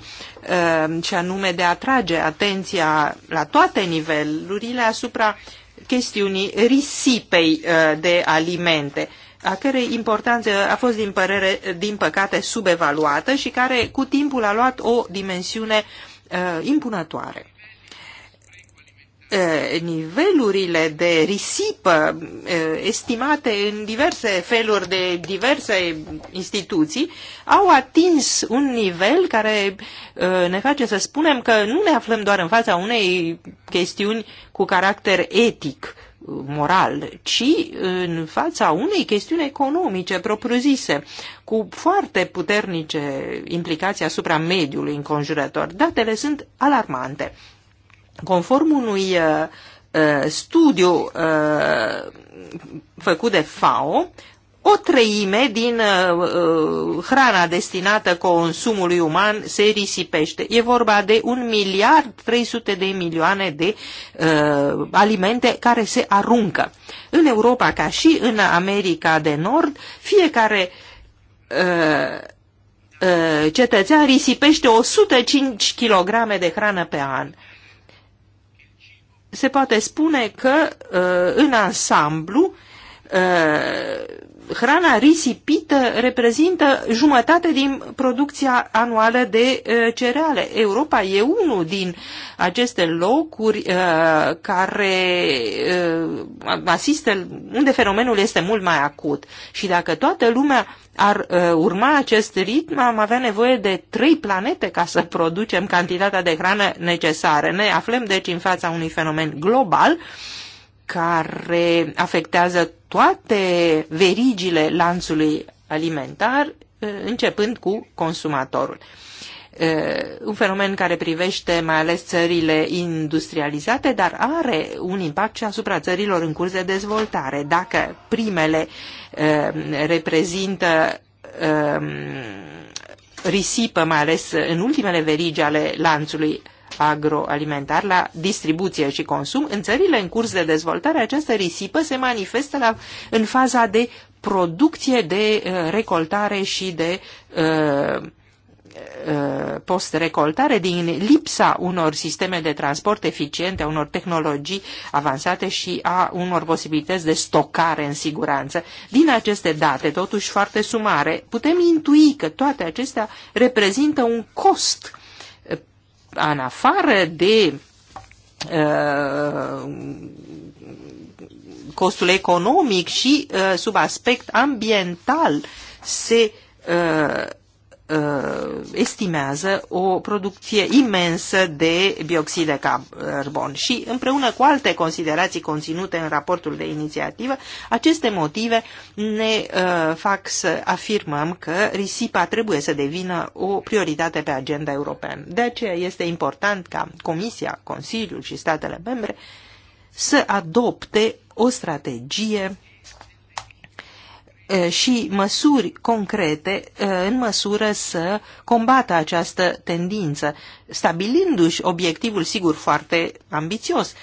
uh, și anume de a atrage atenția la toate nivelurile asupra chestiunii risipei uh, de alimente a cărei importanță a fost din, părere, din păcate subevaluată și care cu timpul a luat o dimensiune impunătoare. Eh, nivelurile de risipă eh, estimate în diverse feluri de diverse instituții au atins un nivel care eh, ne face să spunem că nu ne aflăm doar în fața unei chestiuni cu caracter etic, moral, ci în fața unei chestiuni economice propriu-zise, cu foarte puternice implicații asupra mediului înconjurător. Datele sunt alarmante. Conform unui uh, uh, studiu uh, făcut de FAO, o treime din uh, hrana destinată consumului uman se risipește. E vorba de un miliard 300 de milioane de uh, alimente care se aruncă. În Europa, ca și în America de Nord, fiecare uh, uh, cetățean risipește 105 kg de hrană pe an. Uh, se poate spune că uh, în ansamblu uh, hrana risipită reprezintă jumătate din producția anuală de uh, cereale. Europa e unul din aceste locuri care asistă, unde fenomenul este mult mai acut. Și dacă toată lumea ar uh, urma acest ritm, am avea nevoie de trei planete ca să producem cantitatea de hrană necesară. Ne aflăm deci în fața unui fenomen global care afectează toate verigile lanțului alimentar, uh, începând cu consumatorul. Uh, un fenomen care privește mai ales țările industrializate, dar are un impact și asupra țărilor în curs de dezvoltare. Dacă primele uh, reprezintă um, risipă, mai ales în ultimele verigi ale lanțului agroalimentar la distribuție și consum, în țările în curs de dezvoltare această risipă se manifestă la, în faza de producție, de uh, recoltare și de uh, Uh, post-recoltare din lipsa unor sisteme de transport eficiente, a unor tehnologii avansate și a unor posibilități de stocare în siguranță. Din aceste date, totuși foarte sumare, putem intui că toate acestea reprezintă un cost uh, în afară de uh, costul economic și sub aspect ambiental se uh, Uh, estimează o producție imensă de bioxid de carbon și împreună cu alte considerații conținute în raportul de inițiativă, aceste motive ne uh, fac să afirmăm că risipa trebuie să devină o prioritate pe agenda europeană. De aceea este important ca Comisia, Consiliul și statele membre să adopte o strategie și măsuri concrete în măsură să combată această tendință, stabilindu-și obiectivul, sigur, foarte ambițios,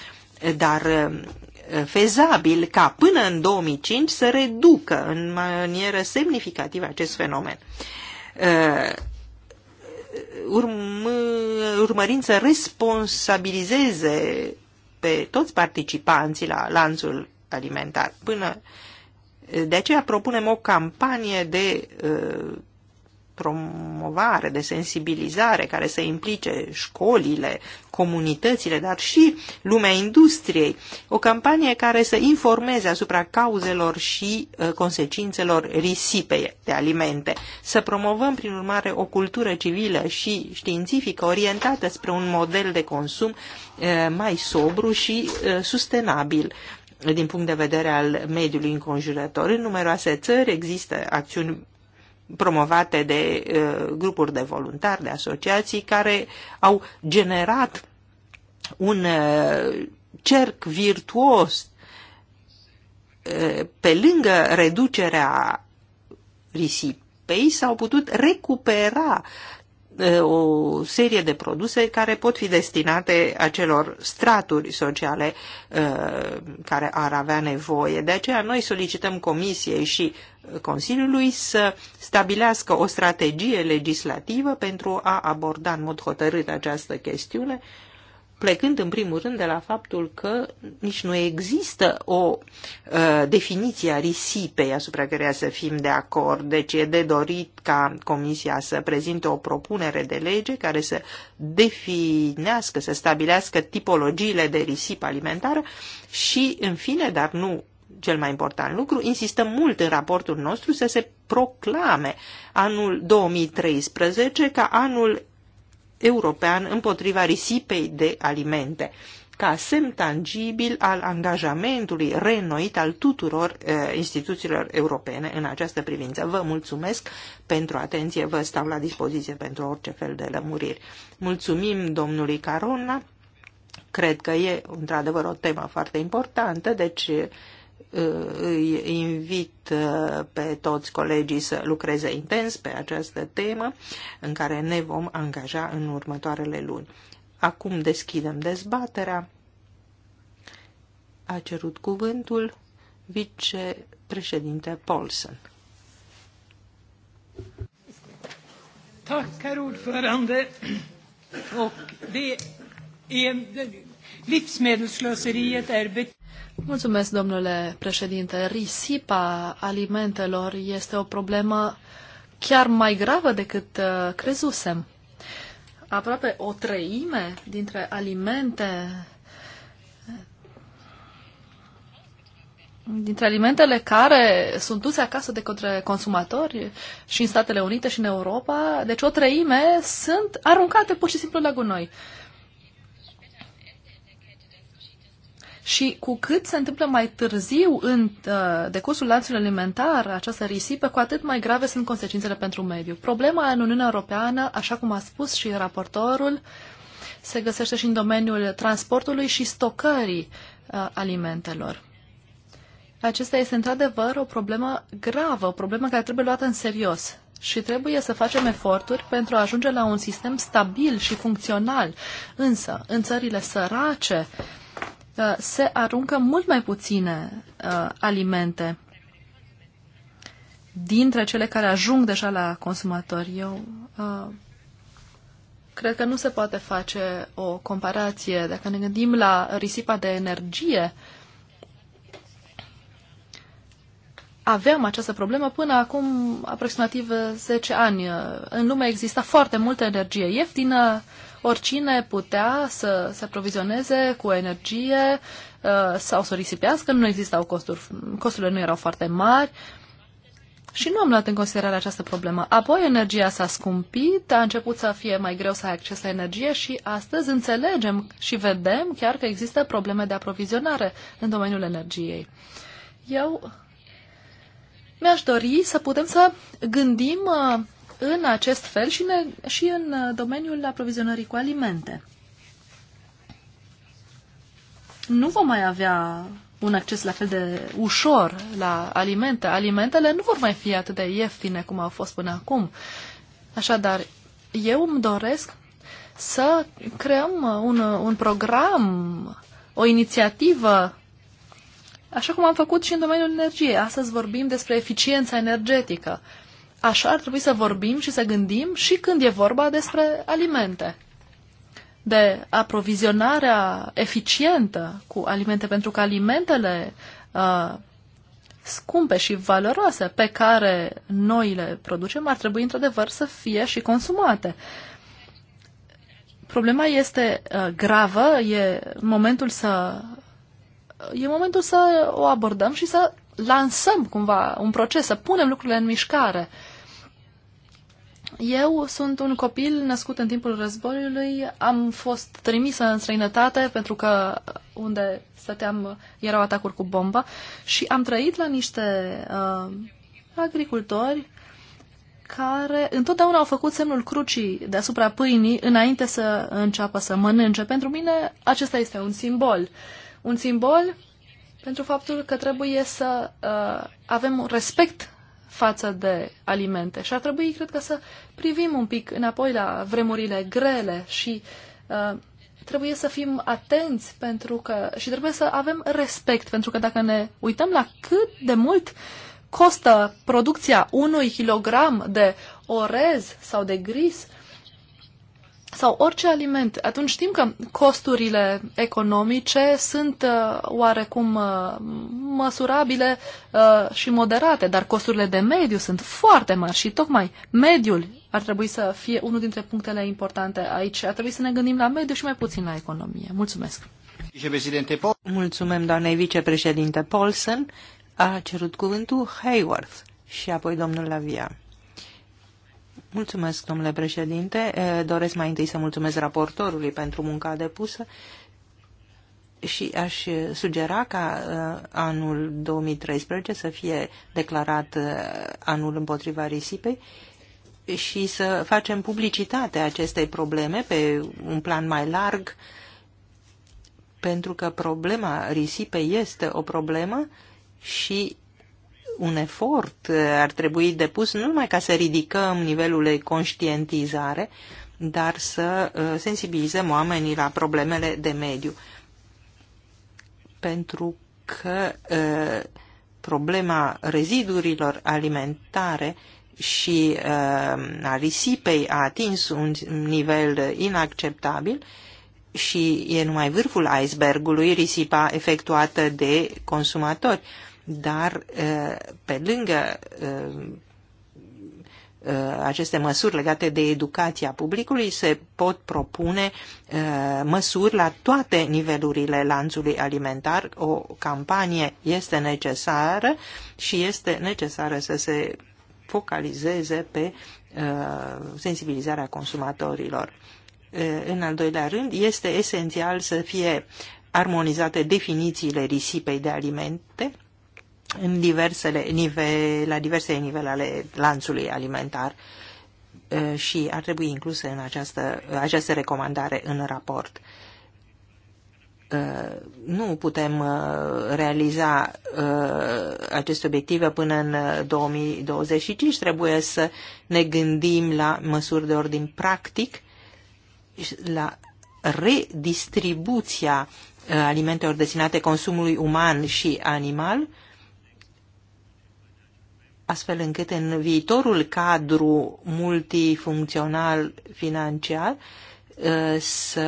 dar fezabil ca până în 2005 să reducă în manieră semnificativă acest fenomen. Urm urmărind să responsabilizeze pe toți participanții la lanțul alimentar până uh, de aceea propunem o campanie de uh, promovare, de sensibilizare care să implice școlile, comunitățile, dar și lumea industriei. O campanie care să informeze asupra cauzelor și uh, consecințelor risipei de alimente. Să promovăm, prin urmare, o cultură civilă și științifică orientată spre un model de consum uh, mai sobru și sustenabil din punct de vedere al mediului înconjurător. În numeroase țări există acțiuni promovate de uh, grupuri de voluntari, de asociații, care au generat un uh, cerc virtuos uh, pe lângă reducerea risipei s-au putut recupera o serie de produse care pot fi destinate acelor straturi sociale uh, care ar avea nevoie. De aceea noi solicităm Comisiei și Consiliului să stabilească o strategie legislativă pentru a aborda în mod hotărât această chestiune plecând în primul rând de la faptul că nici nu există o uh, definiție a risipei asupra căreia să fim de acord. Deci e de dorit ca Comisia să prezinte o propunere de lege care să definească, să stabilească tipologiile de risipă alimentară și, în fine, dar nu cel mai important lucru, insistăm mult în raportul nostru să se proclame anul 2013 ca anul european împotriva risipei de alimente, ca semn tangibil al angajamentului reînnoit al tuturor uh, instituțiilor europene în această privință. Vă mulțumesc pentru atenție, vă stau la dispoziție pentru orice fel de lămuriri. Mulțumim domnului Carona, cred că e într-adevăr o temă foarte importantă, deci îi invit uh, pe toți colegii să lucreze intens pe această temă în care ne vom angaja în următoarele luni. Acum deschidem dezbaterea. A cerut cuvântul vicepreședinte Paulsen. Tack, herr ordförande. Och det är, livsmedelslöseriet är bet- Mulțumesc, domnule președinte. Risipa alimentelor este o problemă chiar mai gravă decât uh, crezusem. Aproape o treime dintre alimente dintre alimentele care sunt duse acasă de către consumatori și în Statele Unite și în Europa, deci o treime sunt aruncate pur și simplu la gunoi. Uh, Și cu cât se întâmplă mai târziu în uh, decursul lanțului alimentar această risipă, cu atât mai grave sunt consecințele pentru mediu. Problema în Uniunea Europeană, așa cum a spus și raportorul, se găsește și în domeniul transportului și stocării uh, alimentelor. Acesta este într-adevăr o problemă gravă, o problemă care trebuie luată în serios și trebuie să facem eforturi pentru a ajunge la un sistem stabil și funcțional. Însă, în țările sărace, uh, Uh, se aruncă mult mai puține uh, alimente dintre cele care ajung deja la consumatori. Eu uh, cred că nu se poate face o comparație. Dacă ne gândim la risipa de energie, aveam această problemă până acum aproximativ 10 ani. În lume exista foarte multă energie ieftină, oricine putea să se aprovizioneze cu energie uh, sau să o risipească, nu existau costuri, costurile nu erau foarte mari și nu am luat în considerare această problemă. Apoi energia s-a scumpit, a început să fie mai greu să ai acces la energie și astăzi înțelegem și vedem chiar că există probleme de aprovizionare în domeniul energiei. Eu mi-aș dori să putem să gândim uh, în acest fel și, ne, și în uh, domeniul aprovizionării cu alimente. Nu vom mai avea un acces la fel de ușor la alimente. Alimentele nu vor mai fi atât de ieftine cum au fost până acum. Așadar, eu îmi doresc să creăm uh, un, uh, un program, o inițiativă, așa cum am făcut și în domeniul energiei. Astăzi vorbim despre eficiența energetică așa ar trebui să vorbim și să gândim și când e vorba despre alimente, de aprovizionarea eficientă cu alimente, pentru că alimentele uh, scumpe și valoroase pe care noi le producem ar trebui într-adevăr să fie și consumate. Problema este uh, gravă, e momentul să e momentul să o abordăm și să lansăm cumva un proces, să punem lucrurile în mișcare. Uh, eu sunt un copil născut în timpul războiului, am fost trimisă în străinătate pentru că unde stăteam erau atacuri cu bomba și am trăit la niște uh, agricultori care întotdeauna au făcut semnul crucii deasupra pâinii înainte să înceapă să mănânce. Pentru mine acesta este un simbol. Un simbol pentru faptul că trebuie să uh, avem respect față de alimente. Și ar trebui, cred că, să privim un pic înapoi la vremurile grele și uh, trebuie să fim atenți pentru că, și trebuie să avem respect, pentru că dacă ne uităm la cât de mult costă producția unui kilogram de orez sau de gris, uh, sau orice aliment, atunci știm că costurile economice sunt uh, oarecum uh, măsurabile uh, și moderate, dar costurile de mediu sunt foarte mari și tocmai mediul ar trebui să fie unul dintre punctele importante aici. Ar trebui să ne gândim la mediu și mai puțin la economie. Mulțumesc! Vicepreședinte Mulțumim, doamnei vicepreședinte Paulsen. A cerut cuvântul Hayworth și apoi domnul Lavia. Mulțumesc, domnule președinte. Doresc mai întâi să mulțumesc raportorului pentru munca depusă și aș sugera ca anul 2013 să fie declarat anul împotriva risipei și să facem publicitate acestei probleme pe un plan mai larg, pentru că problema risipei este o problemă și un efort uh, ar trebui depus nu numai ca să ridicăm nivelul de conștientizare, dar să uh, sensibilizăm oamenii la problemele de mediu. Pentru că uh, problema rezidurilor alimentare și a risipei a atins un nivel inacceptabil și e numai vârful icebergului risipa efectuată de consumatori dar pe lângă aceste măsuri legate de educația publicului, se pot propune măsuri la toate nivelurile lanțului alimentar. O campanie este necesară și este necesară să se focalizeze pe sensibilizarea consumatorilor. În al doilea rând, este esențial să fie armonizate definițiile risipei de alimente în diversele nivele, la diverse nivele ale lanțului alimentar și ar trebui incluse în această, această recomandare în raport. Nu putem realiza aceste obiective până în 2025, trebuie să ne gândim la măsuri de ordin practic, la redistribuția alimentelor destinate consumului uman și animal, astfel încât în viitorul cadru multifuncțional financiar uh, să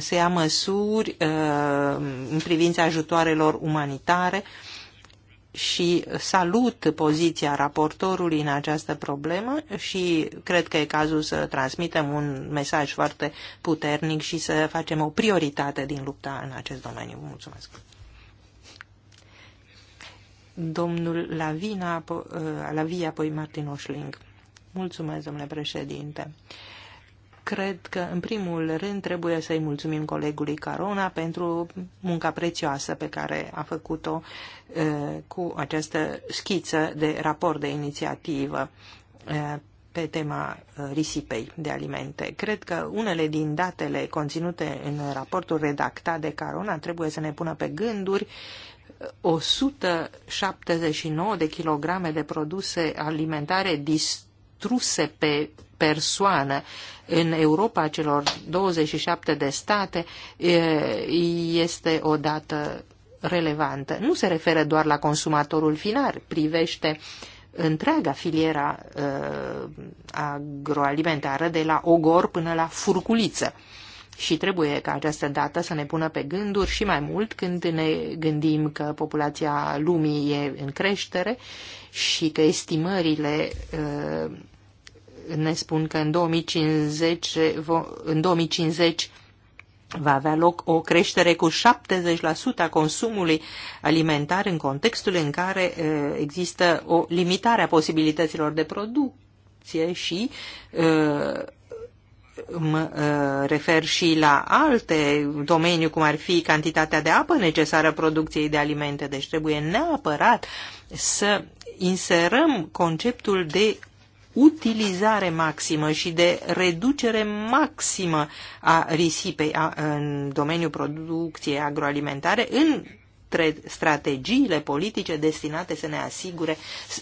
se ia măsuri uh, în privința ajutoarelor umanitare și salut poziția raportorului în această problemă și cred că e cazul să transmitem un mesaj foarte puternic și să facem o prioritate din lupta în acest domeniu. Mulțumesc! domnul Lavina, uh, Lavia, apoi Martin Oșling. Mulțumesc, domnule președinte. Cred că, în primul rând, trebuie să-i mulțumim colegului Carona pentru munca prețioasă pe care a făcut-o uh, cu această schiță de raport de inițiativă uh, pe tema risipei de alimente. Cred că unele din datele conținute în raportul redactat de Carona trebuie să ne pună pe gânduri 179 de kilograme de produse alimentare distruse pe persoană în Europa celor 27 de state este o dată relevantă. Nu se referă doar la consumatorul final, privește întreaga filiera agroalimentară de la ogor până la furculiță și trebuie ca această dată să ne pună pe gânduri și mai mult când ne gândim că populația lumii e în creștere și că estimările uh, ne spun că în 2050, în 2050 va avea loc o creștere cu 70% a consumului alimentar în contextul în care uh, există o limitare a posibilităților de producție și uh, mă uh, refer și la alte domenii, cum ar fi cantitatea de apă necesară producției de alimente. Deci trebuie neapărat să inserăm conceptul de utilizare maximă și de reducere maximă a risipei a, în domeniul producției agroalimentare în strategiile politice destinate să ne asigure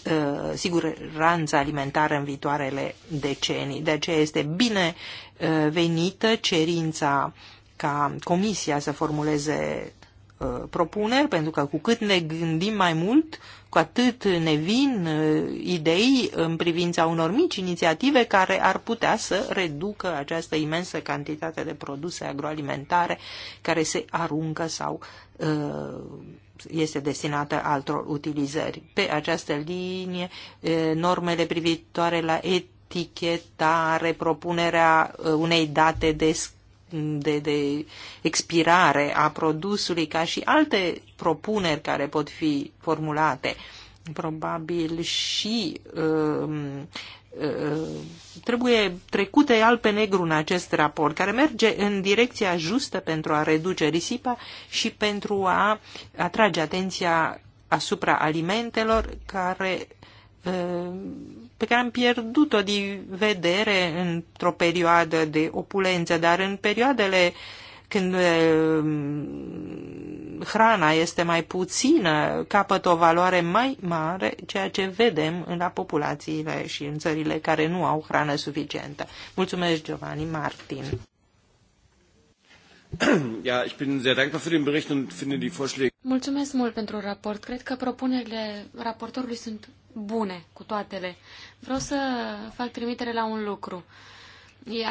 uh, siguranța alimentară în viitoarele decenii. De aceea este bine uh, venită cerința ca Comisia să formuleze uh, propuneri, pentru că cu cât ne gândim mai mult, cu atât ne vin uh, idei în privința unor mici inițiative care ar putea să reducă această imensă cantitate de produse agroalimentare care se aruncă sau uh, este destinată altor utilizări. Pe această linie, uh, normele privitoare la etichetare, propunerea unei date de de, de expirare a produsului, ca și alte propuneri care pot fi formulate. Probabil și uh, uh, trebuie trecute al pe negru în acest raport, care merge în direcția justă pentru a reduce risipa și pentru a atrage atenția asupra alimentelor care uh, pe care am pierdut-o din vedere într-o perioadă de opulență, dar în perioadele când um, hrana este mai puțină, capătă o valoare mai mare, ceea ce vedem la populațiile și în țările care nu au hrană suficientă. Mulțumesc, Giovanni Martin. Ja, ich bin sehr dankbar für den Bericht und finde die Vorschläge. Mulțumesc mult pentru raport. Cred că propunerile raportorului sunt bune, cu toatele. Vreau să fac trimitere la un lucru.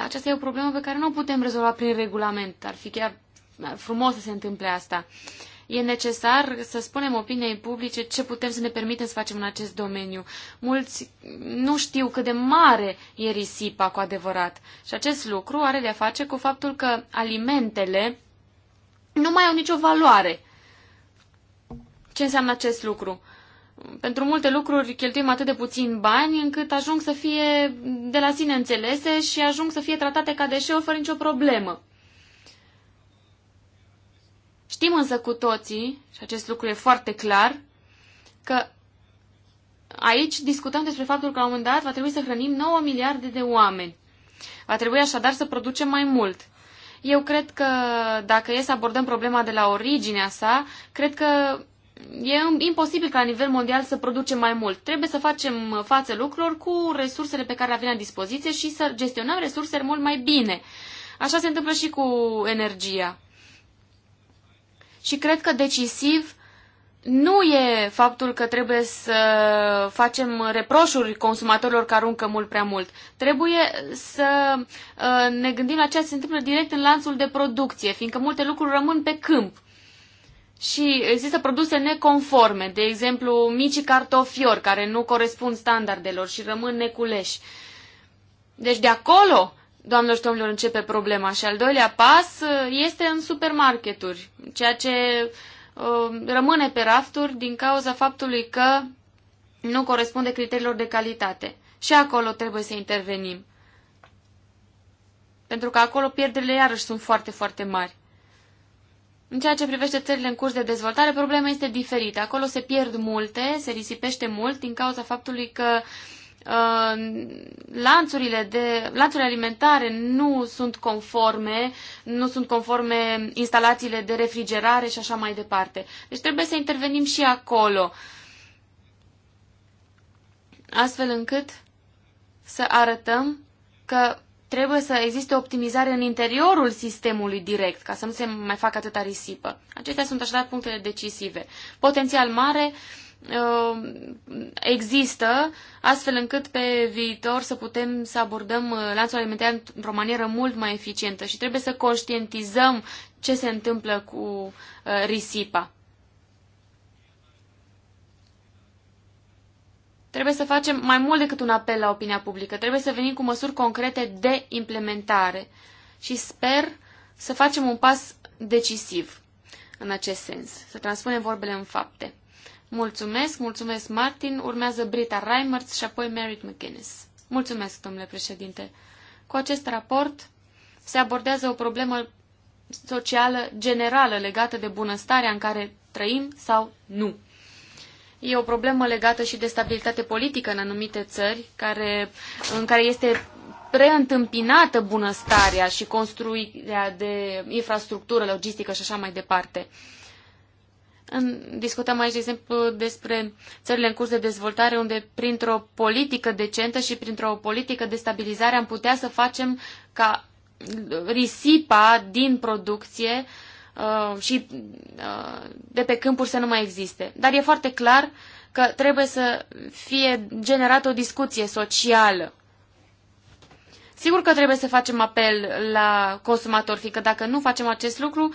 aceasta e o problemă pe care nu o putem rezolva prin regulament. Ar fi chiar frumos să se întâmple asta. Uh, e necesar să spunem opiniei publice ce putem să ne permitem să facem în acest domeniu. Mulți nu știu cât de mare e risipa cu adevărat și acest lucru are de-a face cu faptul că alimentele nu mai au nicio valoare. Ce înseamnă acest lucru? pentru multe lucruri cheltuim atât de puțin bani încât ajung să fie de la sine înțelese și ajung să fie tratate ca deșeuri fără nicio problemă. Știm însă cu toții, și acest lucru e foarte clar, că aici discutăm despre faptul că la un moment dat va trebui să hrănim 9 miliarde de oameni. Va trebui așadar să producem mai mult. Eu cred că dacă e să abordăm problema de la originea sa, cred că e imposibil ca la nivel mondial să producem mai mult. Trebuie să facem față lucrurilor cu resursele pe care le avem la dispoziție și să gestionăm resursele mult mai bine. Așa se întâmplă și cu energia. Și cred că decisiv nu e faptul că trebuie să facem reproșuri consumatorilor care aruncă mult prea mult. Trebuie să uh, ne gândim la ce se întâmplă direct în lanțul de producție, fiindcă multe lucruri rămân pe câmp. Și există produse neconforme, de exemplu micii cartofiori care nu corespund standardelor și rămân neculeși. Deci de acolo doamnelor și domnilor, începe problema. Și al doilea pas uh, este în supermarketuri, ceea ce uh, rămâne pe rafturi din cauza faptului că nu corespunde criteriilor de calitate. Și acolo trebuie să intervenim. Pentru că acolo pierderile iarăși sunt foarte, foarte mari. În ceea ce privește țările în curs de dezvoltare, problema este diferită. Acolo se pierd multe, se risipește mult din cauza faptului că uh, Uh, lanțurile, de, lanțurile alimentare nu sunt conforme, nu sunt conforme instalațiile de refrigerare și așa mai departe. Deci trebuie să intervenim și acolo, astfel încât să arătăm că trebuie să existe optimizare în interiorul sistemului direct, ca să nu se mai facă atâta risipă. Acestea sunt așadar punctele decisive. Potențial mare, uh, Uh, există, astfel încât pe viitor să putem să abordăm uh, lanțul alimentar într-o manieră mult mai eficientă și trebuie să conștientizăm ce se întâmplă cu uh, risipa. Trebuie să facem mai mult decât un apel la opinia publică, trebuie să venim cu măsuri concrete de implementare și sper să facem un pas decisiv în acest sens, să transpunem vorbele în fapte. Mulțumesc, mulțumesc Martin, urmează Brita Reimers și apoi Merritt McGuinness. Mulțumesc, domnule președinte. Cu acest raport se abordează o problemă socială generală legată de bunăstarea în care trăim sau nu. E o problemă legată și de stabilitate politică în anumite țări, care, în care este preîntâmpinată bunăstarea și construirea de infrastructură logistică și așa mai departe. În, discutăm aici, de exemplu, despre țările în curs de dezvoltare, unde printr-o politică decentă și printr-o politică de stabilizare am putea să facem ca risipa din producție uh, și uh, de pe câmpuri să nu mai existe. Dar e foarte clar că trebuie să fie generată o discuție socială. Sigur că trebuie să facem apel la consumator, fiindcă dacă nu facem acest lucru, uh,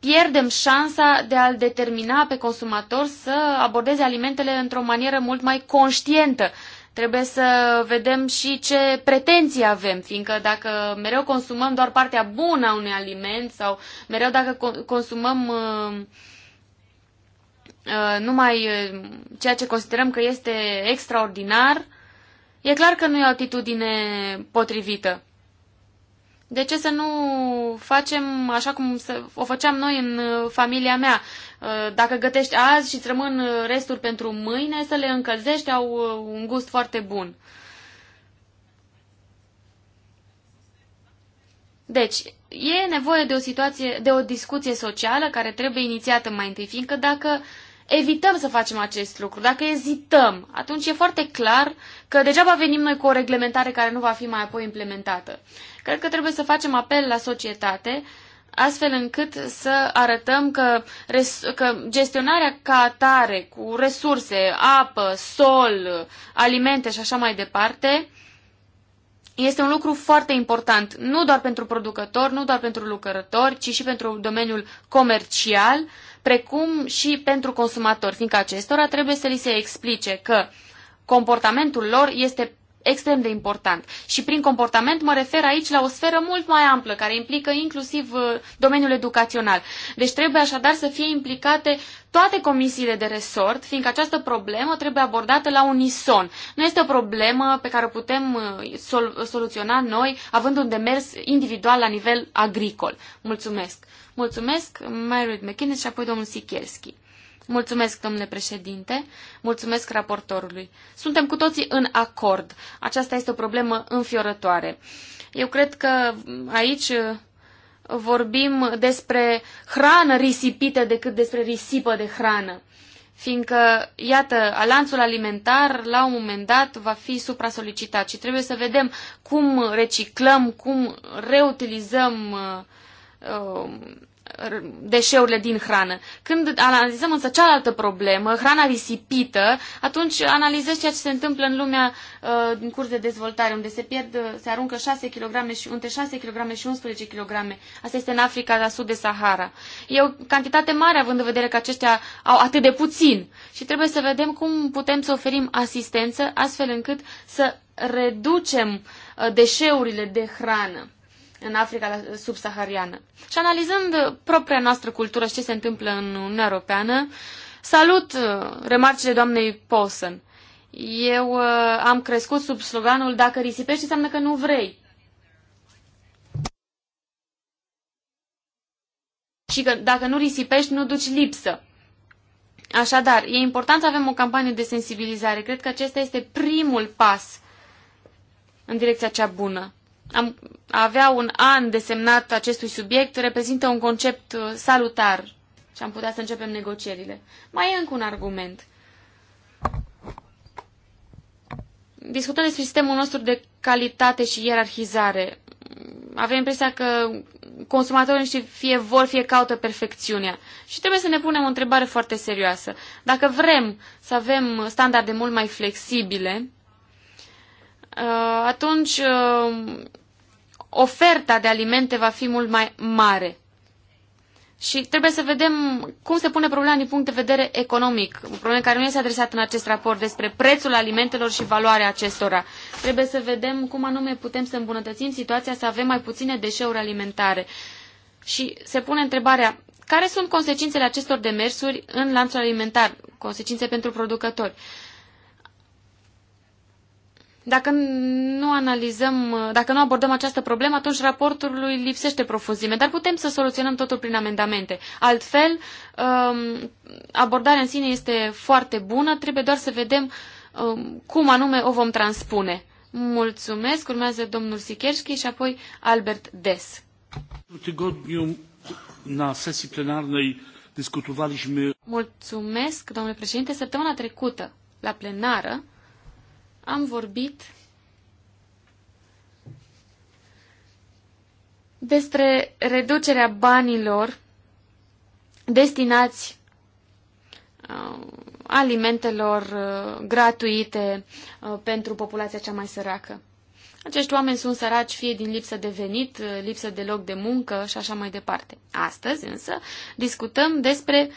pierdem șansa de a-l determina pe consumator să abordeze alimentele într-o manieră mult mai conștientă. Trebuie să vedem și ce pretenții avem, fiindcă dacă mereu consumăm doar partea bună a unui aliment sau mereu dacă consumăm uh, uh, numai uh, ceea ce considerăm că este extraordinar, e clar că nu e o atitudine potrivită. De ce să nu facem așa cum o făceam noi în uh, familia mea? Uh, dacă gătești azi și îți rămân uh, resturi pentru mâine, să le încălzești, au un gust foarte bun. Deci, e nevoie de o situație, de o discuție socială care trebuie inițiată mai întâi, fiindcă dacă uh, evităm să facem acest lucru, dacă ezităm, atunci e foarte clar că degeaba venim noi cu o reglementare care nu va fi mai apoi implementată. Cred că trebuie să facem apel la societate astfel încât să arătăm că, că gestionarea ca atare cu resurse, apă, sol, alimente și așa mai departe, este un lucru foarte important, nu doar pentru producători, nu doar pentru lucrători, ci și pentru domeniul comercial, precum și pentru consumatori, fiindcă acestora trebuie să li se explice că comportamentul lor este extrem de important. Și prin comportament mă refer aici la o sferă mult mai amplă, care implică inclusiv uh, domeniul educațional. Deci trebuie așadar să fie implicate toate comisiile de resort, fiindcă această problemă trebuie abordată la unison. Nu este o problemă pe care o putem uh, sol- soluționa noi, având un demers individual la nivel agricol. Mulțumesc! Mulțumesc, Myrid McKinnis și apoi domnul Sikierski. Mulțumesc, domnule președinte, mulțumesc raportorului. Suntem cu toții în acord. Aceasta este o problemă înfiorătoare. Eu cred că aici uh, vorbim despre hrană risipită decât despre risipă de hrană. Fiindcă, iată, lanțul alimentar la un moment dat va fi supra-solicitat și trebuie să vedem cum reciclăm, cum reutilizăm uh, uh deșeurile din hrană. Când analizăm însă cealaltă problemă, hrana risipită, atunci analizezi ceea ce se întâmplă în lumea uh, curs de dezvoltare, unde se pierd, uh, se aruncă 6 kg și între 6 kg și 11 kg. Asta este în Africa, la sud de Sahara. E o cantitate mare, având în vedere că aceștia au atât de puțin. Și trebuie să vedem cum putem să oferim asistență, astfel încât să reducem uh, deșeurile de hrană în Africa subsahariană. Și analizând propria noastră cultură și ce se întâmplă în Uniunea Europeană, salut uh, remarcile doamnei Paulson. Eu uh, am crescut sub sloganul Dacă risipești, înseamnă că nu vrei. Și că dacă nu risipești, nu duci lipsă. Așadar, e important să avem o campanie de sensibilizare. Cred că acesta este primul pas în direcția cea bună am, a avea un an desemnat acestui subiect reprezintă un concept uh, salutar și am putea să începem negocierile. Mai e încă un argument. Discutăm despre sistemul nostru de calitate și ierarhizare. Avem impresia că consumatorii noștri fie vor, fie caută perfecțiunea. Și trebuie să ne punem o întrebare foarte serioasă. Dacă vrem să avem standarde mult mai flexibile, Uh, atunci uh, oferta de alimente va fi mult mai mare. Și trebuie să vedem cum se pune problema din punct de vedere economic, o problemă care nu este adresată în acest raport despre prețul alimentelor și valoarea acestora. Trebuie să vedem cum anume putem să îmbunătățim situația să avem mai puține deșeuri alimentare. Și se pune întrebarea, care sunt consecințele acestor demersuri în lanțul alimentar, consecințe pentru producători? Uh, dacă nu analizăm, dacă nu abordăm această problemă, atunci raportului lipsește profunzime. dar putem să soluționăm totul prin amendamente. Altfel, um, abordarea în sine este foarte bună, trebuie doar să vedem um, cum anume o vom transpune. Mulțumesc, urmează domnul Sikerski și apoi Albert Des. na Mulțumesc, domnule președinte. Săptămâna trecută, la plenară, am vorbit despre reducerea banilor destinați uh, alimentelor uh, gratuite uh, pentru populația cea mai săracă. Acești oameni sunt săraci fie din lipsă de venit, lipsă de loc de muncă și așa mai departe. Astăzi însă discutăm despre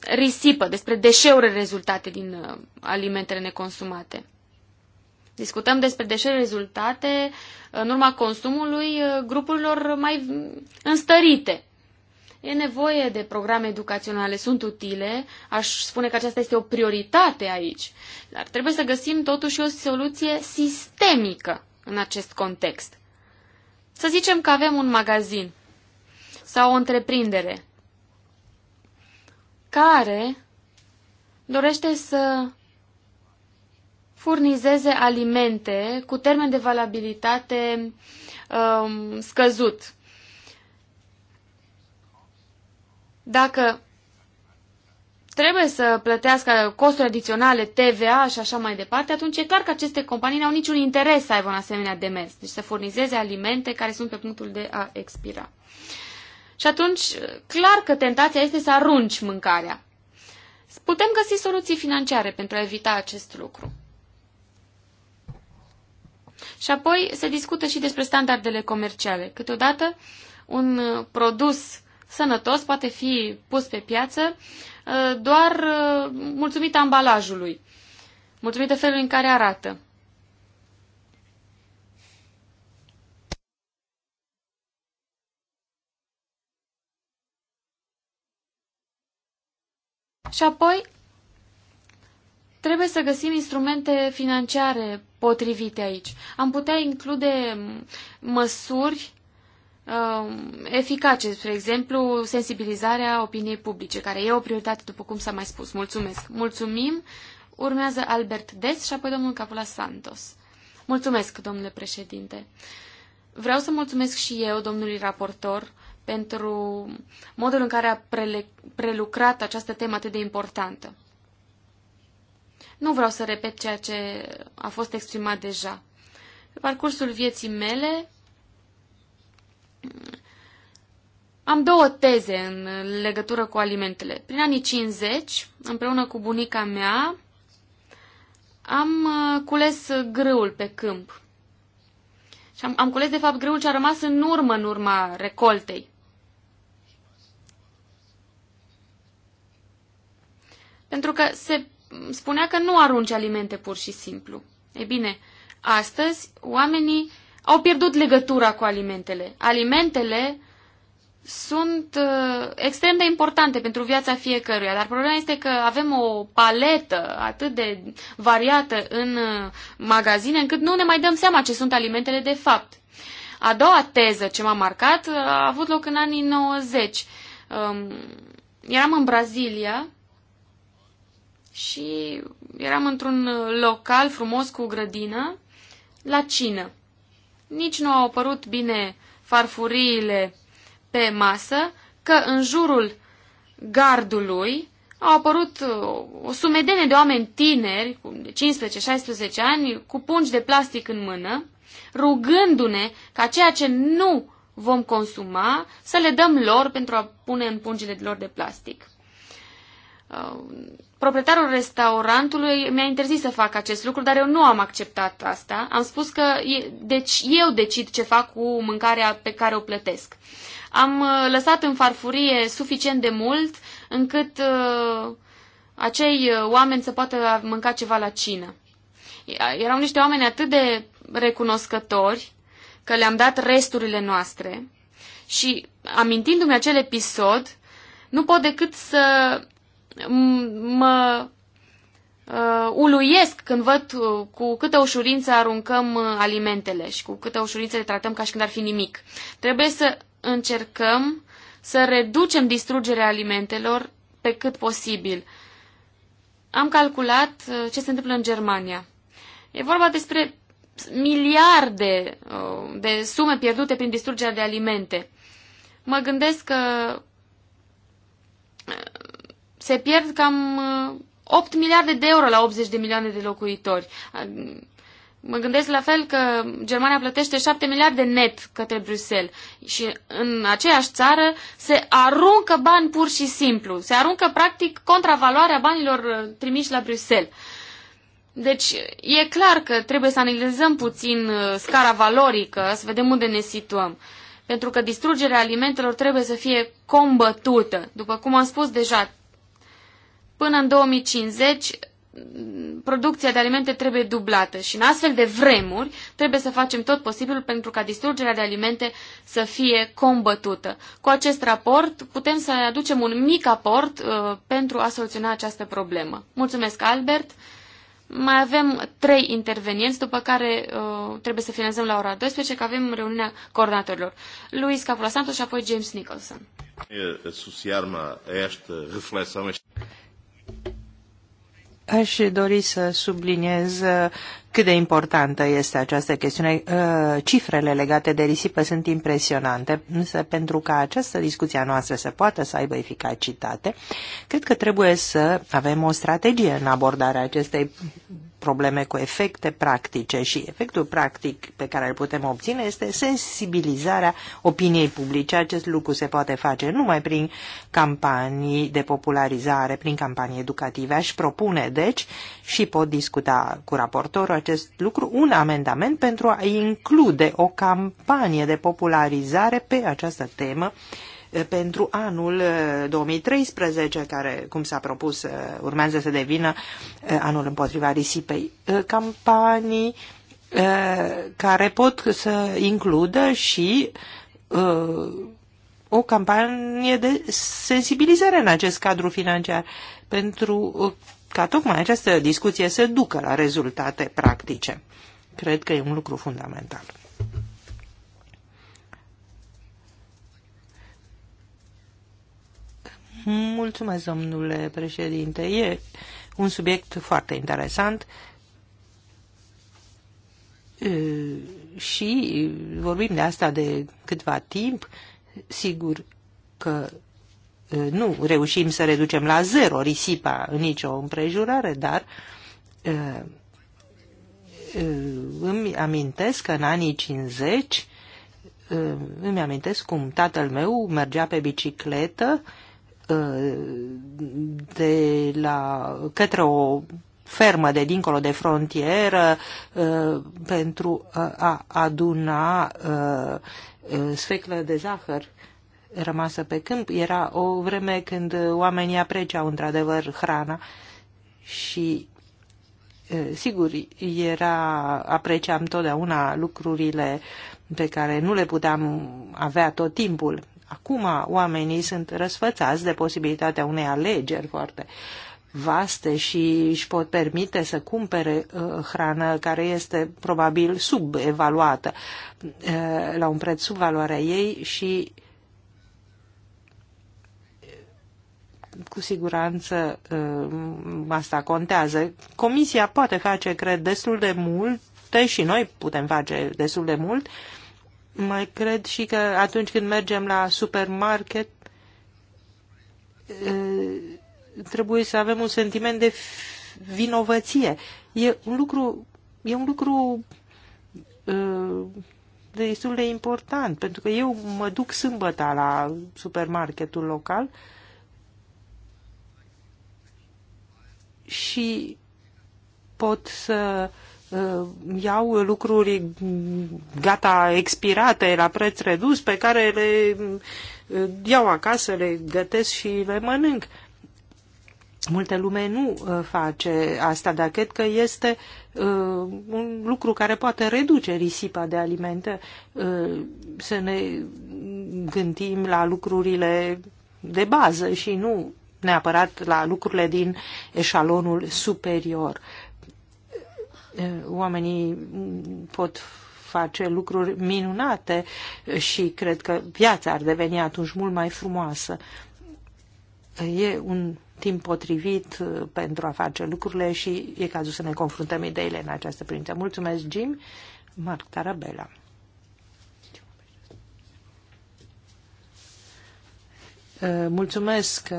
risipă, despre deșeuri rezultate din alimentele neconsumate. Discutăm despre deșeuri rezultate în urma consumului grupurilor mai înstărite. E nevoie de programe educaționale, sunt utile, aș spune că aceasta este o prioritate aici, dar trebuie să găsim totuși o soluție sistemică în acest context. Să zicem că avem un magazin sau o întreprindere care dorește să furnizeze alimente cu termen de valabilitate um, scăzut. Dacă trebuie să plătească costuri adiționale, TVA și așa mai departe, atunci e clar că aceste companii n-au niciun interes să aibă un asemenea demers, deci să furnizeze alimente care sunt pe punctul de a expira. Și atunci, clar că tentația este să arunci mâncarea. Putem găsi soluții financiare pentru a evita acest lucru. Și apoi se discută și despre standardele comerciale. Câteodată un uh, produs sănătos poate fi pus pe piață uh, doar uh, mulțumită ambalajului, mulțumită felului în care arată. Și apoi trebuie să găsim instrumente financiare potrivite aici. Am putea include măsuri uh, eficace, spre exemplu, sensibilizarea opiniei publice, care e o prioritate, după cum s-a mai spus. Mulțumesc! Mulțumim! Urmează Albert Des și apoi domnul Capula Santos. Mulțumesc, domnule președinte! Vreau să mulțumesc și eu, domnului raportor, pentru modul în care a prelucrat această temă atât de importantă. Nu vreau să repet ceea ce a fost exprimat deja. Pe parcursul vieții mele am două teze în legătură cu alimentele. Prin anii 50, împreună cu bunica mea, am uh, cules grâul pe câmp. Și am, am cules, de fapt, grâul ce a rămas în urmă, în urma recoltei. Pentru că se spunea că nu arunci alimente pur și simplu. E bine, astăzi oamenii au pierdut legătura cu alimentele. Alimentele sunt uh, extrem de importante pentru viața fiecăruia, dar problema este că avem o paletă atât de variată în uh, magazine încât nu ne mai dăm seama ce sunt alimentele de fapt. A doua teză ce m-a marcat uh, a avut loc în anii 90. Um, eram în Brazilia și eram într-un local frumos cu grădină la cină. Nici nu au apărut bine farfuriile pe masă, că în jurul gardului au apărut uh, o sumedenie de oameni tineri, de 15-16 ani, cu pungi de plastic în mână, rugându-ne ca ceea ce nu vom consuma să le dăm lor pentru a pune în pungile lor de plastic. Uh, proprietarul restaurantului mi-a interzis să fac acest lucru, dar eu nu am acceptat asta. Am spus că deci, eu decid ce fac cu mâncarea pe care o plătesc. Am uh, lăsat în farfurie suficient de mult încât uh, acei uh, oameni să poată mânca ceva la cină. Erau niște oameni atât de recunoscători că le-am dat resturile noastre și amintindu-mi acel episod, nu pot decât să mă uh, uluiesc când văd uh, cu câtă ușurință aruncăm uh, alimentele și cu câtă ușurință le tratăm ca și când ar fi nimic. Trebuie să încercăm să reducem distrugerea alimentelor pe cât posibil. Am calculat uh, ce se întâmplă în Germania. E vorba despre miliarde uh, de sume pierdute prin distrugerea de alimente. Mă gândesc că uh, se pierd cam 8 uh, miliarde de euro la 80 de milioane de locuitori. Uh, mă gândesc la fel că Germania plătește 7 miliarde net către Bruxelles și în aceeași țară se aruncă bani pur și simplu. Se aruncă practic contravaloarea banilor uh, trimiși la Bruxelles. Deci e clar că trebuie să analizăm puțin scara valorică, să vedem unde ne situăm. Pentru că distrugerea alimentelor trebuie să fie combătută. După cum am spus deja, Până în 2050, producția de alimente trebuie dublată și în astfel de vremuri trebuie să facem tot posibilul pentru ca distrugerea de alimente să fie combătută. Cu acest raport putem să aducem un mic aport uh, pentru a soluționa această problemă. Mulțumesc, Albert! Mai avem trei intervenienți, după care uh, trebuie să finalizăm la ora 12, că avem reuniunea coordonatorilor. Luis Capulasanto și apoi James Nicholson. associar Aș dori să subliniez uh, cât de importantă este această chestiune. Uh, cifrele legate de risipă sunt impresionante, însă pentru ca această discuție a noastră să poată să aibă eficacitate, cred că trebuie să avem o strategie în abordarea acestei probleme cu efecte practice și efectul practic pe care îl putem obține este sensibilizarea opiniei publice. Acest lucru se poate face numai prin campanii de popularizare, prin campanii educative. Aș propune, deci, și pot discuta cu raportorul acest lucru, un amendament pentru a include o campanie de popularizare pe această temă uh, pentru anul 2013, uh, care, cum s-a propus, uh, urmează să devină uh, anul împotriva risipei. Campanii care pot să includă și o campanie de sensibilizare în acest cadru financiar pentru ca tocmai această discuție să ducă la rezultate practice. Cred că e un lucru fundamental. Mulțumesc, domnule președinte. E un subiect foarte interesant și vorbim de asta de câtva timp. Sigur că nu reușim să reducem la zero risipa în nicio împrejurare, dar îmi amintesc că în anii 50 îmi amintesc cum tatăl meu mergea pe bicicletă Uh, de la, către o fermă de dincolo de frontieră uh, pentru a aduna uh, sfeclă de zahăr rămasă pe câmp. Era o vreme când oamenii apreciau într-adevăr hrana și sigur era, apreciam totdeauna lucrurile pe care nu le puteam avea tot timpul Acum oamenii sunt răsfățați de posibilitatea unei alegeri foarte vaste și își pot permite să cumpere uh, hrană care este probabil subevaluată uh, la un preț sub valoarea ei și cu siguranță uh, asta contează. Comisia poate face, cred, destul de mult și noi putem face destul de mult uh, mai cred și că atunci când mergem la supermarket, trebuie să avem un sentiment de vinovăție. E un lucru, e un lucru destul de important, pentru că eu mă duc sâmbătă la supermarketul local și pot să uh, Uh, iau lucruri gata expirate la preț redus pe care le uh, iau acasă, le gătesc și le mănânc. Multe lume nu uh, face asta, dar cred că este un lucru care poate reduce risipa de alimente. Să ne gândim la lucrurile de bază și nu neapărat la lucrurile din eșalonul superior oamenii pot face lucruri minunate și cred că viața ar deveni atunci mult mai frumoasă. E un timp potrivit pentru a face lucrurile și e cazul să ne confruntăm ideile în această privință. Mulțumesc, Jim. Marc Tarabella. Eh, mulțumesc. Eh,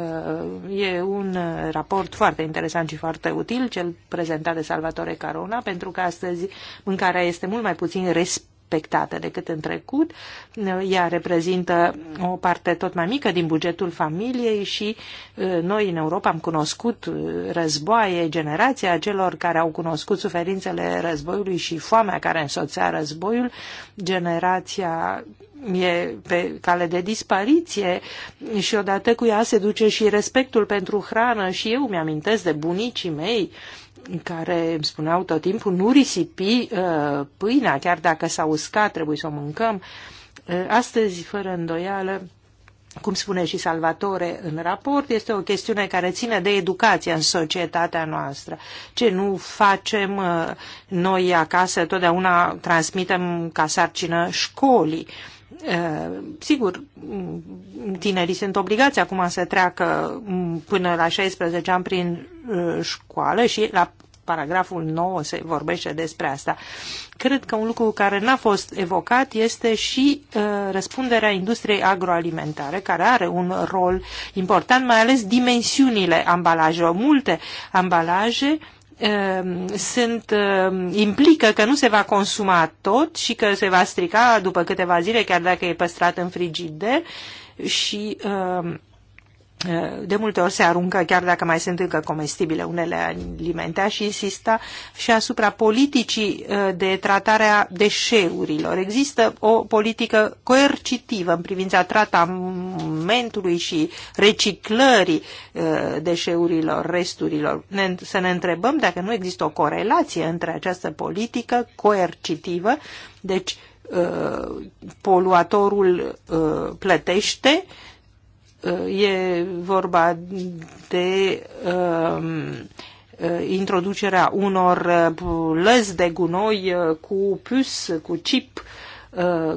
e un eh, raport foarte interesant și foarte util, cel prezentat de Salvatore Carona, pentru că astăzi mâncarea este mult mai puțin respectată respectată decât în trecut. Ea reprezintă o parte tot mai mică din bugetul familiei și uh, noi în Europa am cunoscut uh, războaie, generația celor care au cunoscut suferințele războiului și foamea care însoțea războiul, generația e pe cale de dispariție și odată cu ea se duce și respectul pentru hrană și eu mi-amintesc de bunicii mei uh, care îmi spuneau tot timpul, nu risipi uh, pâinea, chiar dacă s-a uscat, trebuie să o mâncăm. Uh, astăzi, fără îndoială, cum spune și Salvatore în raport, este o chestiune care ține de educația în societatea noastră. Ce nu facem uh, noi acasă, totdeauna transmitem ca sarcină școlii. Uh, Eh, sigur, tinerii sunt obligați acum să treacă mm, până la 16 ani prin eh, școală și la paragraful 9 se vorbește despre asta. Cred că un lucru care n-a fost evocat este și eh, răspunderea industriei agroalimentare, care are un rol important, mai ales dimensiunile ambalajelor. Multe ambalaje Ehm, sunt, ehm, implică că nu se va consuma tot și că se va strica după câteva zile, chiar dacă e păstrat în frigider și ehm, Eh, de multe ori se aruncă, chiar dacă mai sunt încă comestibile unele alimente, și insista și asupra politicii eh, de tratare a deșeurilor. Există o politică coercitivă în privința tratamentului și reciclării eh, deșeurilor, resturilor. Ne, să ne întrebăm dacă nu există o corelație între această politică coercitivă, deci poluatorul plătește, Uh, e vorba de um, uh, introducerea unor uh, lăzi de gunoi cu pus, cu chip,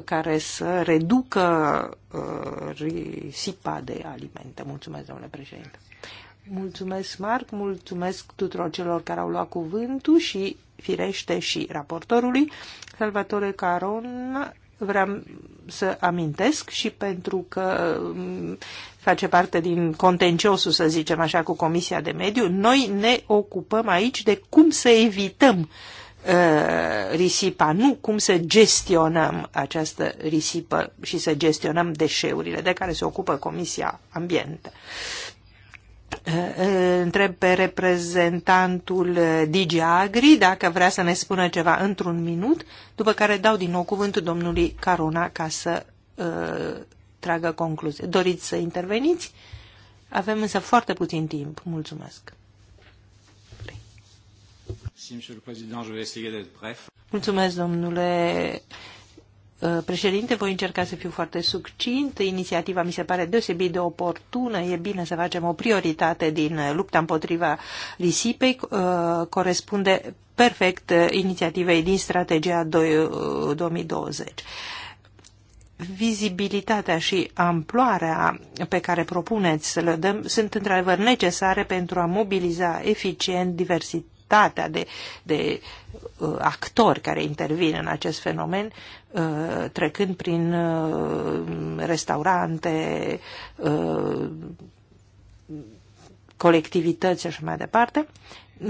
care să reducă risipa de alimente. Mulțumesc, domnule președinte. Mulțumesc, Marc, mulțumesc tuturor celor care au luat cuvântul și, firește, și raportorului. Salvatore Caron vreau să amintesc și pentru că mm, face parte din contenciosul, să zicem așa, cu Comisia de Mediu, noi ne ocupăm aici de cum să evităm uh, risipa, nu cum să gestionăm această risipă și să gestionăm deșeurile de care se ocupă Comisia Ambientă. Uh, întreb pe reprezentantul Agri, dacă vrea să ne spună ceva într-un minut, după care dau din nou cuvântul domnului Carona ca să uh, tragă concluzie. Doriți să interveniți? Avem însă foarte puțin timp. Mulțumesc. Mulțumesc, domnule Uh, președinte, voi încerca să fiu foarte succint. Inițiativa mi se pare deosebit de oportună. E bine să facem o prioritate din lupta împotriva risipei. Uh, corespunde perfect inițiativei din strategia 2020 uh, vizibilitatea și amploarea pe care propuneți să le dăm sunt într-adevăr necesare pentru a mobiliza eficient diversitatea de, de Uh, actori care intervin în acest fenomen, uh, trecând prin uh, restaurante, colectivități și așa mai departe,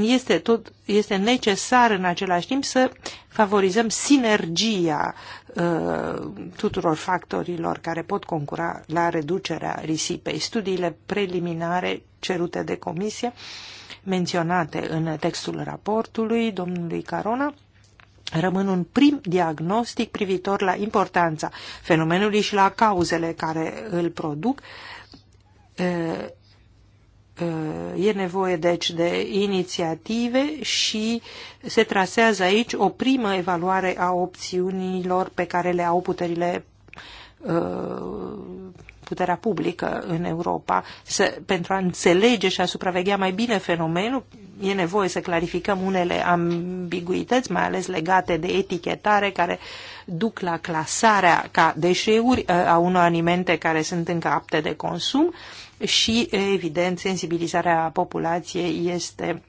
este, tot, este necesar în același timp să favorizăm sinergia uh, tuturor factorilor care pot concura la reducerea risipei. Studiile preliminare cerute de comisie uh, menționate în textul raportului domnului Carona rămân un prim diagnostic privitor la importanța fenomenului și la cauzele care îl produc. E nevoie, deci, de inițiative și se trasează aici o primă evaluare a opțiunilor pe care le au puterile puterea publică în Europa să, pentru a înțelege și a supraveghea mai bine fenomenul. E nevoie să clarificăm unele ambiguități, mai ales legate de etichetare, care duc la clasarea ca deșeuri uh, a unor alimente care sunt încă apte de consum și, evident, sensibilizarea populației este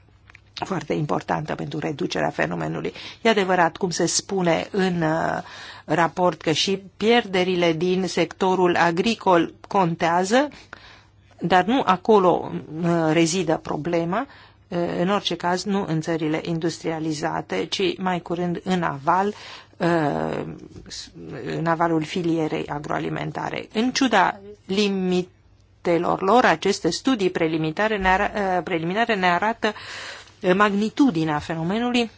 foarte importantă pentru reducerea fenomenului. E adevărat, cum se spune în uh, raport că și pierderile din sectorul agricol contează, dar nu acolo uh, rezidă problema, uh, în orice caz nu în țările industrializate, ci mai curând în aval, uh, în avalul filierei agroalimentare. În ciuda limitelor lor, aceste studii preliminare ne, arată, ne arată magnitudinea fenomenului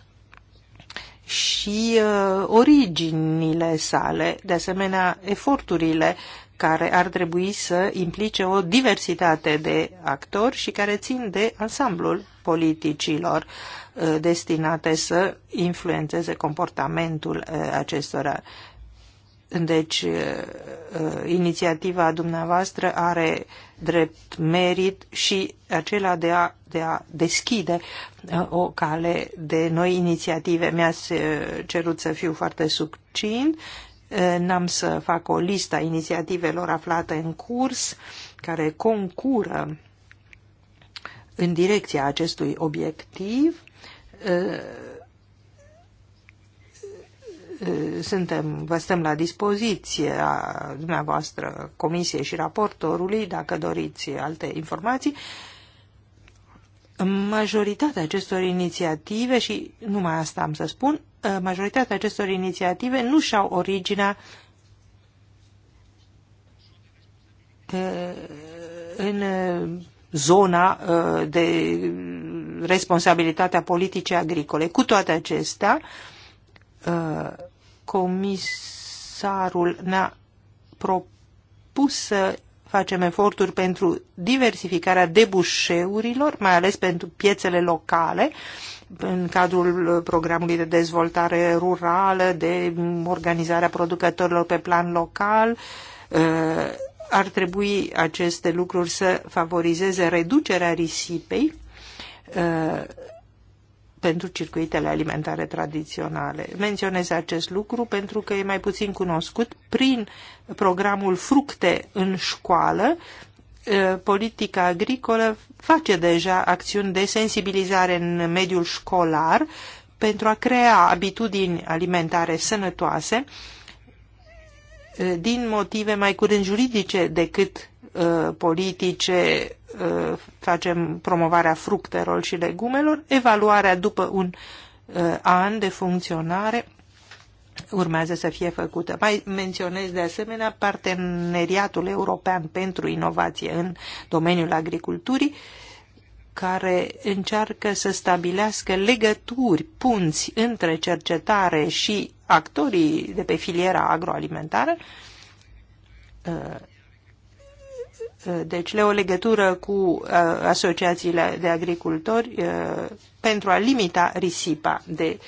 și uh, originile sale, de asemenea eforturile care ar trebui să implice o diversitate de actori și care țin de ansamblul politicilor uh, destinate să influențeze comportamentul uh, acestora. Deci, uh, inițiativa dumneavoastră are drept merit și acela de a de a deschide uh, o cale de noi inițiative. Mi-ați uh, cerut să fiu foarte succint, uh, n-am să fac o listă a inițiativelor aflate în curs care concură în direcția acestui obiectiv. Suntem, vă stăm la dispoziție a dumneavoastră comisiei și raportorului dacă doriți alte informații majoritatea acestor inițiative, și numai asta am să spun, uh, majoritatea acestor inițiative nu și-au originea uh, în uh, zona de responsabilitatea politicii agricole. Cu toate acestea, comisarul ne-a propus să Facem eforturi pentru diversificarea debușeurilor, mai ales pentru piețele locale, în cadrul programului de dezvoltare rurală, de organizarea producătorilor pe plan local, uh, ar trebui aceste lucruri să favorizeze reducerea risipei uh, pentru circuitele alimentare tradiționale. Menționez acest lucru pentru că e mai puțin cunoscut prin programul Fructe în școală, politica agricolă face deja acțiuni de sensibilizare în mediul școlar pentru a crea abitudini alimentare sănătoase din motive mai curând juridice decât Uh, politice uh, facem promovarea fructelor și legumelor, evaluarea după un uh, an de funcționare urmează să fie făcută. Mai menționez de asemenea parteneriatul european pentru inovație în domeniul agriculturii, care încearcă să stabilească legături, punți între cercetare și actorii de pe filiera agroalimentară, deci le o legătură cu uh, asociațiile de agricultori uh, pentru a limita risipa de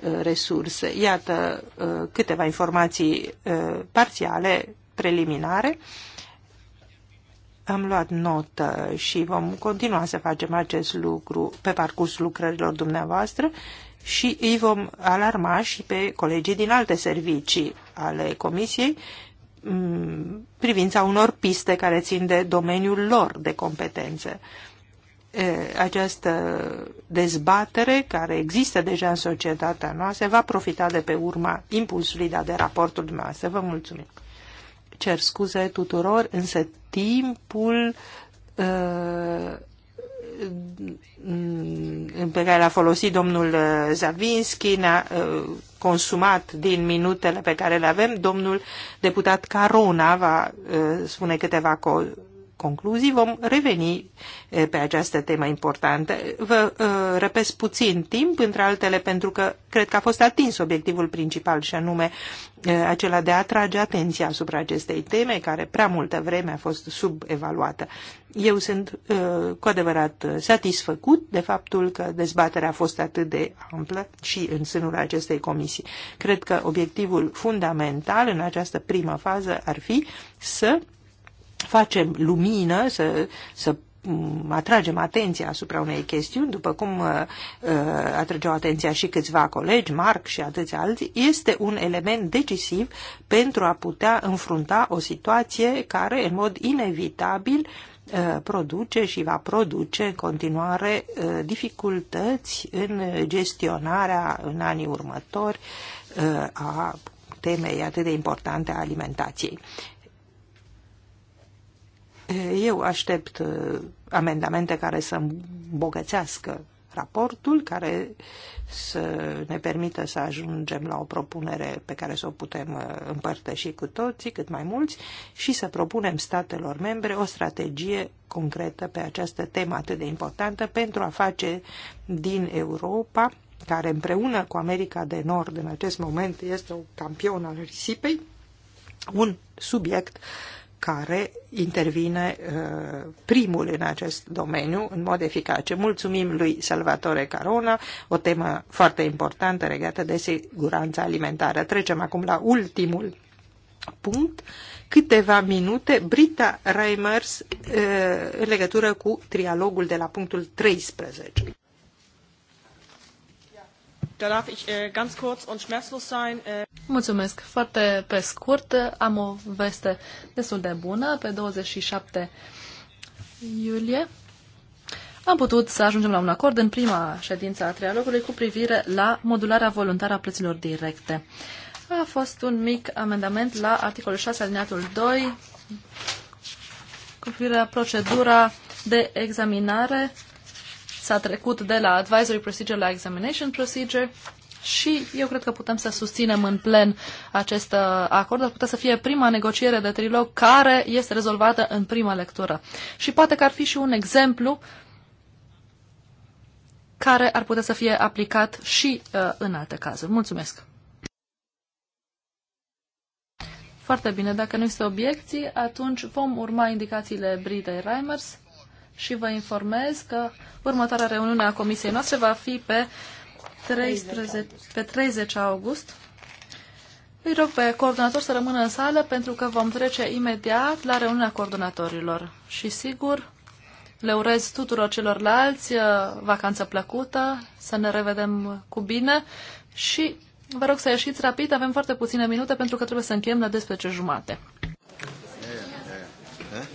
uh, resurse. Iată câteva informații parțiale, preliminare. Am luat notă și vom continua să facem acest lucru pe parcursul lucrărilor dumneavoastră și îi vom alarma și pe colegii din alte servicii ale Comisiei Mm, privința unor piste care țin de domeniul lor de competențe. Această dezbatere care există deja în societatea noastră va profita de pe urma impulsului dat de raportul dumneavoastră. Vă mulțumim. Cer scuze tuturor, însă timpul uh, pe care l-a folosit domnul Zavinski ne-a uh, consumat din minutele pe care le avem. Domnul deputat Carona va uh, spune câteva concluzii vom reveni eh, pe această temă importantă. Vă eh, răpesc puțin timp, între altele, pentru că cred că a fost atins obiectivul principal și anume eh, acela de a atrage atenția asupra acestei teme, care prea multă vreme a fost subevaluată. Eu sunt cu adevărat satisfăcut de faptul că dezbaterea a fost atât de amplă și în sânul acestei comisii. Cred că obiectivul fundamental în această primă fază ar fi să facem lumină, să, să mm, atragem atenția asupra unei chestiuni, după cum uh, uh, atrăgeau atenția și câțiva colegi, Marc și atâția alții, este un element decisiv pentru a putea înfrunta o situație care, în mod inevitabil, uh, produce și va produce în continuare uh, dificultăți în gestionarea în anii următori a temei atât de importante a alimentației. Eu aștept uh, amendamente care să îmbogățească raportul, care să ne permită să ajungem la o propunere pe care să o putem uh, împărtăși cu toții, cât mai mulți, și să propunem statelor membre o strategie concretă pe această temă atât de importantă pentru a face din Europa, care împreună cu America de Nord în acest moment este o campionă al risipei, un subiect uh, care intervine uh, primul în acest domeniu în mod eficace. Mulțumim lui Salvatore Carona, o temă foarte importantă legată de siguranța alimentară. Trecem acum la ultimul punct, câteva minute, Brita Reimers uh, în legătură cu trialogul de la punctul 13. Da äh, äh, Mulțumesc. Foarte pe scurt, am o veste destul de bună. Pe 27 iulie am putut să ajungem la un acord în prima ședință a trialogului cu privire la modularea voluntară a plăților directe. A fost un mic amendament la articolul 6 alineatul 2 cu privire la procedura de examinare s-a trecut de la advisory procedure la examination procedure și eu cred că putem să susținem în plen acest uh, acord, ar putea să fie prima negociere de trilog care este rezolvată în prima lectură. Și poate că ar fi și un exemplu care ar putea să fie aplicat și uh, în alte cazuri. Mulțumesc! Foarte bine, dacă nu este obiecții, atunci vom urma indicațiile Bridei Reimers și vă informez că următoarea reuniune a comisiei noastre va fi pe 13, pe 30 august. Îi rog pe coordonator să rămână în sală pentru că vom trece imediat la reuniunea coordonatorilor. Și sigur, le urez tuturor celorlalți uh, vacanță plăcută, să ne revedem cu bine și vă rog să ieșiți rapid, avem foarte puține minute pentru că trebuie să încheiem la ce jumate.